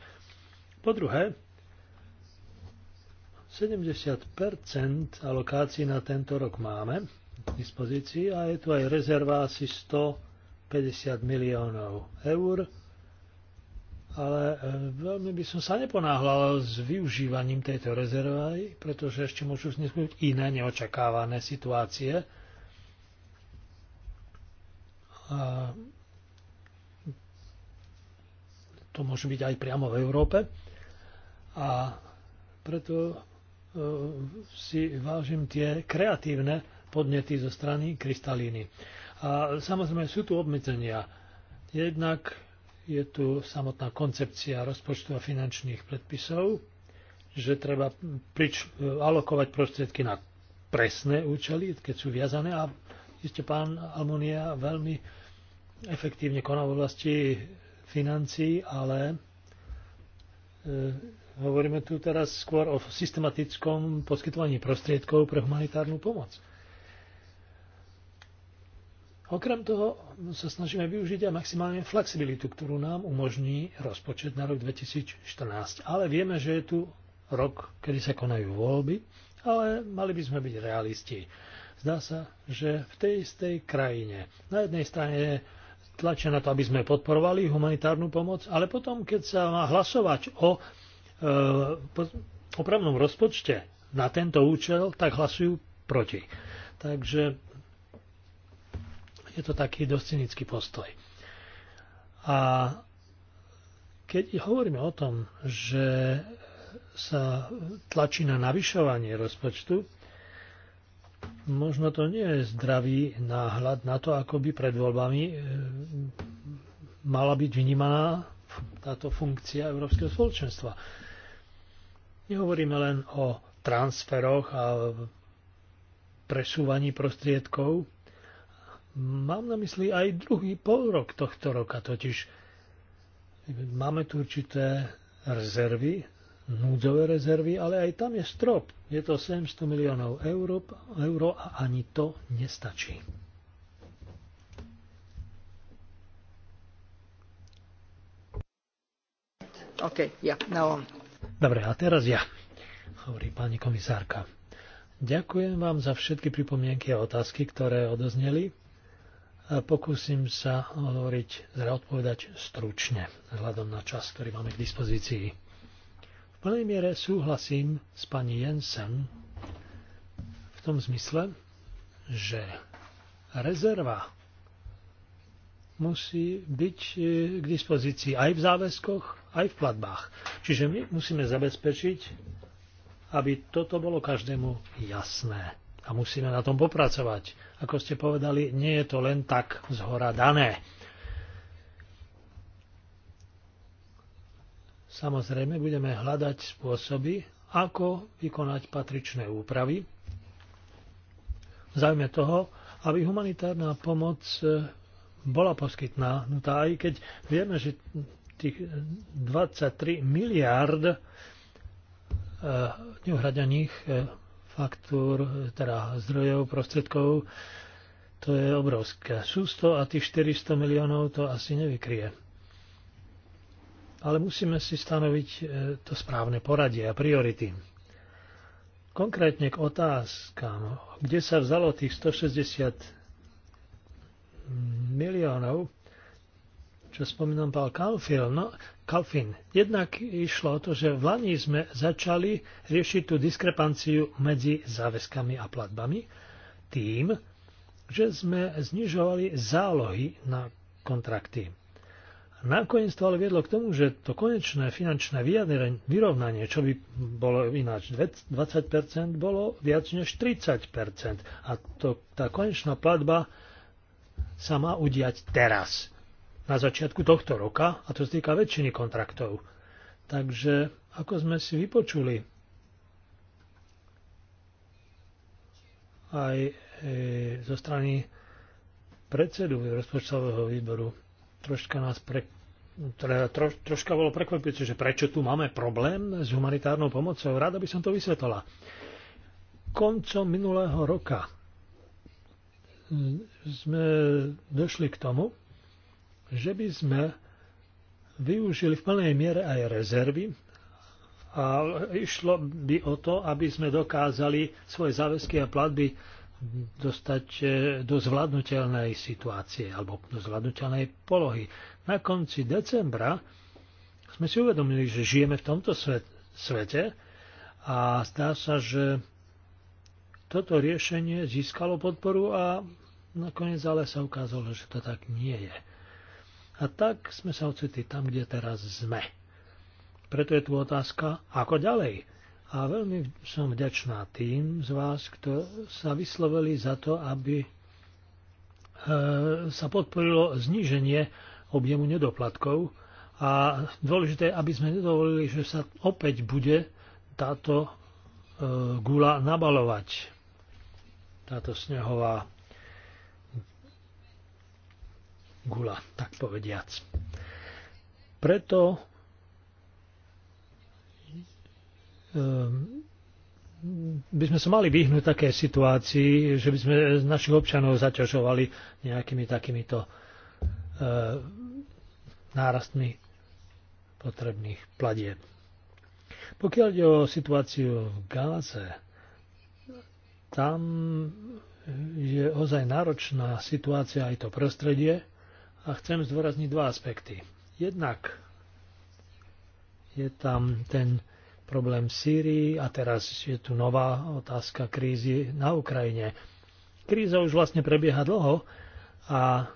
Po druhé, 70 alokácií na tento rok máme k dispozícii a je tu aj rezerva asi 150 miliónov eur, ale e, veľmi by som sa neponáhľal s využívaním tejto rezervy, pretože ešte môžu vzniknúť iné neočakávané situácie. A to môže byť aj priamo v Európe. A preto e, si vážim tie kreatívne podnety zo strany krystalíny. A samozrejme sú tu obmedzenia. Jednak je tu samotná koncepcia rozpočtu a finančných predpisov, že treba prič, alokovať prostriedky na presné účely, keď sú viazané a iste pán Almunia veľmi efektívne koná v oblasti financií, ale e, Hovoríme tu teraz skôr o systematickom poskytovaní prostriedkov pre humanitárnu pomoc. Okrem toho sa snažíme využiť aj maximálne flexibilitu, ktorú nám umožní rozpočet na rok 2014. Ale vieme, že je tu rok, kedy sa konajú voľby, ale mali by sme byť realisti. Zdá sa, že v tej istej krajine na jednej strane tlačia na to, aby sme podporovali humanitárnu pomoc, ale potom, keď sa má hlasovať o opravnom rozpočte na tento účel, tak hlasujú proti. Takže je to taký dosť cynický postoj. A keď hovoríme o tom, že sa tlačí na navyšovanie rozpočtu, možno to nie je zdravý náhľad na to, ako by pred voľbami e, mala byť vnímaná táto funkcia Európskeho spoločenstva. Nehovoríme len o transferoch a presúvaní prostriedkov. Mám na mysli aj druhý rok tohto roka, totiž máme tu určité rezervy, núdzové rezervy, ale aj tam je strop. Je to 700 miliónov eur, euro a ani to nestačí. Okay, yeah, now on. Dobre, a teraz ja, hovorí pani komisárka. Ďakujem vám za všetky pripomienky a otázky, ktoré odozneli. A pokúsim sa hovoriť, teda odpovedať stručne, vzhľadom na čas, ktorý máme k dispozícii. V plnej miere súhlasím s pani Jensen v tom zmysle, že rezerva musí byť e, k dispozícii aj v záväzkoch, aj v platbách. Čiže my musíme zabezpečiť, aby toto bolo každému jasné. A musíme na tom popracovať. Ako ste povedali, nie je to len tak zhora dané. Samozrejme, budeme hľadať spôsoby, ako vykonať patričné úpravy. V toho, aby humanitárna pomoc e, bola poskytnutá, aj keď vieme, že tých 23 miliárd eh, neuhradených eh, faktúr, teda zdrojov, prostriedkov, to je obrovské. Sústo a tých 400 miliónov to asi nevykrie. Ale musíme si stanoviť eh, to správne poradie a priority. Konkrétne k otázkám, kde sa vzalo tých 160 miliónov, čo spomínam pán Kalfil, no, Kalfin. Jednak išlo o to, že v Lani sme začali riešiť tú diskrepanciu medzi záväzkami a platbami tým, že sme znižovali zálohy na kontrakty. Nakoniec to ale viedlo k tomu, že to konečné finančné vyrovnanie, čo by bolo ináč 20%, bolo viac než 30%. A to, tá konečná platba sa má udiať teraz, na začiatku tohto roka, a to sa týka väčšiny kontraktov. Takže, ako sme si vypočuli, aj e, zo strany predsedu rozpočtového výboru troška nás pre, teda troš, troška bolo prekvapujúce, že prečo tu máme problém s humanitárnou pomocou. Rada by som to vysvetlila. Koncom minulého roka sme došli k tomu, že by sme využili v plnej miere aj rezervy a išlo by o to, aby sme dokázali svoje záväzky a platby dostať eh, do zvládnutelnej situácie alebo do zvládnutelnej polohy. Na konci decembra sme si uvedomili, že žijeme v tomto svete a zdá sa, že toto riešenie získalo podporu a nakoniec ale sa ukázalo, že to tak nie je. A tak sme sa ocitli tam, kde teraz sme. Preto je tu otázka, ako ďalej. A veľmi som vďačná tým z vás, kto sa vyslovili za to, aby e, sa podporilo zníženie objemu nedoplatkov a dôležité, aby sme nedovolili, že sa opäť bude táto e, gula nabalovať táto snehová gula, tak povediac. Preto ehm, by sme sa mali vyhnúť také situácii, že by sme našich občanov zaťažovali nejakými takýmito ehm, nárastmi potrebných pladieb. Pokiaľ ide o situáciu v Gáze, tam je ozaj náročná situácia aj to prostredie a chcem zdôrazniť dva aspekty. Jednak je tam ten problém v Sýrii a teraz je tu nová otázka krízy na Ukrajine. Kríza už vlastne prebieha dlho a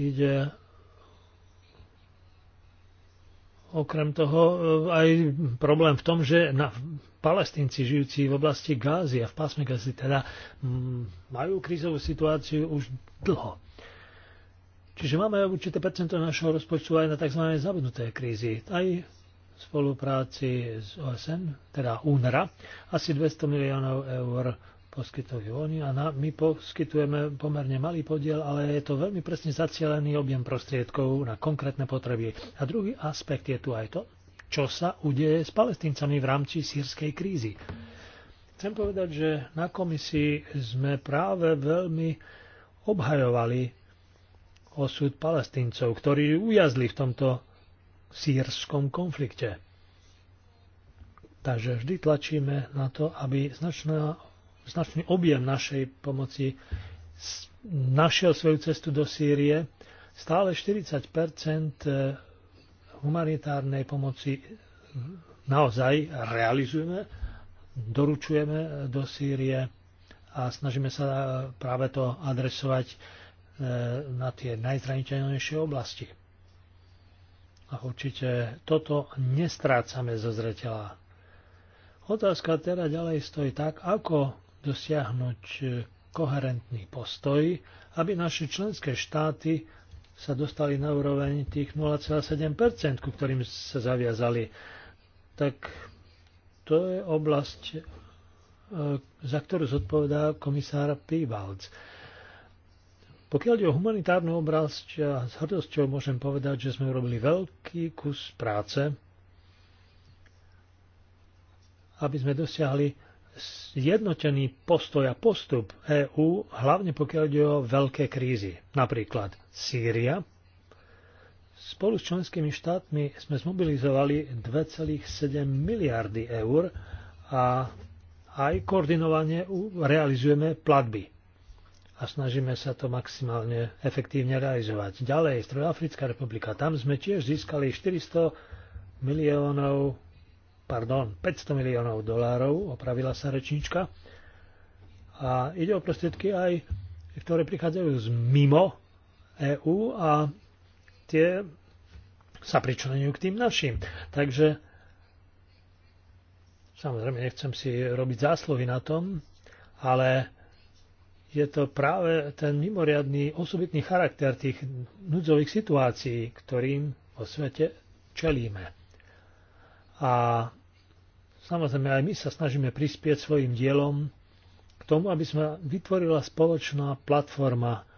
ide okrem toho e, aj problém v tom, že na Palestinci žijúci v oblasti Gázy a v pásme Gázy teda majú krízovú situáciu už dlho. Čiže máme určité percento našho rozpočtu aj na tzv. zabudnuté krízy. Aj v spolupráci s OSN, teda UNRA, asi 200 miliónov eur poskytujú oni a na, my poskytujeme pomerne malý podiel, ale je to veľmi presne zacielený objem prostriedkov na konkrétne potreby. A druhý aspekt je tu aj to, čo sa udeje s palestíncami v rámci sírskej krízy. Chcem povedať, že na komisii sme práve veľmi obhajovali osud palestíncov, ktorí ujazli v tomto sírskom konflikte. Takže vždy tlačíme na to, aby značná značný objem našej pomoci našiel svoju cestu do Sýrie. Stále 40 e, humanitárnej pomoci naozaj realizujeme, doručujeme do Sýrie a snažíme sa práve to adresovať e, na tie najzraniteľnejšie oblasti. A určite toto nestrácame zo zreteľa. Otázka teda ďalej stojí tak, ako dosiahnuť e, koherentný postoj, aby naše členské štáty sa dostali na úroveň tých 0,7%, ku ktorým sa zaviazali. Tak to je oblasť, e, za ktorú zodpovedá komisár Piebalgs. Pokiaľ ide o humanitárnu oblasť, ja s hrdosťou môžem povedať, že sme urobili veľký kus práce, aby sme dosiahli zjednotený postoj a postup EÚ, hlavne pokiaľ ide o veľké krízy, napríklad Sýria. Spolu s členskými štátmi sme zmobilizovali 2,7 miliardy eur a aj koordinovane realizujeme platby a snažíme sa to maximálne efektívne realizovať. Ďalej, Stroafrická republika, tam sme tiež získali 400 miliónov pardon, 500 miliónov dolárov, opravila sa rečnička. A ide o prostriedky aj, ktoré prichádzajú z mimo EÚ a tie sa pričlenujú k tým našim. Takže samozrejme nechcem si robiť zásluhy na tom, ale je to práve ten mimoriadný osobitný charakter tých núdzových situácií, ktorým vo svete čelíme. A Samozrejme, aj my sa snažíme prispieť svojim dielom k tomu, aby sme vytvorila spoločná platforma,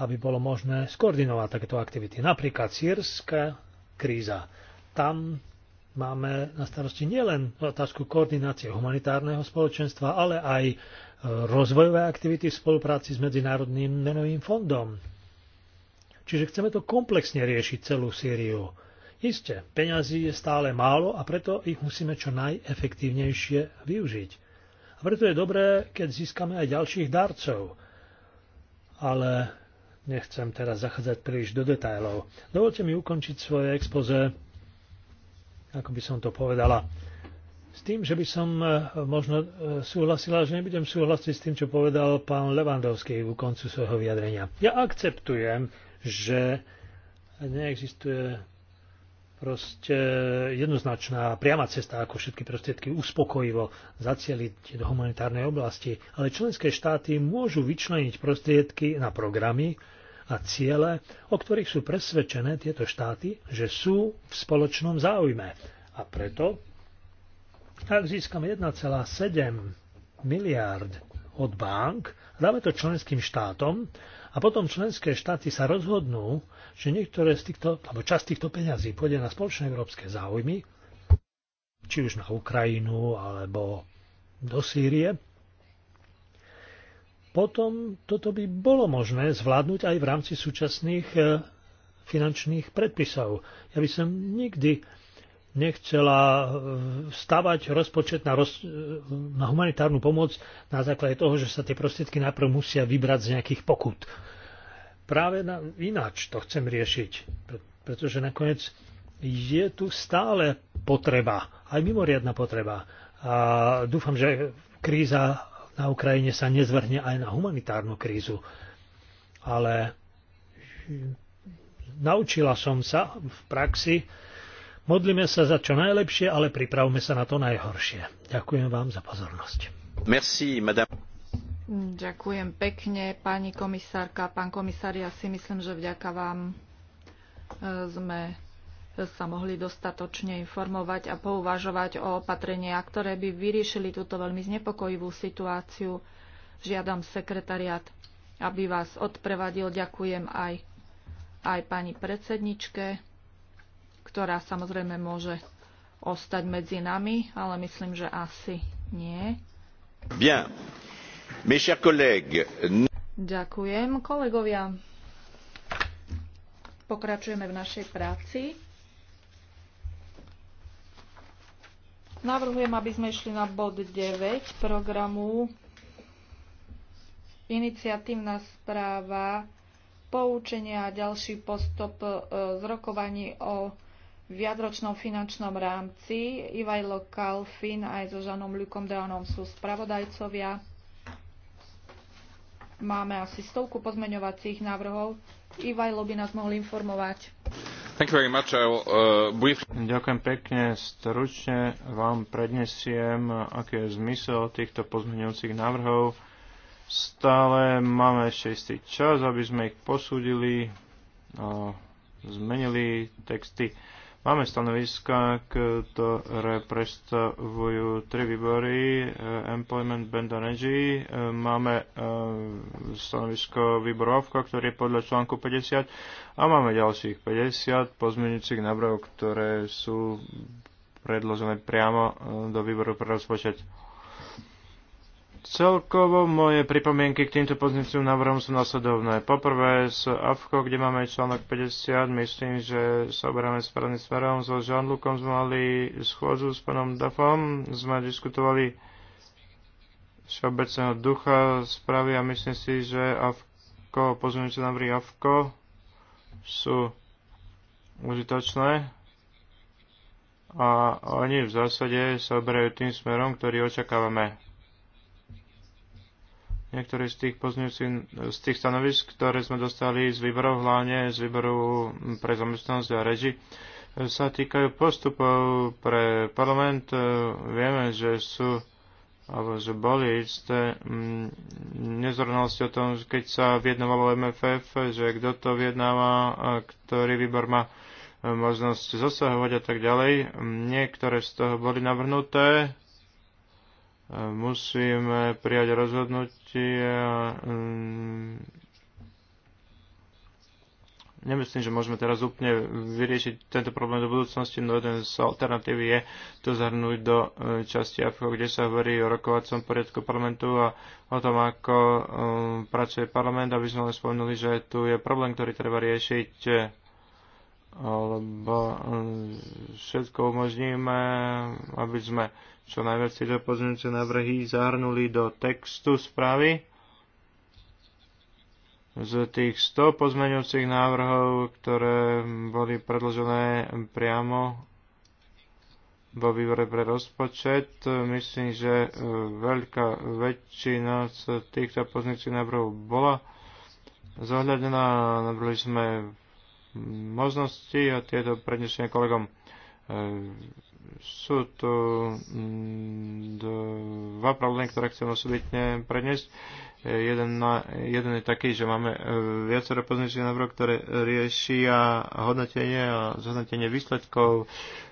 aby bolo možné skoordinovať takéto aktivity. Napríklad sírska kríza. Tam máme na starosti nielen otázku koordinácie humanitárneho spoločenstva, ale aj e, rozvojové aktivity v spolupráci s Medzinárodným menovým fondom. Čiže chceme to komplexne riešiť celú Sýriu. Isté, peňazí je stále málo a preto ich musíme čo najefektívnejšie využiť. A preto je dobré, keď získame aj ďalších darcov. Ale nechcem teraz zachádzať príliš do detajlov. Dovolte mi ukončiť svoje expoze, ako by som to povedala, s tým, že by som e, možno e, súhlasila, že nebudem súhlasiť s tým, čo povedal pán Levandovský v koncu svojho vyjadrenia. Ja akceptujem, že neexistuje proste e, jednoznačná priama cesta, ako všetky prostriedky uspokojivo zacieliť do humanitárnej oblasti, ale členské štáty môžu vyčleniť prostriedky na programy a ciele, o ktorých sú presvedčené tieto štáty, že sú v spoločnom záujme. A preto, ak získame 1,7 miliárd od bank, dáme to členským štátom a potom členské štáty sa rozhodnú, že niektoré z týchto, alebo časť týchto peňazí pôjde na spoločné európske záujmy, či už na Ukrajinu alebo do Sýrie, potom toto by bolo možné zvládnuť aj v rámci súčasných e, finančných predpisov. Ja by som nikdy nechcela e, stavať rozpočet na, roz, e, na humanitárnu pomoc na základe toho, že sa tie prostriedky najprv musia vybrať z nejakých pokut práve na, ináč to chcem riešiť, pretože nakoniec je tu stále potreba, aj mimoriadna potreba. A dúfam, že kríza na Ukrajine sa nezvrhne aj na humanitárnu krízu. Ale naučila som sa v praxi, modlíme sa za čo najlepšie, ale pripravme sa na to najhoršie. Ďakujem vám za pozornosť. Merci, madame. Ďakujem pekne, pani komisárka. Pán komisár, ja si myslím, že vďaka vám e, sme sa mohli dostatočne informovať a pouvažovať o opatreniach, ktoré by vyriešili túto veľmi znepokojivú situáciu. Žiadam sekretariat, aby vás odprevadil. Ďakujem aj, aj pani predsedničke, ktorá samozrejme môže ostať medzi nami, ale myslím, že asi nie. Bien. Mes chers collègues. Ďakujem, kolegovia. Pokračujeme v našej práci. Navrhujem, aby sme išli na bod 9 programu iniciatívna správa poučenia a ďalší postup e, z rokovaní o viacročnom finančnom rámci. Ivajlo Kalfin aj so Žanom Ľukom Deanom sú spravodajcovia. Máme asi stovku pozmeňovacích návrhov. Ivajlo by nás mohol informovať. Thank you very much. will, uh, brief... Ďakujem pekne. Stručne vám prednesiem, aký je zmysel týchto pozmeňujúcich návrhov. Stále máme ešte istý čas, aby sme ich posúdili, a zmenili texty. Máme stanoviska, ktoré predstavujú tri výbory, eh, Employment, Band Energy. Eh, máme eh, stanovisko výboru AFKA, ktorý je podľa článku 50 a máme ďalších 50 pozmeňujúcich návrhov, ktoré sú predložené priamo do výboru pre rozpočet. Celkovo moje pripomienky k týmto pozíciám návrhom sú nasledovné. Poprvé z AFCO, kde máme článok 50, myslím, že sa oberáme správnym smerom. So Žanlukom sme mali schôdzu s pánom Dafom, sme diskutovali všeobecného ducha správy a myslím si, že AFCO, pozornice návrhy AFCO sú užitočné a oni v zásade sa oberajú tým smerom, ktorý očakávame niektoré z tých z tých stanovisk, ktoré sme dostali z výborov, hlavne z výboru pre zamestnanosť a reži, sa týkajú postupov pre parlament. Vieme, že sú alebo že boli isté mm, nezrovnalosti o tom, keď sa vyjednávalo MFF, že kto to vyjednáva, ktorý výbor má e, možnosť zasahovať a tak ďalej. Niektoré z toho boli navrhnuté, musíme prijať rozhodnutie a mm, nemyslím, že môžeme teraz úplne vyriešiť tento problém do budúcnosti, no jeden z alternatív je to zahrnúť do e, časti AFCO, kde sa hovorí o rokovacom poriadku parlamentu a o tom, ako e, pracuje parlament, aby sme len spomenuli, že tu je problém, ktorý treba riešiť e, alebo eh, všetko umožníme, aby sme čo najviac tieto pozmeňujúce návrhy zahrnuli do textu správy. Z tých 100 pozmeňujúcich návrhov, ktoré boli predložené priamo vo výbore pre rozpočet, myslím, že eh, veľká väčšina z týchto pozmeňujúcich návrhov bola zohľadená. Nabrali sme možnosti a tieto prednešenia kolegom. E, sú tu mm, dva problémy, ktoré chcem osobitne predniesť. E, jeden, na, jeden je taký, že máme e, viacero pozničných návrhov, ktoré riešia hodnotenie a zhodnotenie výsledkov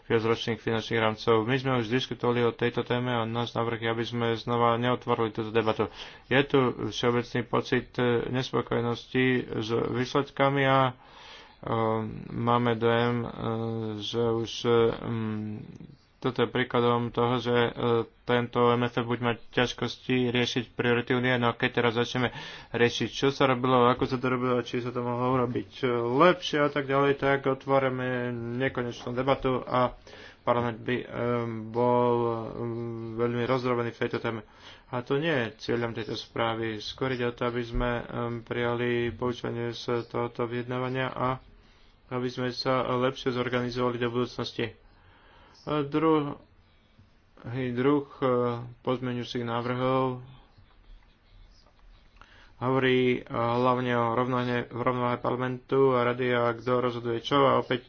viacročných finančných rámcov. My sme už diskutovali o tejto téme a náš návrh je, aby sme znova neotvorili túto debatu. Je tu všeobecný pocit nespokojnosti s výsledkami a Ehm, máme dojem, e, že už e, toto je príkladom toho, že e, tento MFF buď mať ťažkosti riešiť priority únie, no a keď teraz začneme riešiť, čo sa robilo, ako sa to robilo, či sa to mohlo urobiť lepšie a tak ďalej, tak otvoríme nekonečnú debatu a parlament by bol veľmi rozdrobený v tejto téme. A to nie je cieľom tejto správy. Skôr ide o to, aby sme um, prijali poučenie z tohoto vyjednávania a aby sme sa lepšie zorganizovali do budúcnosti. A druhý druh uh, pozmeňujúcich návrhov hovorí uh, hlavne o rovnováhe, rovnováhe parlamentu a rady a kto rozhoduje čo a opäť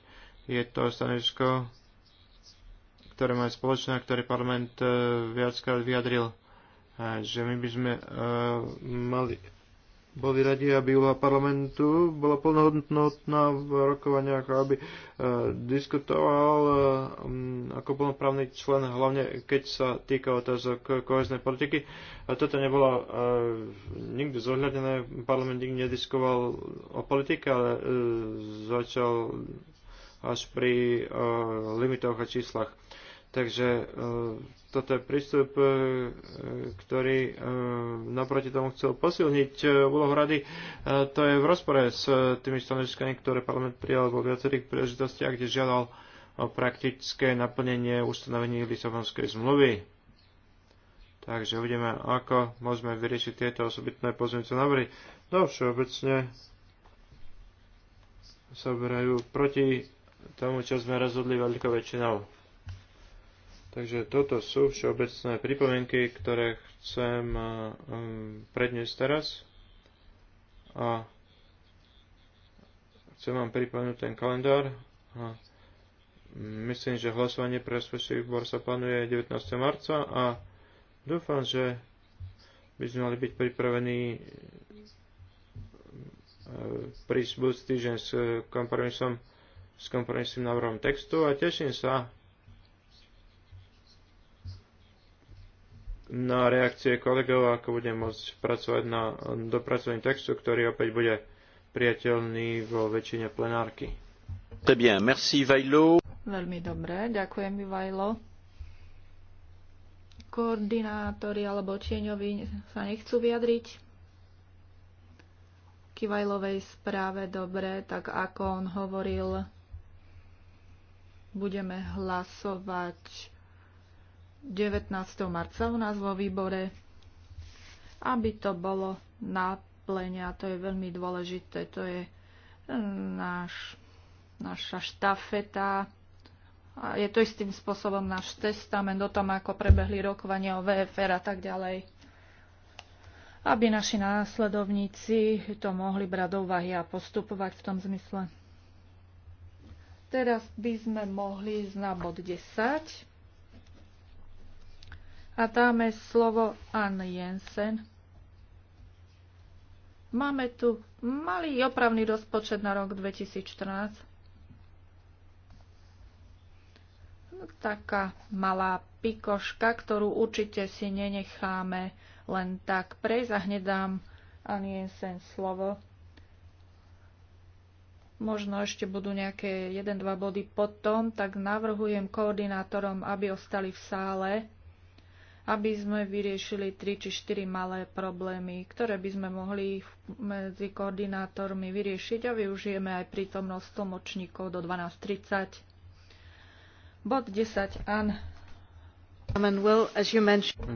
je to stanovisko, ktoré má spoločné, ktoré parlament uh, viackrát vyjadril že my by sme mali boli radi, aby úloha parlamentu bola plnohodnotná v rokovaniach, aby e, diskutoval e, ako plnoprávny člen, hlavne keď sa týka otázok koheznej politiky. A toto nebolo e, nikdy zohľadené, parlament nikdy nediskoval o politike, ale začal až pri limitoch a číslach Takže e, toto je prístup, e, ktorý e, naproti tomu chcel posilniť úlohu rady. To je v rozpore s tými stanoviskami, ktoré parlament prijal vo viacerých príležitostiach, kde žiadal o praktické naplnenie ustanovení Lisabonskej zmluvy. Takže uvidíme, ako môžeme vyriešiť tieto osobitné pozemnice návrhy. No všeobecne sa berajú proti tomu, čo sme rozhodli veľkou väčšinou. Takže toto sú všeobecné pripomienky, ktoré chcem eh, mm, predniesť teraz. A chcem vám pripomenúť ten kalendár. A myslím, že hlasovanie pre rozpočtový výbor sa plánuje 19. marca a dúfam, že by sme mali byť pripravení eh, prísť budúci týždeň s kompromisom s kompromisným návrhom textu a teším sa na reakcie kolegov, ako budem môcť pracovať na dopracovaní textu, ktorý opäť bude priateľný vo väčšine plenárky. Très bien, merci Vajlo. Veľmi dobre, ďakujem mi Vajlo. Koordinátori alebo tieňovi sa nechcú vyjadriť? Kivajlovej správe dobre, tak ako on hovoril, budeme hlasovať 19. marca u nás vo výbore, aby to bolo na plene a to je veľmi dôležité. To je e, náš, naša štafeta. A je to istým spôsobom náš testament o tom, ako prebehli rokovania o VFR a tak ďalej. Aby naši následovníci to mohli brať do úvahy a postupovať v tom zmysle. Teraz by sme mohli ísť na bod 10. A dáme slovo Anne Jensen. Máme tu malý opravný rozpočet na rok 2014. taká malá pikoška, ktorú určite si nenecháme len tak prejsť. A hneď dám Ann Jensen slovo. Možno ešte budú nejaké 1-2 body potom, tak navrhujem koordinátorom, aby ostali v sále aby sme vyriešili 3 či 4 malé problémy, ktoré by sme mohli medzi koordinátormi vyriešiť a využijeme aj prítomnosť tlmočníkov do 12.30. Bod 10. An.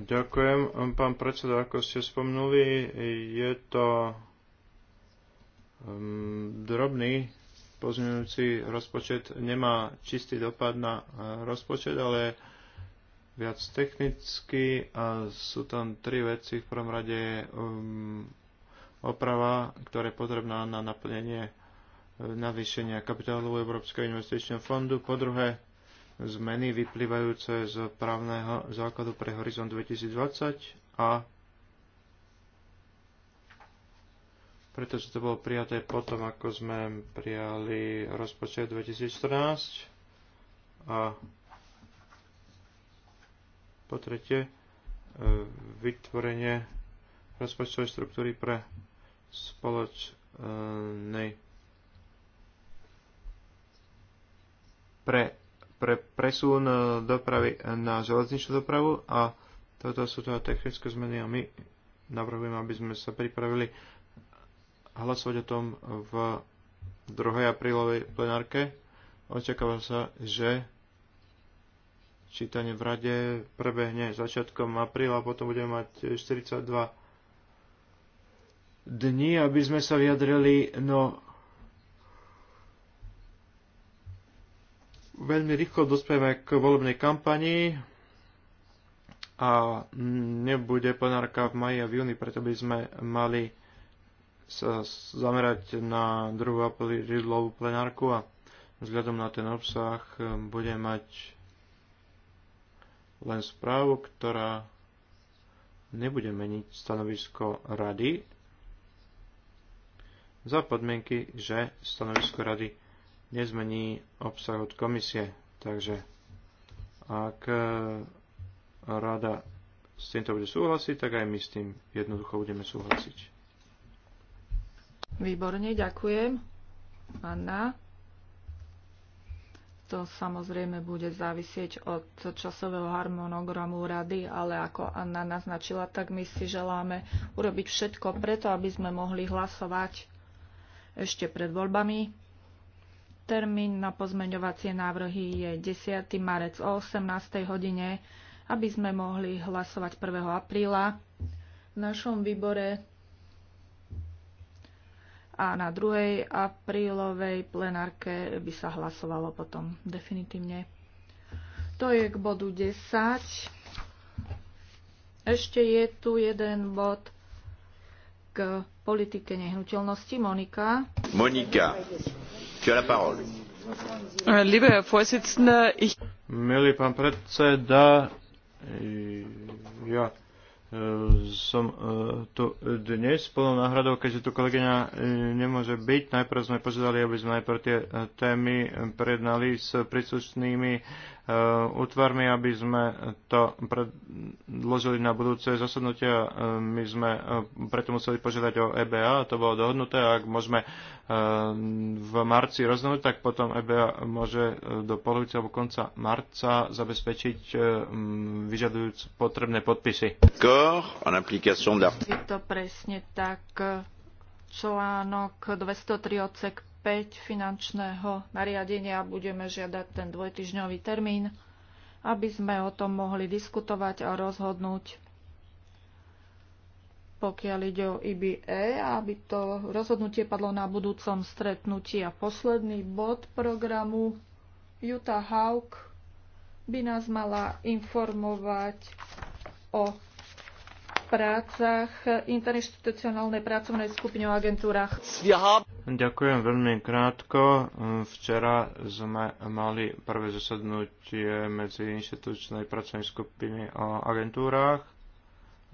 Ďakujem, pán predseda, ako ste spomnuli, je to um, drobný pozmeňujúci rozpočet, nemá čistý dopad na uh, rozpočet, ale viac technicky a sú tam tri veci. V prvom rade um, oprava, ktorá je potrebná na naplnenie e, navýšenia kapitálu Európskeho investičného fondu. Po druhé, zmeny vyplývajúce z právneho základu pre Horizon 2020 a pretože to bolo prijaté potom, ako sme prijali rozpočet 2014 a po tretie, e, vytvorenie rozpočtovej štruktúry pre spoločnej pre, pre presun e, dopravy na železničnú dopravu a toto sú teda technické zmeny a my navrhujeme, aby sme sa pripravili hlasovať o tom v 2. aprílovej plenárke. Očakáva sa, že čítanie v rade prebehne začiatkom apríla, potom budeme mať 42 eh, dní, aby sme sa vyjadrili, no veľmi rýchlo dospieme k volebnej kampanii a nebude plenárka v maji a v júni, preto by sme mali sa zamerať na druhú aprílovú plenárku a vzhľadom na ten obsah eh, bude mať len správu, ktorá nebude meniť stanovisko rady za podmienky, že stanovisko rady nezmení obsah od komisie. Takže ak e, rada s týmto bude súhlasiť, tak aj my s tým jednoducho budeme súhlasiť. Výborne, ďakujem. Anna. To samozrejme bude závisieť od časového harmonogramu rady, ale ako Anna naznačila, tak my si želáme urobiť všetko preto, aby sme mohli hlasovať ešte pred voľbami. Termín na pozmeňovacie návrhy je 10. marec o 18. hodine, aby sme mohli hlasovať 1. apríla. V našom výbore a na 2. aprílovej plenárke by sa hlasovalo potom definitívne. To je k bodu 10. Ešte je tu jeden bod k politike nehnuteľnosti. Monika. Monika, tu la parole. Äh, liebe Herr ich... Milý pán predseda, ja som e, tu dnes plnou náhradou, keďže tu kolegyňa e, nemôže byť. Najprv sme požiadali, aby sme najprv tie e, témy prednali s príslušnými Utvarmi, eh, aby sme to predložili na budúce zasadnutia. Eh, my sme eh, preto museli požiadať o EBA, to bolo dohodnuté. Ak môžeme v marci rozhodnúť, tak potom EBA môže do polovice alebo konca marca zabezpečiť mm, vyžadujúc potrebné podpisy. Je to presne tak článok 203 odsek 5 finančného nariadenia budeme žiadať ten dvojtyžňový termín, aby sme o tom mohli diskutovať a rozhodnúť, pokiaľ ide o IBE, aby to rozhodnutie padlo na budúcom stretnutí. A posledný bod programu Utah Hawk by nás mala informovať o prácach interinstitucionálnej pracovnej skupine o agentúrach. Ja. Ďakujem veľmi krátko. Včera sme mali prvé zasadnutie medzi inštitučnej pracovnej skupiny o agentúrách.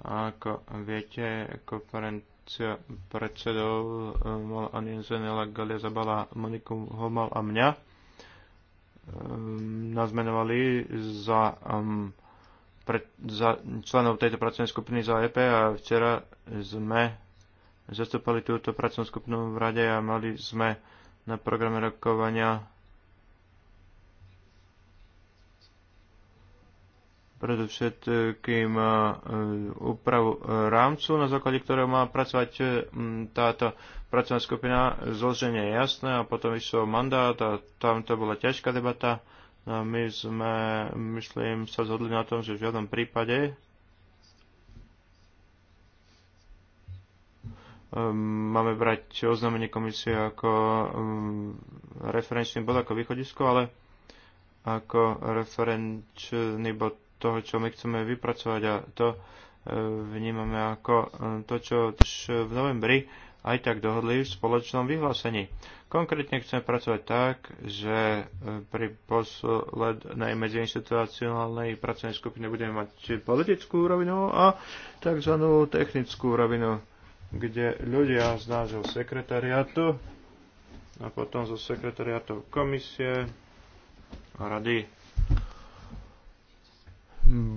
Ako viete, konferencia predsedov eh, mal Galia Zabala, Moniku Homal a mňa. Eh, nazmenovali za, um, pre, za členov tejto pracovnej skupiny za EP a včera sme zastupali túto pracovnú skupinu v rade a mali sme na programe rokovania predovšetkým e, úpravu rámcu, na základe ktorého má pracovať e, táto pracovná skupina. Zloženie je jasné a potom išiel mandát a tam to bola ťažká debata. No a my sme, myslím, sa zhodli na tom, že v žiadnom prípade Ehm, máme brať oznámenie komisie ako ehm, referenčný bod, ako východisko, ale ako referenčný bod toho, čo my chceme vypracovať a to ehm, vnímame ako to, čo v novembri aj tak dohodli v spoločnom vyhlásení. Konkrétne chceme pracovať tak, že pri poslednej medziinstitucionálnej pracovnej skupine budeme mať politickú rovinu a tzv. technickú rovinu kde ľudia z nášho sekretariátu a potom zo sekretariátu komisie a rady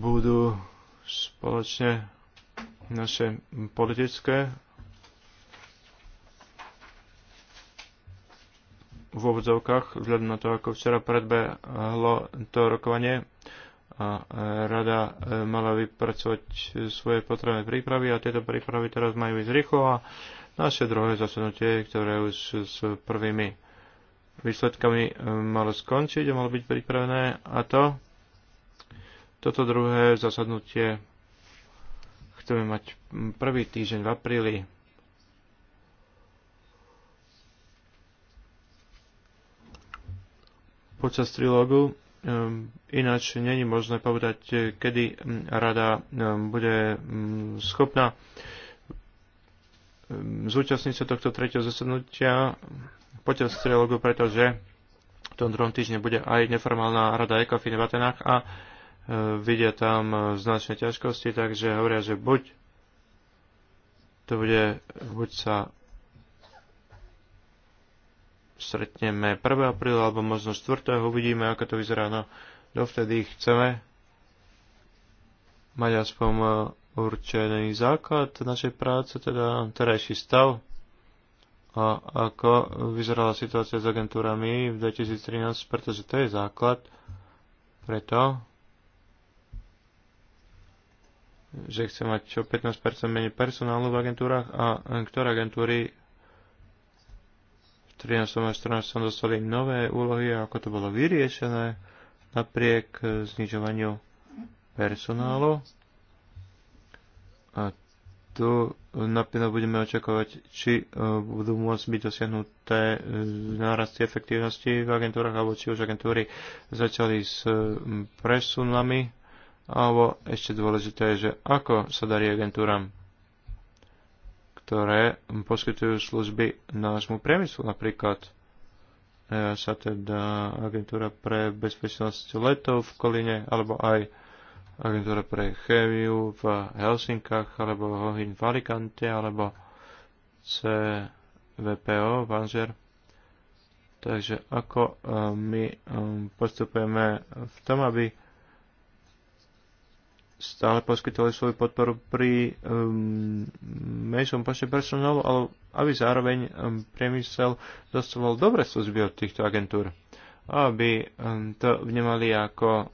budú spoločne naše politické v obzovkách. vzhľadom na to, ako včera predbehlo to rokovanie, a e, rada e, mala vypracovať e, svoje potrebné prípravy a tieto prípravy teraz majú ísť rýchlo a naše druhé zasadnutie, ktoré už s prvými výsledkami malo skončiť a malo byť pripravené a to toto druhé zasadnutie chceme mať prvý týždeň v apríli počas trilógu Ehm, ináč není možné povedať, e, kedy rada ehm, bude schopná ehm, zúčastniť sa tohto tretieho zasadnutia počas trialogu, pretože v tom druhom týždni bude aj neformálna rada ECOFIN v Atenách a e, vidia tam e, značné ťažkosti, takže hovoria, že buď to bude, buď sa stretneme 1. apríla alebo možno 4. uvidíme, ako to vyzerá. No dovtedy chceme mať aspoň e, určený základ našej práce, teda terajší stav a ako vyzerala situácia s agentúrami v 2013, pretože to je základ preto, že chce mať čo 15% menej personálu v agentúrach a ktoré agentúry 13. a 14. dostali nové úlohy a ako to bolo vyriešené napriek e, znižovaniu personálu. A tu napríklad budeme očakávať, či e, budú môcť byť dosiahnuté e, nárasty efektívnosti v agentúrach, alebo či už agentúry začali s presunami, alebo ešte dôležité je, že ako sa darí agentúram ktoré poskytujú služby nášmu priemyslu. Napríklad e, sa teda agentúra pre bezpečnosť letov v Koline, alebo aj agentúra pre chémiu v Helsinkách, alebo Hohin v Alicante, alebo CVPO v Anžer. Takže ako e, my e, postupujeme v tom, aby stále poskytovali svoju podporu pri um, menšom počte personálu, ale aby zároveň um, priemysel dostával dobré služby od týchto agentúr. Aby um, to vnímali ako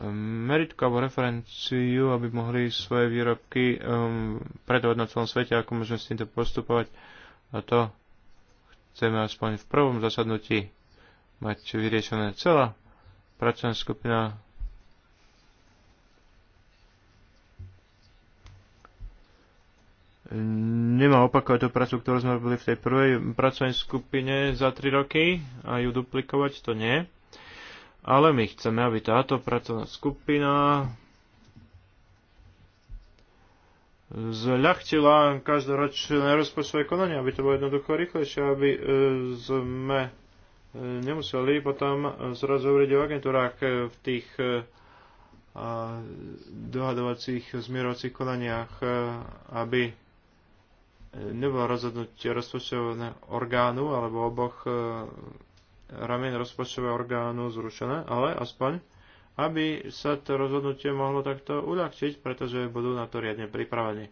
um, meritku alebo referenciu, aby mohli svoje výrobky um, predovať na celom svete, ako môžeme s týmto postupovať. A to chceme aspoň v prvom zasadnutí mať vyriešené celá pracovná skupina nemá opakovať tú prácu, ktorú sme robili v tej prvej pracovnej skupine za 3 roky a ju duplikovať, to nie. Ale my chceme, aby táto pracovná skupina zľahčila každoročné rozpočtové konanie, aby to bolo jednoducho rýchlejšie, aby e, sme e, nemuseli potom zrazu hovoriť o agentúrách e, v tých dohadovacích, zmierovacích konaniach, aby nebolo rozhodnutie rozpočtového orgánu alebo oboch e, ramien rozpočtového orgánu zrušené, ale aspoň, aby sa to rozhodnutie mohlo takto uľahčiť, pretože budú na to riadne pripravení.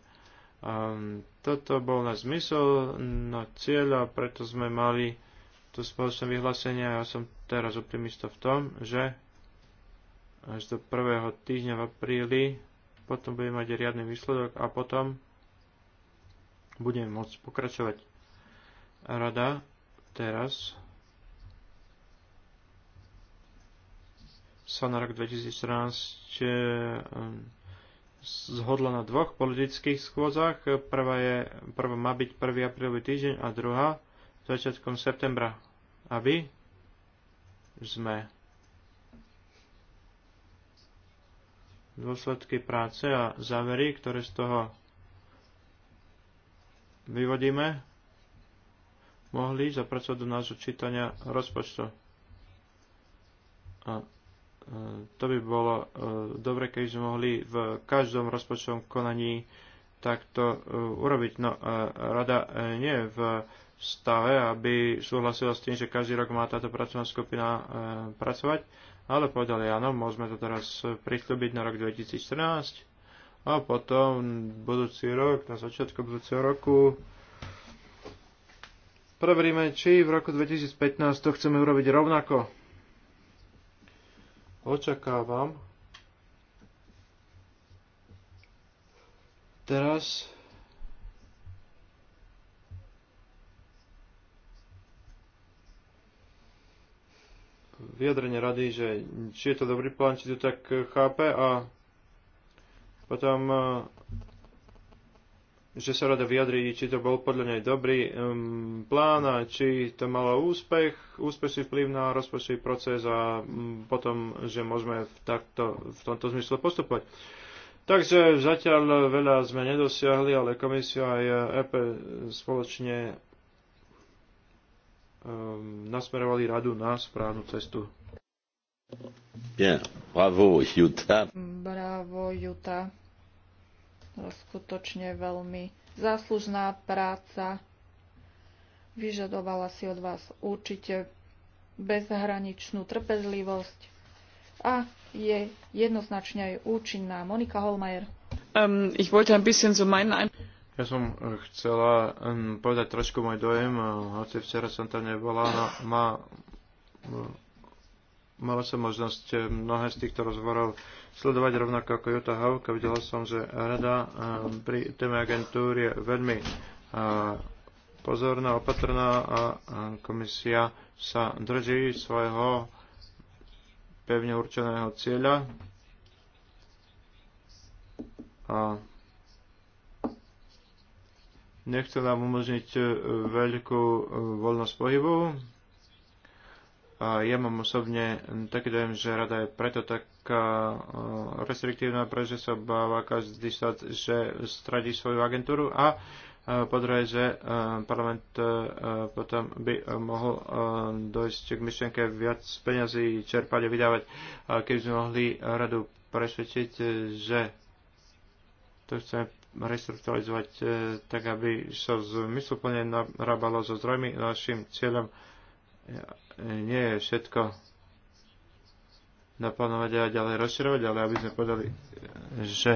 Um, toto bol na zmysel, na no cieľ a preto sme mali to spoločné vyhlásenie a ja som teraz optimista v tom, že až do prvého týždňa v apríli potom budeme mať riadny výsledok a potom budeme môcť pokračovať. Rada teraz sa na rok 2014 eh, zhodla na dvoch politických schôdzach. Prvá, je, prvá má byť 1. aprílový týždeň a druhá začiatkom septembra. Aby sme dôsledky práce a závery, ktoré z toho vyvodíme, mohli zapracovať do nášho čítania rozpočtu. A e, to by bolo e, dobre, keby sme mohli v každom rozpočtovom konaní takto e, urobiť. No, rada nie v stave, aby súhlasila s tým, že každý rok má táto pracovná skupina pracovať, ale povedali áno, môžeme to teraz priklúbiť na rok 2014 a potom budúci rok, na začiatku budúceho roku, preveríme, či v roku 2015 to chceme urobiť rovnako. Očakávam. Teraz vyjadrenie rady, že či je to dobrý plán, či to tak chápe a potom, eh, že sa rada vyjadrí, či to bol podľa nej dobrý um, plán a či to malo úspech, úspešný vplyv na rozpočtový proces a um, potom, že môžeme v, takto, v tomto zmysle postupovať. Takže zatiaľ veľa sme nedosiahli, ale komisia aj EP spoločne um, nasmerovali radu na správnu cestu. Bien, bravo Juta. Bravo Juta skutočne veľmi záslužná práca. Vyžadovala si od vás určite bezhraničnú trpezlivosť a je jednoznačne aj účinná. Monika Holmajer. Um, ich wollte ein bisschen so meinen ja som eh, chcela um, povedať trošku môj dojem, eh, hoci včera som tam nebola, no, ma eh, Mala som možnosť eh, mnohé z týchto rozhovorov sledovať rovnako ako Jutta Hauk a videla som, že rada eh, pri téme agentúry je veľmi eh, pozorná, opatrná a komisia sa drží svojho pevne určeného cieľa. A nechce nám umožniť veľkú voľnosť pohybu, ja mám osobne taký dojem, že rada je preto taká restriktívna, pretože sa obáva každý štát, že stratí svoju agentúru a po druhé, že parlament potom by mohol dojsť k myšlienke viac peňazí čerpať a vydávať, keby sme mohli radu presvedčiť, že to chceme restrukturalizovať e, tak, aby sa zmysluplne narábalo so zdrojmi. Našim cieľom E, nie je všetko naplánovať a ďalej rozširovať, ale aby sme povedali, že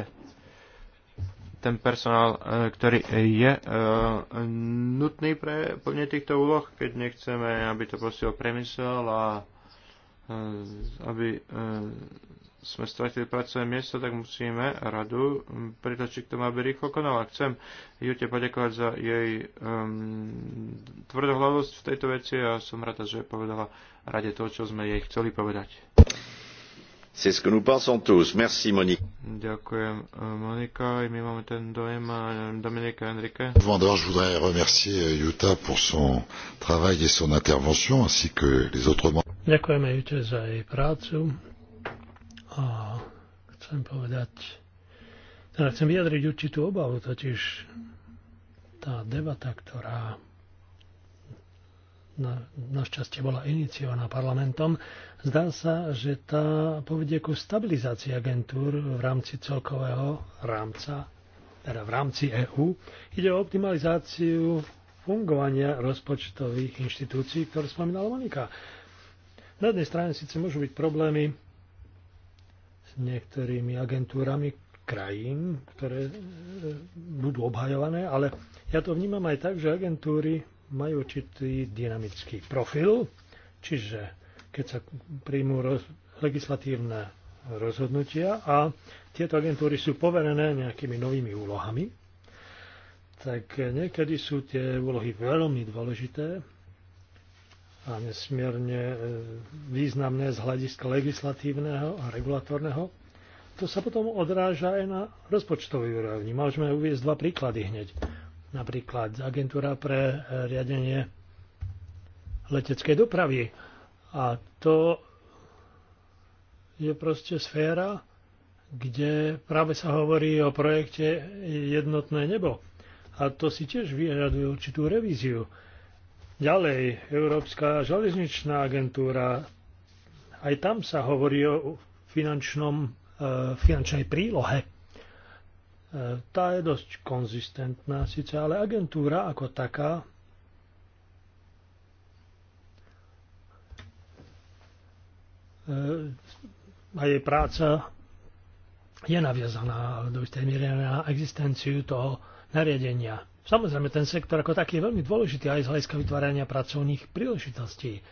ten personál, e, ktorý je e, nutný pre plne týchto úloh, keď nechceme, aby to posiel premysel a aby sme stratili pracovné miesto, tak musíme radu mm, pritačiť k tomu, aby rýchlo konala. Chcem Jute poďakovať za jej um, tvrdohlavosť v tejto veci a som rada, že povedala rade to, čo sme jej chceli povedať. C'est ce que nous pensons tous. Merci, Monique. Ďakujem, eh, Monika. I my máme ten dojem eh, Dominika Enrique. Vendeur, je voudrais remercier eh, Jutta pour son travail et son intervention, ainsi que les autres membres. Ďakujeme Jute za jej prácu a chcem povedať, teda chcem vyjadriť určitú obavu, totiž tá debata, ktorá na, našťastie bola iniciovaná parlamentom, zdá sa, že tá povedie ku stabilizácii agentúr v rámci celkového rámca, teda v rámci EÚ. Ide o optimalizáciu fungovania rozpočtových inštitúcií, ktoré spomínala Monika. Na jednej strane síce môžu byť problémy niektorými agentúrami krajín, ktoré e, budú obhajované, ale ja to vnímam aj tak, že agentúry majú určitý dynamický profil, čiže keď sa príjmú roz, legislatívne rozhodnutia a tieto agentúry sú poverené nejakými novými úlohami, tak niekedy sú tie úlohy veľmi dôležité a nesmierne e, významné z hľadiska legislatívneho a regulatórneho. To sa potom odráža aj na rozpočtovej úrovni. Môžeme uvieť dva príklady hneď. Napríklad agentúra pre e, riadenie leteckej dopravy. A to je proste sféra, kde práve sa hovorí o projekte Jednotné nebo. A to si tiež vyžaduje určitú revíziu. Ďalej, Európska železničná agentúra, aj tam sa hovorí o finančnom, e, finančnej prílohe. E, tá je dosť konzistentná síce, ale agentúra ako taká e, a jej práca je naviazaná do istej miery na existenciu toho nariadenia Samozrejme, ten sektor ako taký je veľmi dôležitý aj z hľadiska vytvárania pracovných príležitostí.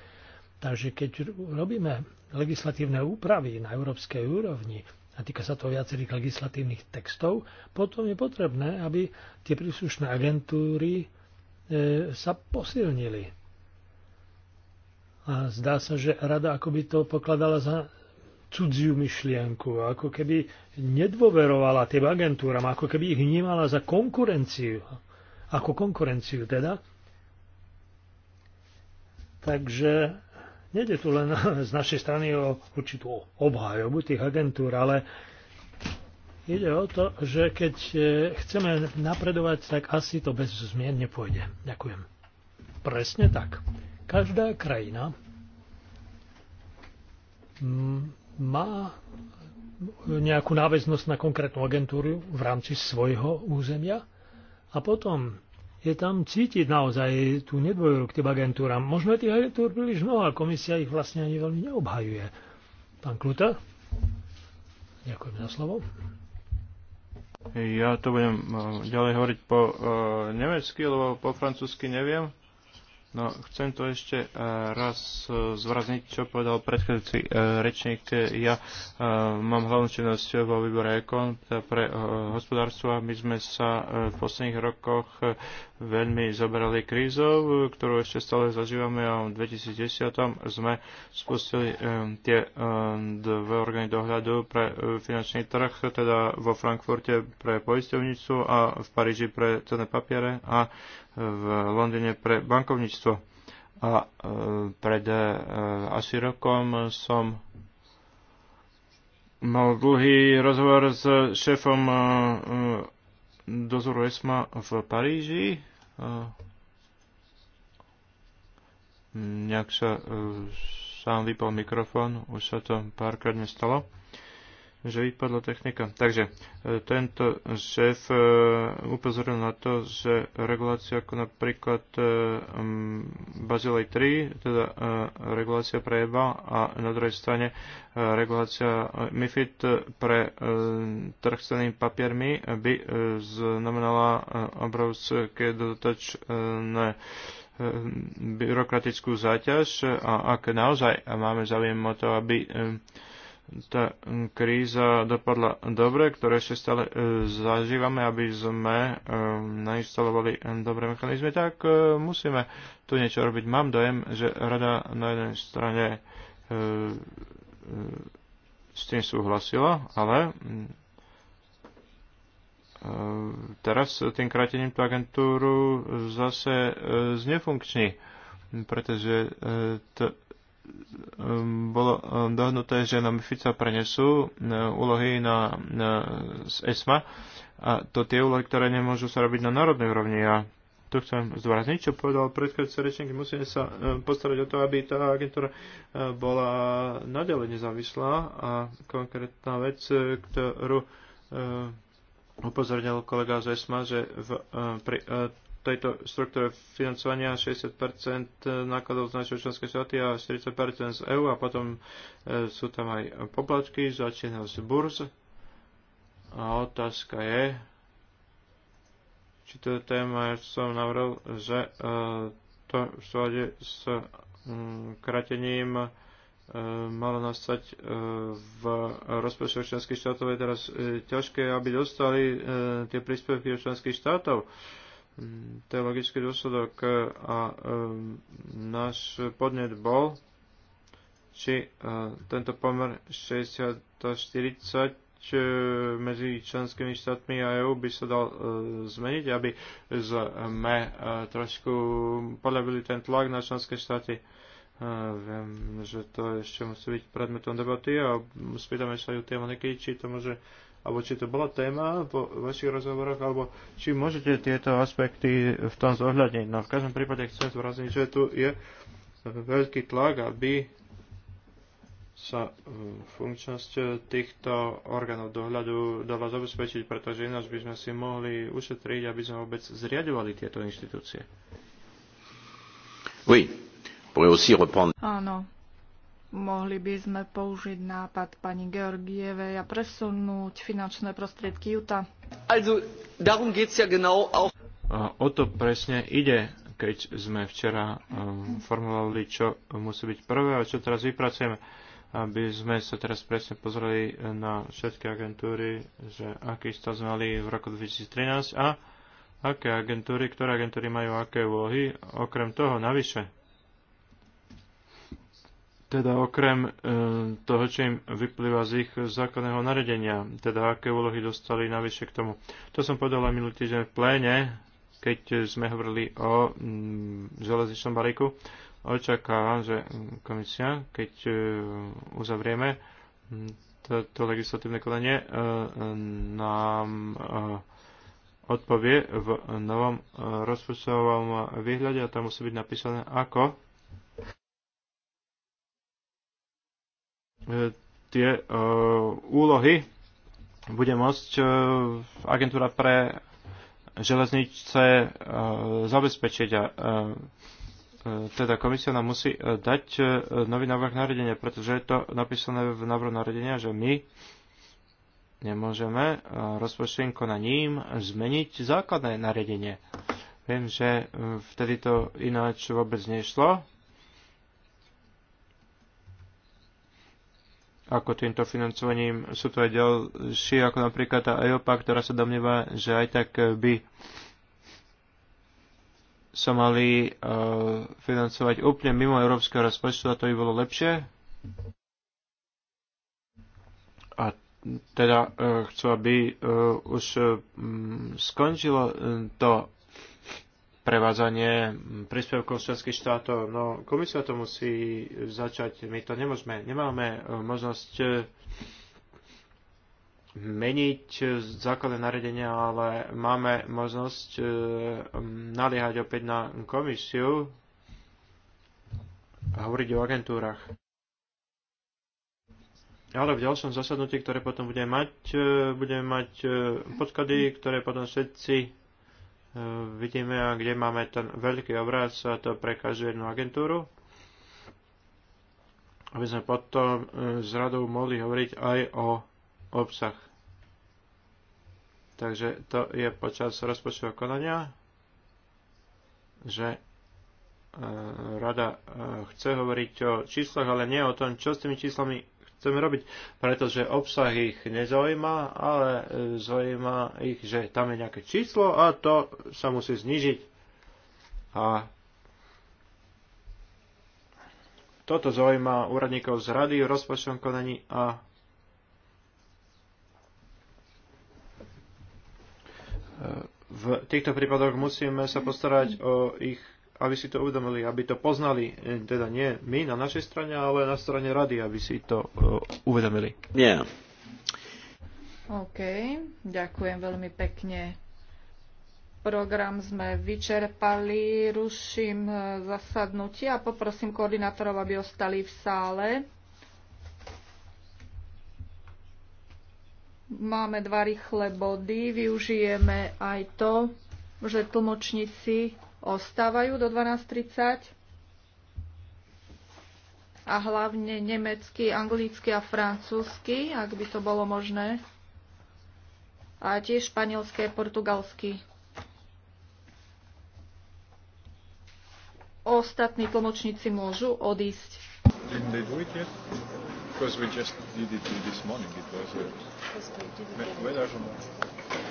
Takže keď robíme legislatívne úpravy na európskej úrovni, a týka sa to viacerých legislatívnych textov, potom je potrebné, aby tie príslušné agentúry e, sa posilnili. A zdá sa, že rada ako by to pokladala za cudziu myšlienku, ako keby nedôverovala tým agentúram, ako keby ich vnímala za konkurenciu ako konkurenciu teda. Takže nejde tu len z našej strany o určitú obhajobu tých agentúr, ale ide o to, že keď e, chceme napredovať, tak asi to bez zmien nepôjde. Ďakujem. Presne tak. Každá krajina má nejakú náväznosť na konkrétnu agentúru v rámci svojho územia a potom je tam cítiť naozaj tú nedôveru k tým agentúram. Možno je tých agentúr príliš mnoho a komisia ich vlastne ani veľmi neobhajuje. Pán Kluta? Ďakujem za slovo. Ja to budem eh, ďalej hovoriť po uh, nemecky, lebo po francúzsky neviem. No, chcem to ešte eh, raz zvrazniť, čo povedal predchádzajúci rečník. Ja mám hlavnú činnosť vo výbore EKON pre hospodárstvo a my sme sa v posledných rokoch veľmi zobrali krízov, ktorú ešte stále zažívame a v 2010 sme spustili um, tie um, dve orgány dohľadu pre um, finančný trh, teda vo Frankfurte pre poisťovnicu a v Paríži pre cenné papiere a v Londýne pre bankovníctvo. A um, pred um, asi rokom som mal dlhý rozhovor s šéfom um, dozoru ESMA v Paríži nejak sa e, sám vypol mikrofón, už sa to párkrát nestalo že vypadla technika. Takže e, tento šéf e, upozoril na to, že regulácia ako napríklad e, Bazilej 3, teda regulácia pre EBA a na druhej strane regulácia MIFID pre trh s papiermi by znamenala obrovské dodatočné byrokratickú záťaž a ak naozaj máme záujem o to, aby tá kríza dopadla dobre, ktoré ešte stále e, zažívame, aby sme e, nainstalovali e, dobré mechanizmy, tak e, musíme tu niečo robiť. Mám dojem, že rada na jednej strane e, e, s tým súhlasila, ale e, teraz tým krátením tú agentúru zase e, znefunkční, pretože Ehm, bolo ehm, dohnuté, že nám FICA prenesú ehm, úlohy na, na, z ESMA a to tie úlohy, ktoré nemôžu sa robiť na národnej úrovni. A to chcem zdôrazniť, čo povedal predchádzajúci rečník, musíme sa postarať o to, aby tá agentúra bola nadalej nezávislá a konkrétna vec, e, ktorú upozornil kolega z ESMA, že v, e, pri e, tejto struktúre financovania 60% nákladov z našej členskej štáty a 40% z EÚ a potom e, sú tam aj poplatky za činnosť burz. A otázka je, či to je téma, ja som navrhol, že e, to v súhľade s mm, kratením e, malo nastať v rozpočte členských štátov je teraz ťažké, aby dostali tie príspevky členských štátov Mm, to je logický dôsledok e, a e, náš podnet bol, či e, tento pomer 60-40 medzi členskými štátmi a EU by sa dal e, zmeniť, aby sme e, trošku podľavili ten tlak na členské štáty. E, viem, že to ešte musí byť predmetom debaty a spýtame sa ju tie Moniky, či to môže alebo či to bola téma vo vašich rozhovoroch, alebo či môžete tieto aspekty v tom zohľadniť. No v každom prípade chcem zvrazniť, že tu je veľký tlak, aby sa e, funkčnosť týchto orgánov dohľadu dala zabezpečiť, pretože ináč by sme si mohli ušetriť, aby sme vôbec zriadovali tieto inštitúcie. Oui. aussi reprendre... Áno, Mohli by sme použiť nápad pani Georgievej a presunúť finančné prostriedky Juta. Also, darum geht's ja genau auch. O to presne ide, keď sme včera um, formulovali, čo musí byť prvé a čo teraz vypracujeme aby sme sa teraz presne pozreli e, na všetky agentúry, že aký stav sme mali v roku 2013 a aké agentúry, ktoré agentúry majú aké úlohy, okrem toho navyše teda okrem e, toho, čo im vyplýva z ich zákonného naredenia, teda aké úlohy dostali navyše k tomu. To som povedal aj minulý týždeň v pléne, keď sme hovorili o mm, železničnom balíku. Očakávam, že komisia, keď e, uzavrieme mm, toto legislatívne konanie, e, nám odpovie v novom rozpočtovom výhľade a tam musí byť napísané, ako E, tie e, úlohy bude môcť e, agentúra pre železnice zabezpečiť a teda komisia nám musí dať nový návrh nariadenia, pretože je to napísané v návrhu nariadenia, že my nemôžeme rozpočtovým konaním zmeniť základné nariadenie. Viem, že vtedy to ináč vôbec nešlo, ako týmto financovaním. Sú to aj ďalšie, ako napríklad tá EOPA, ktorá sa domnieva, že aj tak by sa mali uh, financovať úplne mimo európskeho rozpočtu a to by bolo lepšie. A teda uh, chcú, aby uh, už uh, skončilo to prevádzanie príspevkov členských štátov. No komisia to musí začať, my to nemôžeme, nemáme e, možnosť e, meniť základné naredenia, ale máme možnosť e, naliehať opäť na komisiu a hovoriť o agentúrach. Ale v ďalšom zasadnutí, ktoré potom budeme mať, budeme mať podklady, ktoré potom všetci Eh, vidíme, kde máme ten veľký obraz, a to pre každú jednu agentúru, aby sme potom eh, s radou mohli hovoriť aj o obsah. Takže to je počas rozpočtového konania, že eh, rada chce hovoriť o číslach, ale nie o tom, čo s tými číslami chceme robiť, pretože obsah ich nezaujíma, ale e, zaujíma ich, že tam je nejaké číslo a to sa musí znižiť. A toto zaujíma úradníkov z rady v rozpočtovom konaní a e, v týchto prípadoch musíme sa postarať o ich aby si to uvedomili, aby to poznali, e, teda nie my na našej strane, ale na strane rady, aby si to e, uvedomili. Nie. Yeah. OK, ďakujem veľmi pekne. Program sme vyčerpali, ruším e, zasadnutie a poprosím koordinátorov, aby ostali v sále. Máme dva rýchle body, využijeme aj to, že tlmočníci ostávajú do 12.30 a hlavne nemecký, anglický a francúzsky, ak by to bolo možné, a tiež španielský a portugalský. Ostatní tlmočníci môžu odísť. Didn't they do it yet? Because we just did it this morning. It was a... Uh,